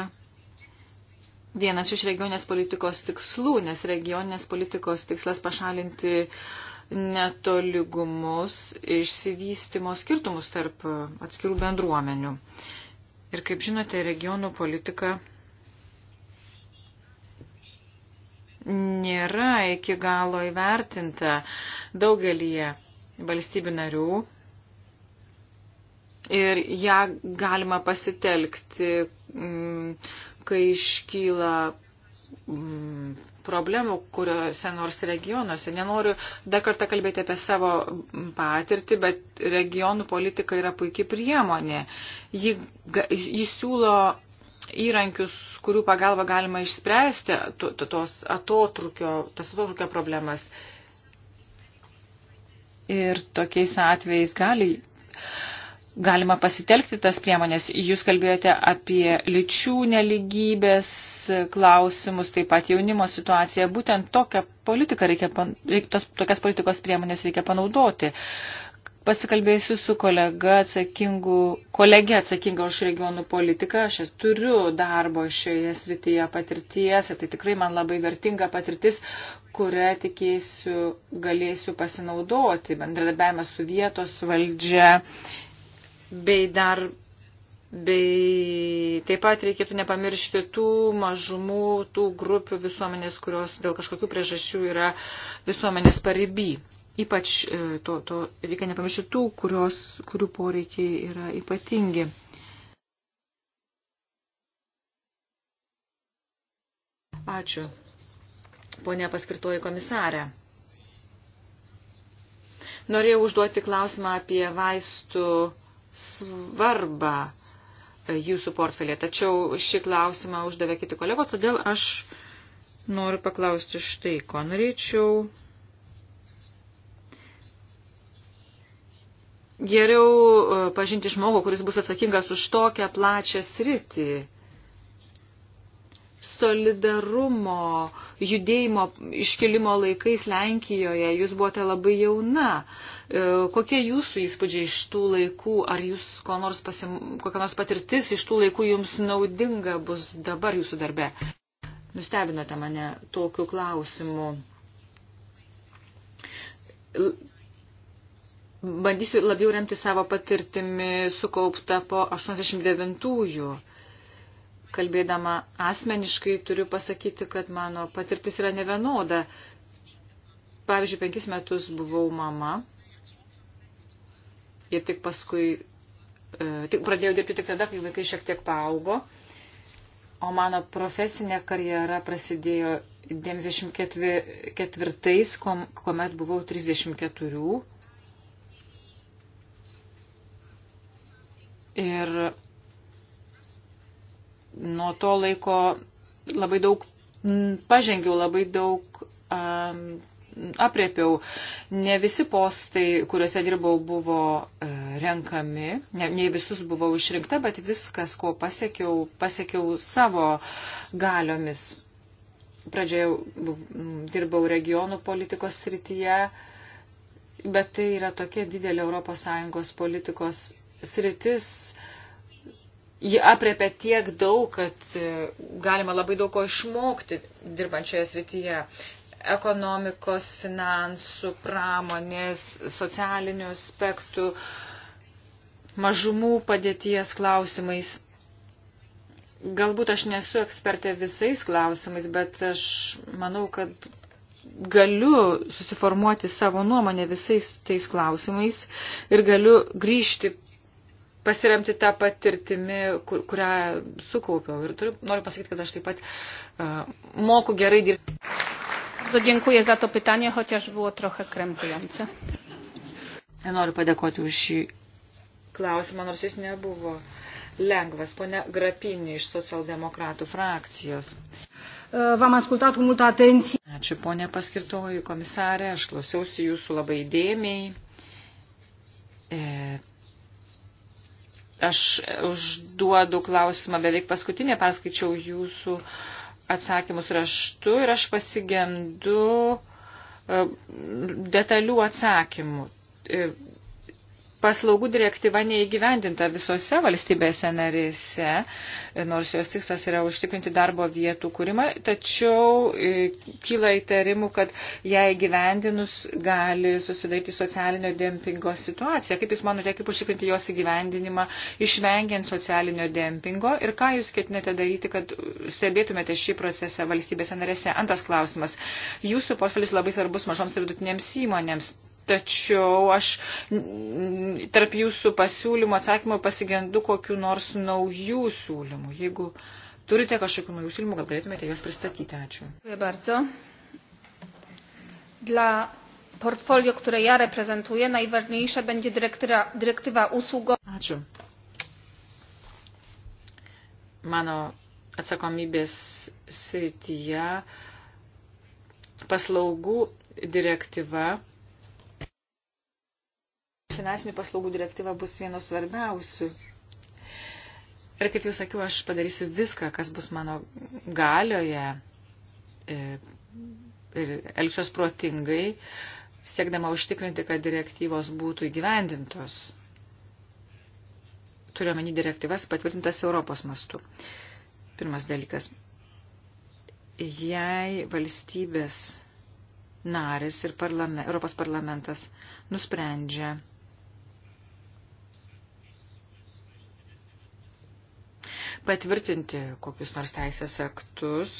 vienas iš regioninės politikos tikslų, nes regioninės politikos tikslas pašalinti netoligumus, išsivystimo skirtumus tarp atskirų bendruomenių. Ir kaip žinote, regionų politika nėra iki galo įvertinta daugelįje valstybių narių. Ir ją galima pasitelkti, mm, kai iškyla mm, problemų kuriuose nors regionuose. Nenoriu dar kartą kalbėti apie savo mm, patirtį, bet regionų politika yra puikiai priemonė. Ji, ji siūlo įrankius, kurių pagalba galima išspręsti tos atotrukio, tas atotrukio problemas. Ir tokiais atvejais gali galima pasitelkti tas priemonės. Jūs kalbėjote apie lyčių neligybės klausimus, taip pat jaunimo situaciją. Būtent tokią politiką reikia, tos, tokias politikos priemonės reikia panaudoti. Pasikalbėsiu su kolega atsakingu, kolegė atsakinga už regionų politiką. Aš turiu darbo šioje srityje patirties ir tai tikrai man labai vertinga patirtis, kurią tikėsiu galėsiu pasinaudoti. Bendradarbiavimas su vietos valdžia bei dar Bei taip pat reikėtų nepamiršti tų mažumų, tų grupių visuomenės, kurios dėl kažkokių priežasčių yra visuomenės pareiby. Ypač e, to, to reikia nepamiršti tų, kurios, kurių poreikiai yra ypatingi. Ačiū. Pone paskirtoji komisarė. Norėjau užduoti klausimą apie vaistų svarbą jūsų portfelė. Tačiau šį klausimą uždavė kiti kolegos, todėl aš noriu paklausti štai, ko norėčiau. Geriau e, pažinti žmogų, kuris bus atsakingas už tokią plačią sritį solidarumo judėjimo iškilimo laikais Lenkijoje jūs buvote labai jauna. E, kokie jūsų įspūdžiai iš tų laikų, ar jūs ko nors pasim, kokia nors patirtis iš tų laikų jums naudinga bus dabar jūsų darbe? Nustebinote mane tokiu klausimu. Bandysiu labiau remti savo patirtimi sukauptą po 89-ųjų kalbėdama asmeniškai turiu pasakyti, kad mano patirtis yra nevienoda. Pavyzdžiui, penkis metus buvau mama ir tik paskui, e, tik pradėjau dirbti tik tada, kai vaikai šiek tiek paaugo. O mano profesinė karjera prasidėjo 94, kuomet buvau 34. Ir nuo to laiko labai daug pažengiau, labai daug um, apriepiau. Ne visi postai, kuriuose dirbau, buvo e, renkami, ne, ne visus buvau išrinkta, bet viskas, ko pasiekiau, pasiekiau savo galiomis. Pradžioje dirbau regionų politikos srityje, bet tai yra tokia didelė ES politikos sritis, ji apriepia tiek daug, kad e, galima labai daug ko išmokti dirbančioje srityje ekonomikos, finansų, pramonės, socialinių aspektų, mažumų padėties klausimais. Galbūt aš nesu ekspertė visais klausimais, bet aš manau, kad galiu susiformuoti savo nuomonę visais tais klausimais ir galiu grįžti pasiremti tą patirtimi, kur, kurią sukaupiau. Ir turiu, noriu pasakyti, kad aš taip pat uh, moku gerai dirbti. Bardzo dziękuję za to pytanie, chociaż było trochę krępujące. Noriu padėkoti už šį klausimą, nors jis nebuvo lengvas. Pone Grapinė iš socialdemokratų frakcijos. E, v-am ascultat cu multă atenție. Ačiū, ponė paskirtoji komisarė, aš klausiausi jūsų labai dėmiai. E, aš užduodu klausimą, beveik paskutinė perskaičiau jūsų e, atsakymus raštu ir aš pasigendu e, detalių atsakymų. E, paslaugų direktyva neįgyvendinta visose valstybėse narėse, nors jos tikslas yra užtikrinti darbo vietų kūrimą, tačiau e, kyla įtarimų, kad ją įgyvendinus gali susidaryti socialinio dempingo situacija. Kaip Jūs manote, kaip užtikrinti jos įgyvendinimą, išvengiant socialinio dempingo ir ką Jūs ketinate daryti, kad stebėtumėte šį procesą valstybėse narėse? Antras klausimas. Jūsų portfelis labai svarbus mažoms ir vidutinėms įmonėms tačiau aš tarp jūsų pasiūlymų atsakymų pasigendu kokiu nors naujų siūlymų. Jeigu turite kažkokių naujų siūlymų, gal galėtumėte juos pristatyti. Ačiū. Dla portfolio, które ja reprezentuję, najważniejsza będzie dyrektywa, dyrektywa usług. Ačiū. Mano atsakomybės srityje paslaugų direktyva finansinių paslaugų direktyva bus vienos svarbiausių. Ir kaip jau sakiau, aš padarysiu viską, kas bus mano galioje e, ir elgsiuos protingai, siekdama užtikrinti, kad direktyvos būtų įgyvendintos. Turiuomenį direktyvas patvirtintas Europos mastu. Pirmas dalykas. Jei valstybės narės ir parlame, Europos parlamentas nusprendžia patvirtinti kokius nors teisės aktus.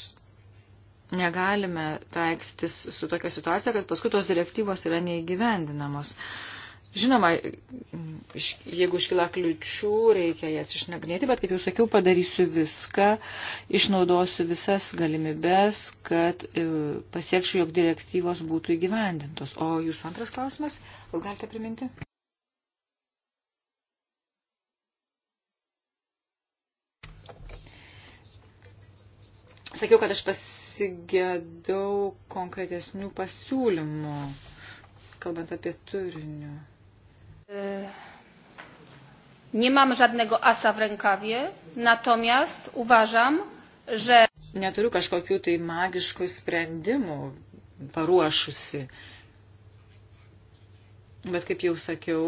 Negalime taikstytis su tokia situacija, kad paskui tos direktyvos yra neįgyvendinamos. Žinoma, jeigu iškyla kliučių, reikia jas išnagrinėti, bet, kaip jau sakiau, padarysiu viską, išnaudosiu visas galimybės, kad e, pasiekšiu, jog direktyvos būtų įgyvendintos. O jūsų antras klausimas, gal galite priminti? sakiau, kad aš pasigėdau konkretesnių pasiūlymų, kalbant apie turinių. E, nie mam żadnego asa w rękawie, natomiast uważam, że... Neturiu kažkokių tai magiškų sprendimų paruošusi. Bet kaip jau sakiau,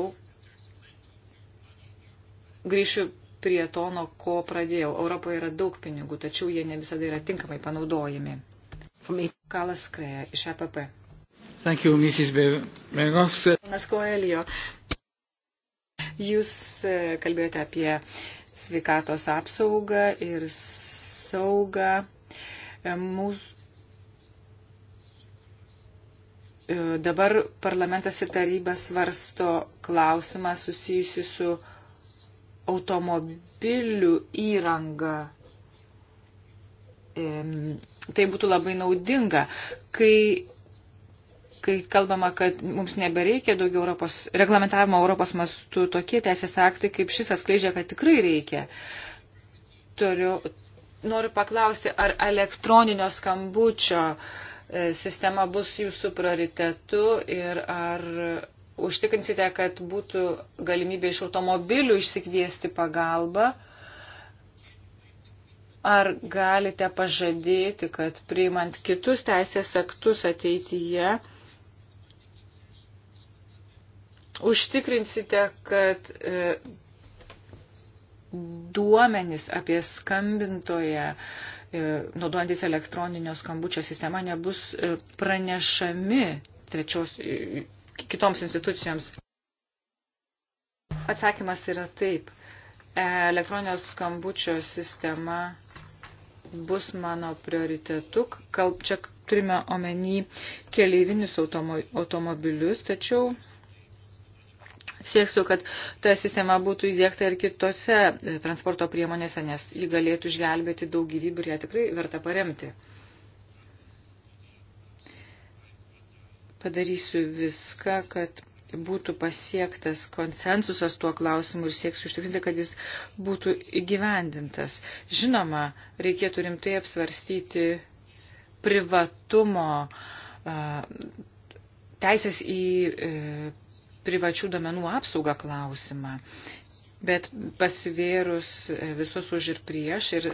grįšiu prie to, nuo ko pradėjau. Europoje yra daug pinigų, tačiau jie ne visada yra tinkamai panaudojami. Kalas Kreja iš EPP. Thank you, Mrs. Bergos. Panas Koelio, jūs e, kalbėjote apie sveikatos apsaugą ir saugą. E, Mūsų e, dabar parlamentas ir taryba svarsto klausimą susijusi su automobilių įrangą. Tai būtų labai naudinga, kai, kai kalbama, kad mums nebereikia daugiau Europos, reglamentavimo Europos mastu, tokie teisės aktai kaip šis atskleidžia, kad tikrai reikia. Turiu, noriu paklausti, ar elektroninio skambučio e, sistema bus jūsų prioritetu ir ar užtikrinsite, kad būtų galimybė iš automobilių išsikviesti pagalbą? Ar galite pažadėti, kad priimant kitus teisės aktus ateityje užtikrinsite, kad e, duomenys apie skambintoje, e, naudojantis elektroninio skambučio sistema, nebus e, pranešami trečios kitoms institucijoms? Atsakymas yra taip. E, elektroninio skambučio sistema bus mano prioritetu. Kalb, čia turime omeny keleivinius automo, automobilius, tačiau sieksiu, kad ta sistema būtų įdėkta ir kitose e, transporto priemonėse, nes ji galėtų išgelbėti daug gyvybių ir ją tikrai verta paremti. Padarysiu viską, kad būtų pasiektas konsensusas tuo klausimu ir sieksiu užtikrinti, kad jis būtų įgyvendintas. Žinoma, reikėtų rimtai apsvarstyti privatumo, teisės į e, privačių domenų apsaugą klausimą. Bet pasvėrus e, visus už ir prieš ir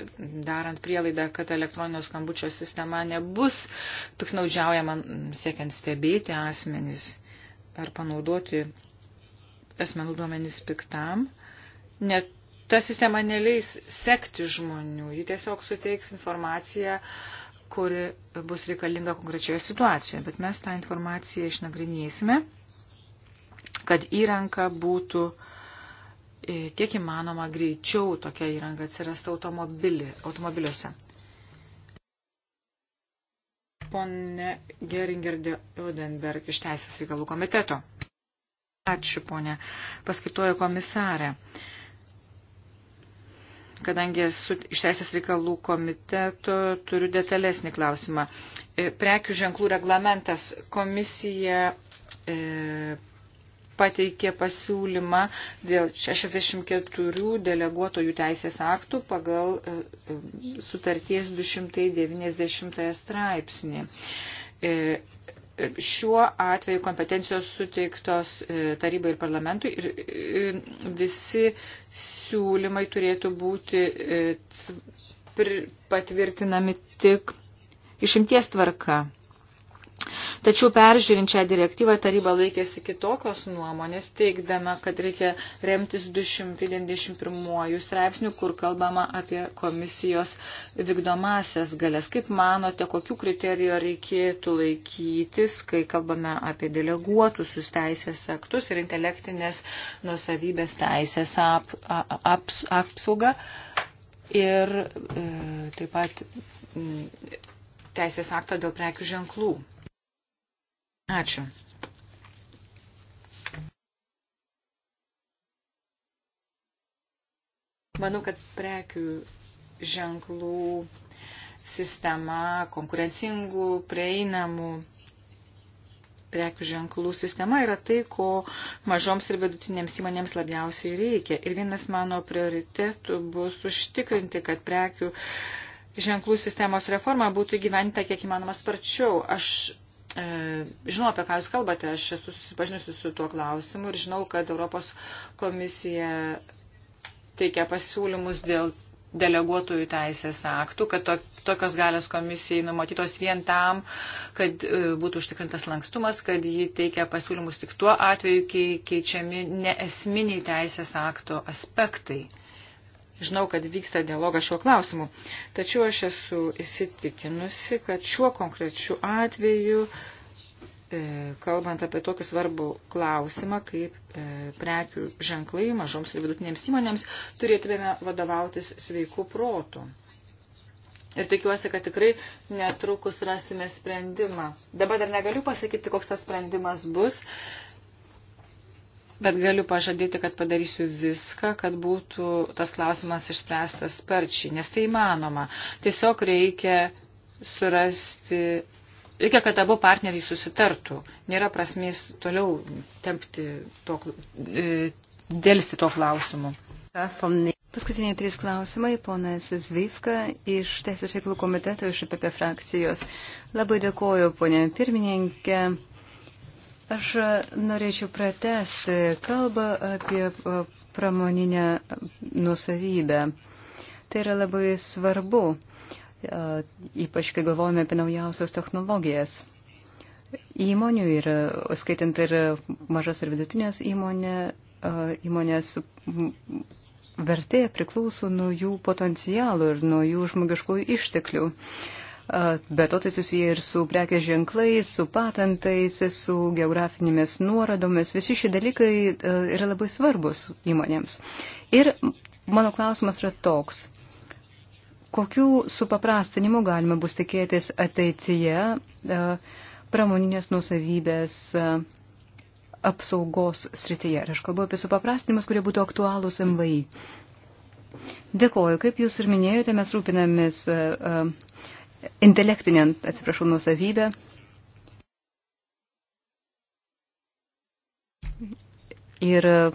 darant prielaidą, kad elektroninio skambučio sistema nebus piknaudžiaujama siekiant stebėti asmenys ar panaudoti asmenų duomenys piktam, net ta sistema neleis sekti žmonių, ji tiesiog suteiks informaciją, kuri bus reikalinga konkrečioje situacijoje, bet mes tą informaciją išnagrinėsime, kad įranka būtų uh, E, kiek įmanoma greičiau tokia įranga atsirastų automobiliuose. Pone Geringerdė Udenberg iš Teisės reikalų komiteto. Ačiū, ponė. Paskirtuoju komisarę. Kadangi esu iš Teisės reikalų komiteto, turiu detalesnį klausimą. E, prekių ženklų reglamentas komisija e, pateikė pasiūlymą dėl 64 deleguotojų teisės aktų pagal e, e, sutarties 290 straipsnį. E, šiuo atveju kompetencijos suteiktos tarybai ir parlamentui ir visi siūlymai turėtų būti patvirtinami tik išimties tvarka. Tačiau peržiūrint šią direktyvą taryba laikėsi kitokios nuomonės, teikdama, kad reikia remtis 291 straipsnių, kur kalbama apie komisijos vykdomasias galės. Kaip manote, kokiu kriteriju reikėtų laikytis, kai kalbame apie deleguotusius teisės aktus ir intelektinės nusavybės teisės ap, aps, apsaugą? ir e, taip pat m, teisės aktą dėl prekių ženklų. Ačiū. Manau, kad prekių ženklų sistema, konkurencingų, prieinamų prekių ženklų sistema yra tai, ko mažoms ir vidutinėms įmonėms labiausiai reikia. Ir vienas mano prioritetų bus užtikrinti, kad prekių ženklų sistemos reforma būtų gyventa kiek įmanoma sparčiau. Aš E, žinau, apie ką Jūs kalbate, aš esu susipažinusi su tuo klausimu ir žinau, kad Europos komisija teikia pasiūlymus dėl deleguotojų teisės aktų, kad to, tokios galės komisijai numatytos vien tam, kad e, būtų užtikrintas lankstumas, kad ji teikia pasiūlymus tik tuo atveju, kai keičiami neesminiai teisės akto aspektai. Žinau, kad vyksta dialogas šiuo klausimu. Tačiau aš esu įsitikinusi, kad šiuo konkrečiu atveju, e, kalbant apie tokį svarbų klausimą, kaip e, prekių ženklai mažoms ir vidutinėms įmonėms, turėtume vadovautis sveiku protu. Ir tikiuosi, kad tikrai netrukus rasime sprendimą. Dabar dar negaliu pasakyti, koks tas sprendimas bus, Bet galiu pažadėti, kad padarysiu viską, kad būtų tas klausimas išspręstas sparčiai, nes tai įmanoma. Tiesiog reikia surasti, reikia, kad abu partneriai susitartų. Nėra prasmės toliau tempti to, e, dėlsti to klausimu. Paskutiniai trys klausimai, ponas Zvivka iš Teisės reikalų komiteto iš APP frakcijos. Labai dėkoju, ponė pirmininkė. Aš norėčiau pratesti kalbą apie e, pramoninę nusavybę. Tai yra labai svarbu, e, ypač kai galvojame apie naujausias technologijas. Įmonių ir, skaitant ir mažas ir vidutinės įmonė, e, įmonės vertė priklauso nuo jų potencialų ir nuo jų žmogiškųjų išteklių. Be to tai susiję ir su prekės ženklais, su patentais, su geografinėmis nuorodomis. Visi šie dalykai e, yra labai svarbus įmonėms. Ir mano klausimas yra toks. Kokių supaprastinimų galima bus tikėtis ateityje e, pramoninės nusavybės e, apsaugos srityje. Ir aš kalbu apie supaprastinimus, kurie būtų aktualūs MVI. Dėkoju, kaip jūs ir minėjote, mes rūpinamės intelektinę, atsiprašau, nusavybę. Ir e,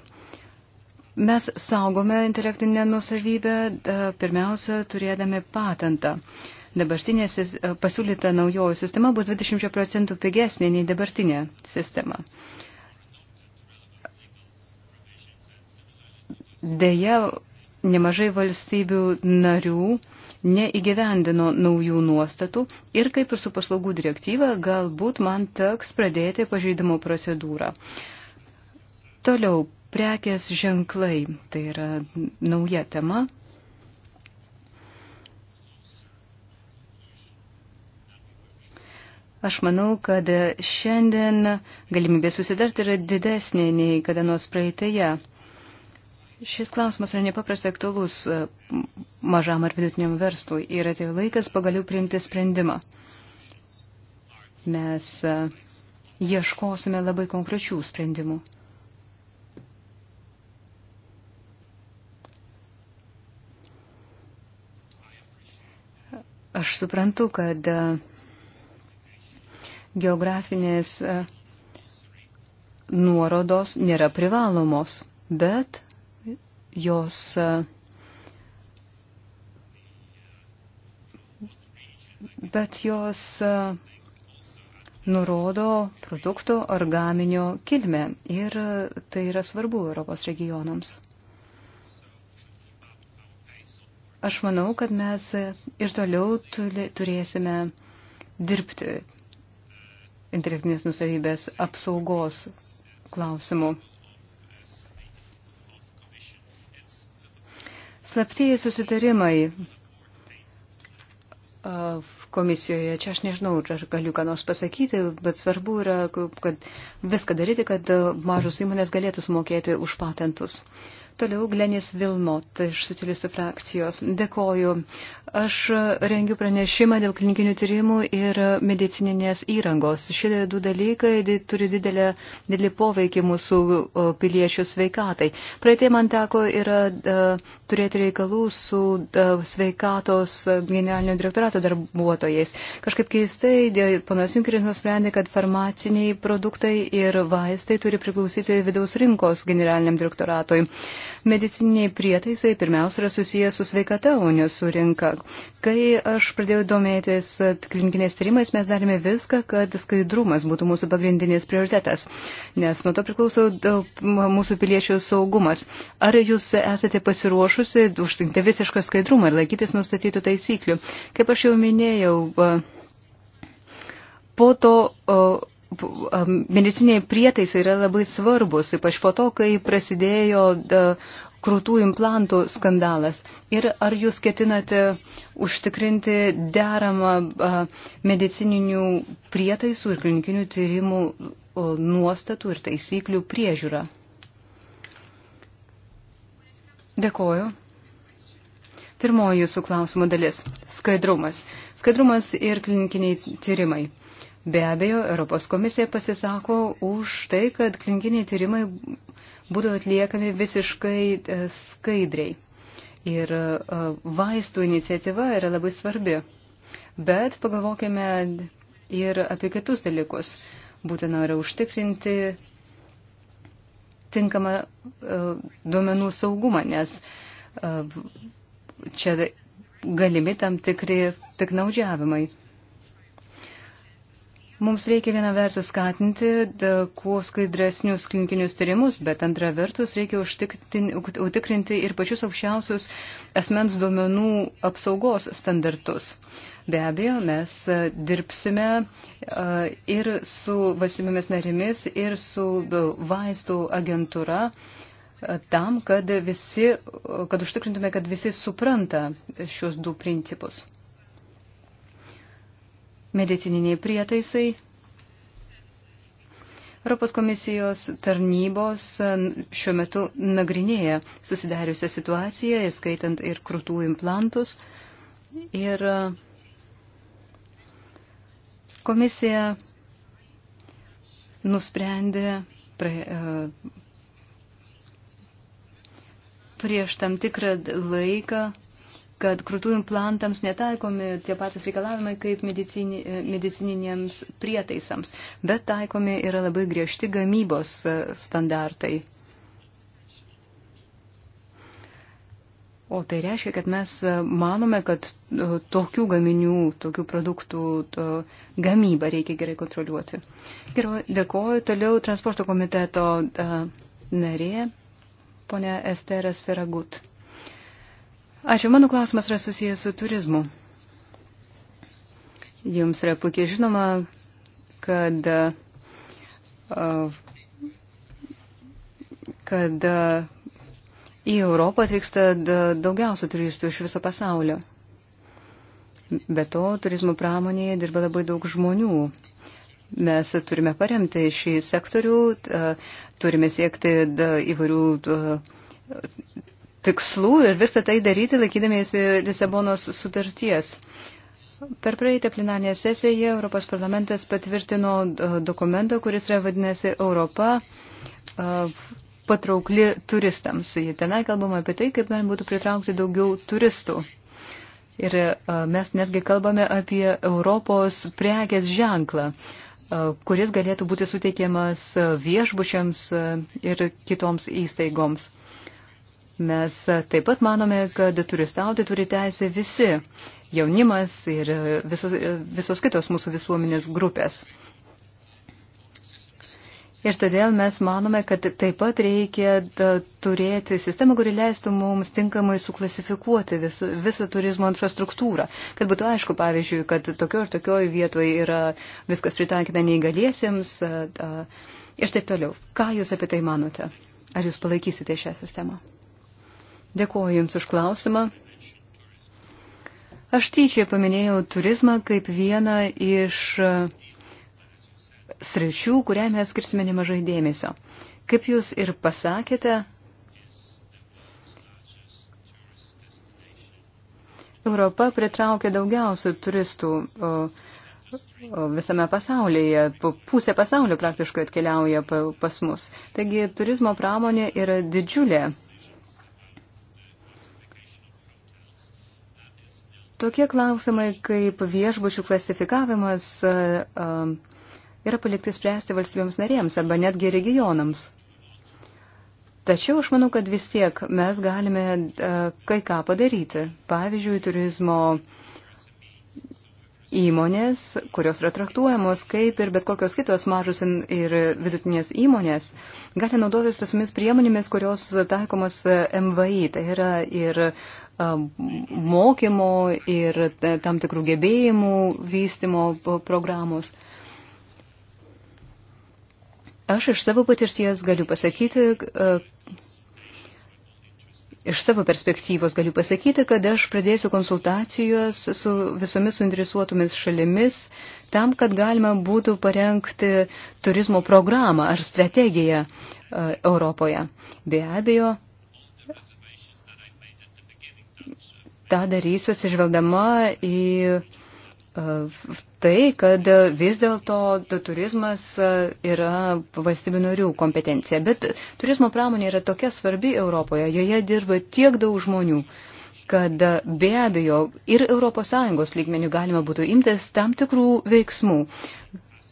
mes saugome intelektinę nusavybę e, pirmiausia turėdami patentą. Dabartinė e, pasiūlyta naujoji sistema bus 20 procentų pigesnė nei dabartinė sistema. Deja, nemažai valstybių narių uh, neįgyvendino naujų nuostatų ir kaip ir su paslaugų direktyva galbūt man teks pradėti pažeidimo procedūrą. Toliau, prekės ženklai, tai yra nauja tema. Aš manau, kad šiandien galimybė susidarti yra didesnė nei kada nors praeitėje. Šis klausimas yra nepaprastai aktualus e, mažam ar vidutiniam verslui ir atėjo laikas pagaliau priimti sprendimą. Mes e, ieškosime labai konkrečių sprendimų. Aš suprantu, kad e, geografinės nuorodos nėra privalomos, bet jos bet jos nurodo produktų ar gaminio kilmę ir tai yra svarbu Europos regionams. Aš manau, kad mes ir toliau turėsime dirbti intelektinės nusavybės apsaugos klausimu. slaptieji susitarimai komisijoje. Čia aš nežinau, ar galiu ką nors pasakyti, bet svarbu yra, kad viską daryti, kad mažos įmonės galėtų sumokėti už patentus. Uh, Toliau Glenis Vilmot iš socialistų frakcijos. Dėkoju. Aš rengiu pranešimą dėl klinikinių tyrimų ir medicininės įrangos. Šie du dalykai turi didelę, didelį poveikį mūsų piliečių sveikatai. Praeitai man teko yra e, turėti reikalų su e, sveikatos generalinio direktorato darbuotojais. Kažkaip keistai, panas Junkeris nusprendė, kad farmaciniai produktai ir vaistai turi priklausyti vidaus rinkos generaliniam direktoratui. Mediciniai prietaisai pirmiausia yra susiję su sveikata, o ne su rinka. Kai aš pradėjau domėtis klinikiniais tyrimais, mes darėme viską, kad skaidrumas būtų mūsų pagrindinis prioritetas, nes nuo to priklauso mūsų piliečių saugumas. Ar jūs esate pasiruošusi užtinkti visišką skaidrumą ir laikytis nustatytų taisyklių? Kaip aš jau minėjau, po to Um, mediciniai prietaisai yra labai svarbus, ypač po to, kai prasidėjo krūtų implantų skandalas. Ir ar jūs ketinate užtikrinti deramą medicininių prietaisų ir klinikinių tyrimų nuostatų ir taisyklių priežiūrą? Dėkoju. Pirmoji jūsų klausimo dalis - skaidrumas. Skaidrumas ir klinikiniai tyrimai. Be abejo, Europos komisija pasisako už tai, kad klinikiniai tyrimai būtų atliekami visiškai e, skaidriai. Ir e, vaistų iniciatyva yra labai svarbi. Bet pagalvokime ir apie kitus dalykus. Būtina yra užtikrinti tinkamą e, duomenų saugumą, nes čia galimi tam tikri piknaudžiavimai. Mums reikia viena vertus skatinti da, kuo skaidresnius klinikinius tyrimus, bet antra vertus reikia užtikrinti ir pačius aukščiausius asmens duomenų apsaugos standartus. Be abejo, mes dirbsime ir su valstybėmis narimis, ir su vaistų agentūra tam, kad, visi, kad užtikrintume, kad visi supranta šios du principus medicininiai prietaisai. Europos komisijos tarnybos šiuo metu nagrinėja susidariusią situaciją, įskaitant ir krūtų implantus. Ir e, komisija nusprendė prie, prieš tam tikrą laiką kad krūtų implantams netaikomi tie patys reikalavimai kaip medicini, e, medicininiams prietaisams, bet taikomi yra labai griežti gamybos e, standartai. O tai reiškia, kad mes e, manome, kad tokių gaminių, tokių produktų to, gamybą reikia gerai kontroliuoti. Gerai, dėkoju. Toliau transporto komiteto narė, ponia Esteras Feragut. Ačiū, mano klausimas yra susijęs su turizmu. Jums yra puikiai žinoma, kad, kad į Europą atvyksta daugiausia turistų iš viso pasaulio. Be to, turizmo pramonėje dirba labai daug žmonių. Mes turime paremti šį sektorių, turime siekti įvairių tikslų ir visą tai daryti laikydamiesi Lisabonos sutarties. Per praeitą plenarnę sesiją Europos parlamentas patvirtino e, dokumentą, kuris yra vadinasi Europa e, patraukli turistams. Tenai kalbama apie tai, kaip galima būtų pritraukti daugiau turistų. Ir e, mes netgi kalbame apie Europos prekės ženklą, kuris galėtų būti suteikiamas viešbučiams ir kitoms įstaigoms. Mes taip pat manome, kad turistauti turi teisę visi - jaunimas ir visos, visos kitos mūsų visuomenės grupės. Ir todėl mes manome, kad taip pat reikia turėti sistemą, kuri leistų mums tinkamai suklasifikuoti vis, visą turizmo infrastruktūrą. Kad būtų aišku, pavyzdžiui, kad tokio ir tokioje vietoje yra viskas pritaikyta neįgaliesiems ir taip toliau. Ką Jūs apie tai manote? Ar Jūs palaikysite šią sistemą? Dėkuoju Jums už klausimą. Aš tyčia paminėjau turizmą kaip vieną iš e, sričių, kurią mes skirsime nemažai dėmesio. Kaip Jūs ir pasakėte, Europa pritraukia daugiausių turistų visame pasaulyje. Pusė pasaulio praktiškai atkeliauja pas mus. Taigi turizmo pramonė yra didžiulė Tokie klausimai kaip viešbučių klasifikavimas e, e, yra palikti spręsti valstybėms narėms arba netgi regionams. Tačiau aš manau, kad vis tiek mes galime e, kai ką padaryti. Pavyzdžiui, turizmo įmonės, kurios yra traktuojamos kaip ir bet kokios kitos mažos ir vidutinės įmonės, gali naudotis visomis priemonėmis, kurios taikomas MVI. Tai yra ir uh, mokymo ir tam tikrų gebėjimų vystimo programos. Aš iš savo patirties galiu pasakyti, iš savo perspektyvos galiu pasakyti, kad aš pradėsiu konsultacijos su visomis suinteresuotomis šalimis tam, kad galima būtų parengti turizmo programą ar strategiją Europoje. Be abejo, tą darys atsižvelgdama į e, tai, kad vis dėlto turizmas e, yra valstybių narių kompetencija. Bet turizmo pramonė yra tokia svarbi Europoje, joje dirba tiek daug žmonių, kad be abejo ir ES lygmenių galima būtų imtis tam tikrų veiksmų.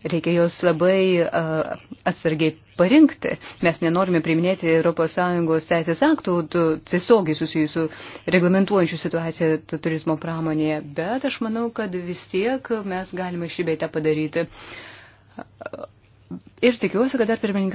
Reikia jos labai uh, atsargiai parinkti. Mes nenorime priminėti ES teisės aktų tiesiogiai susijusių reglamentuojančių situaciją turizmo pramonėje, bet aš manau, kad vis tiek mes galime šį beitą padaryti. Ir tikiuosi, kad dar pirmininkas.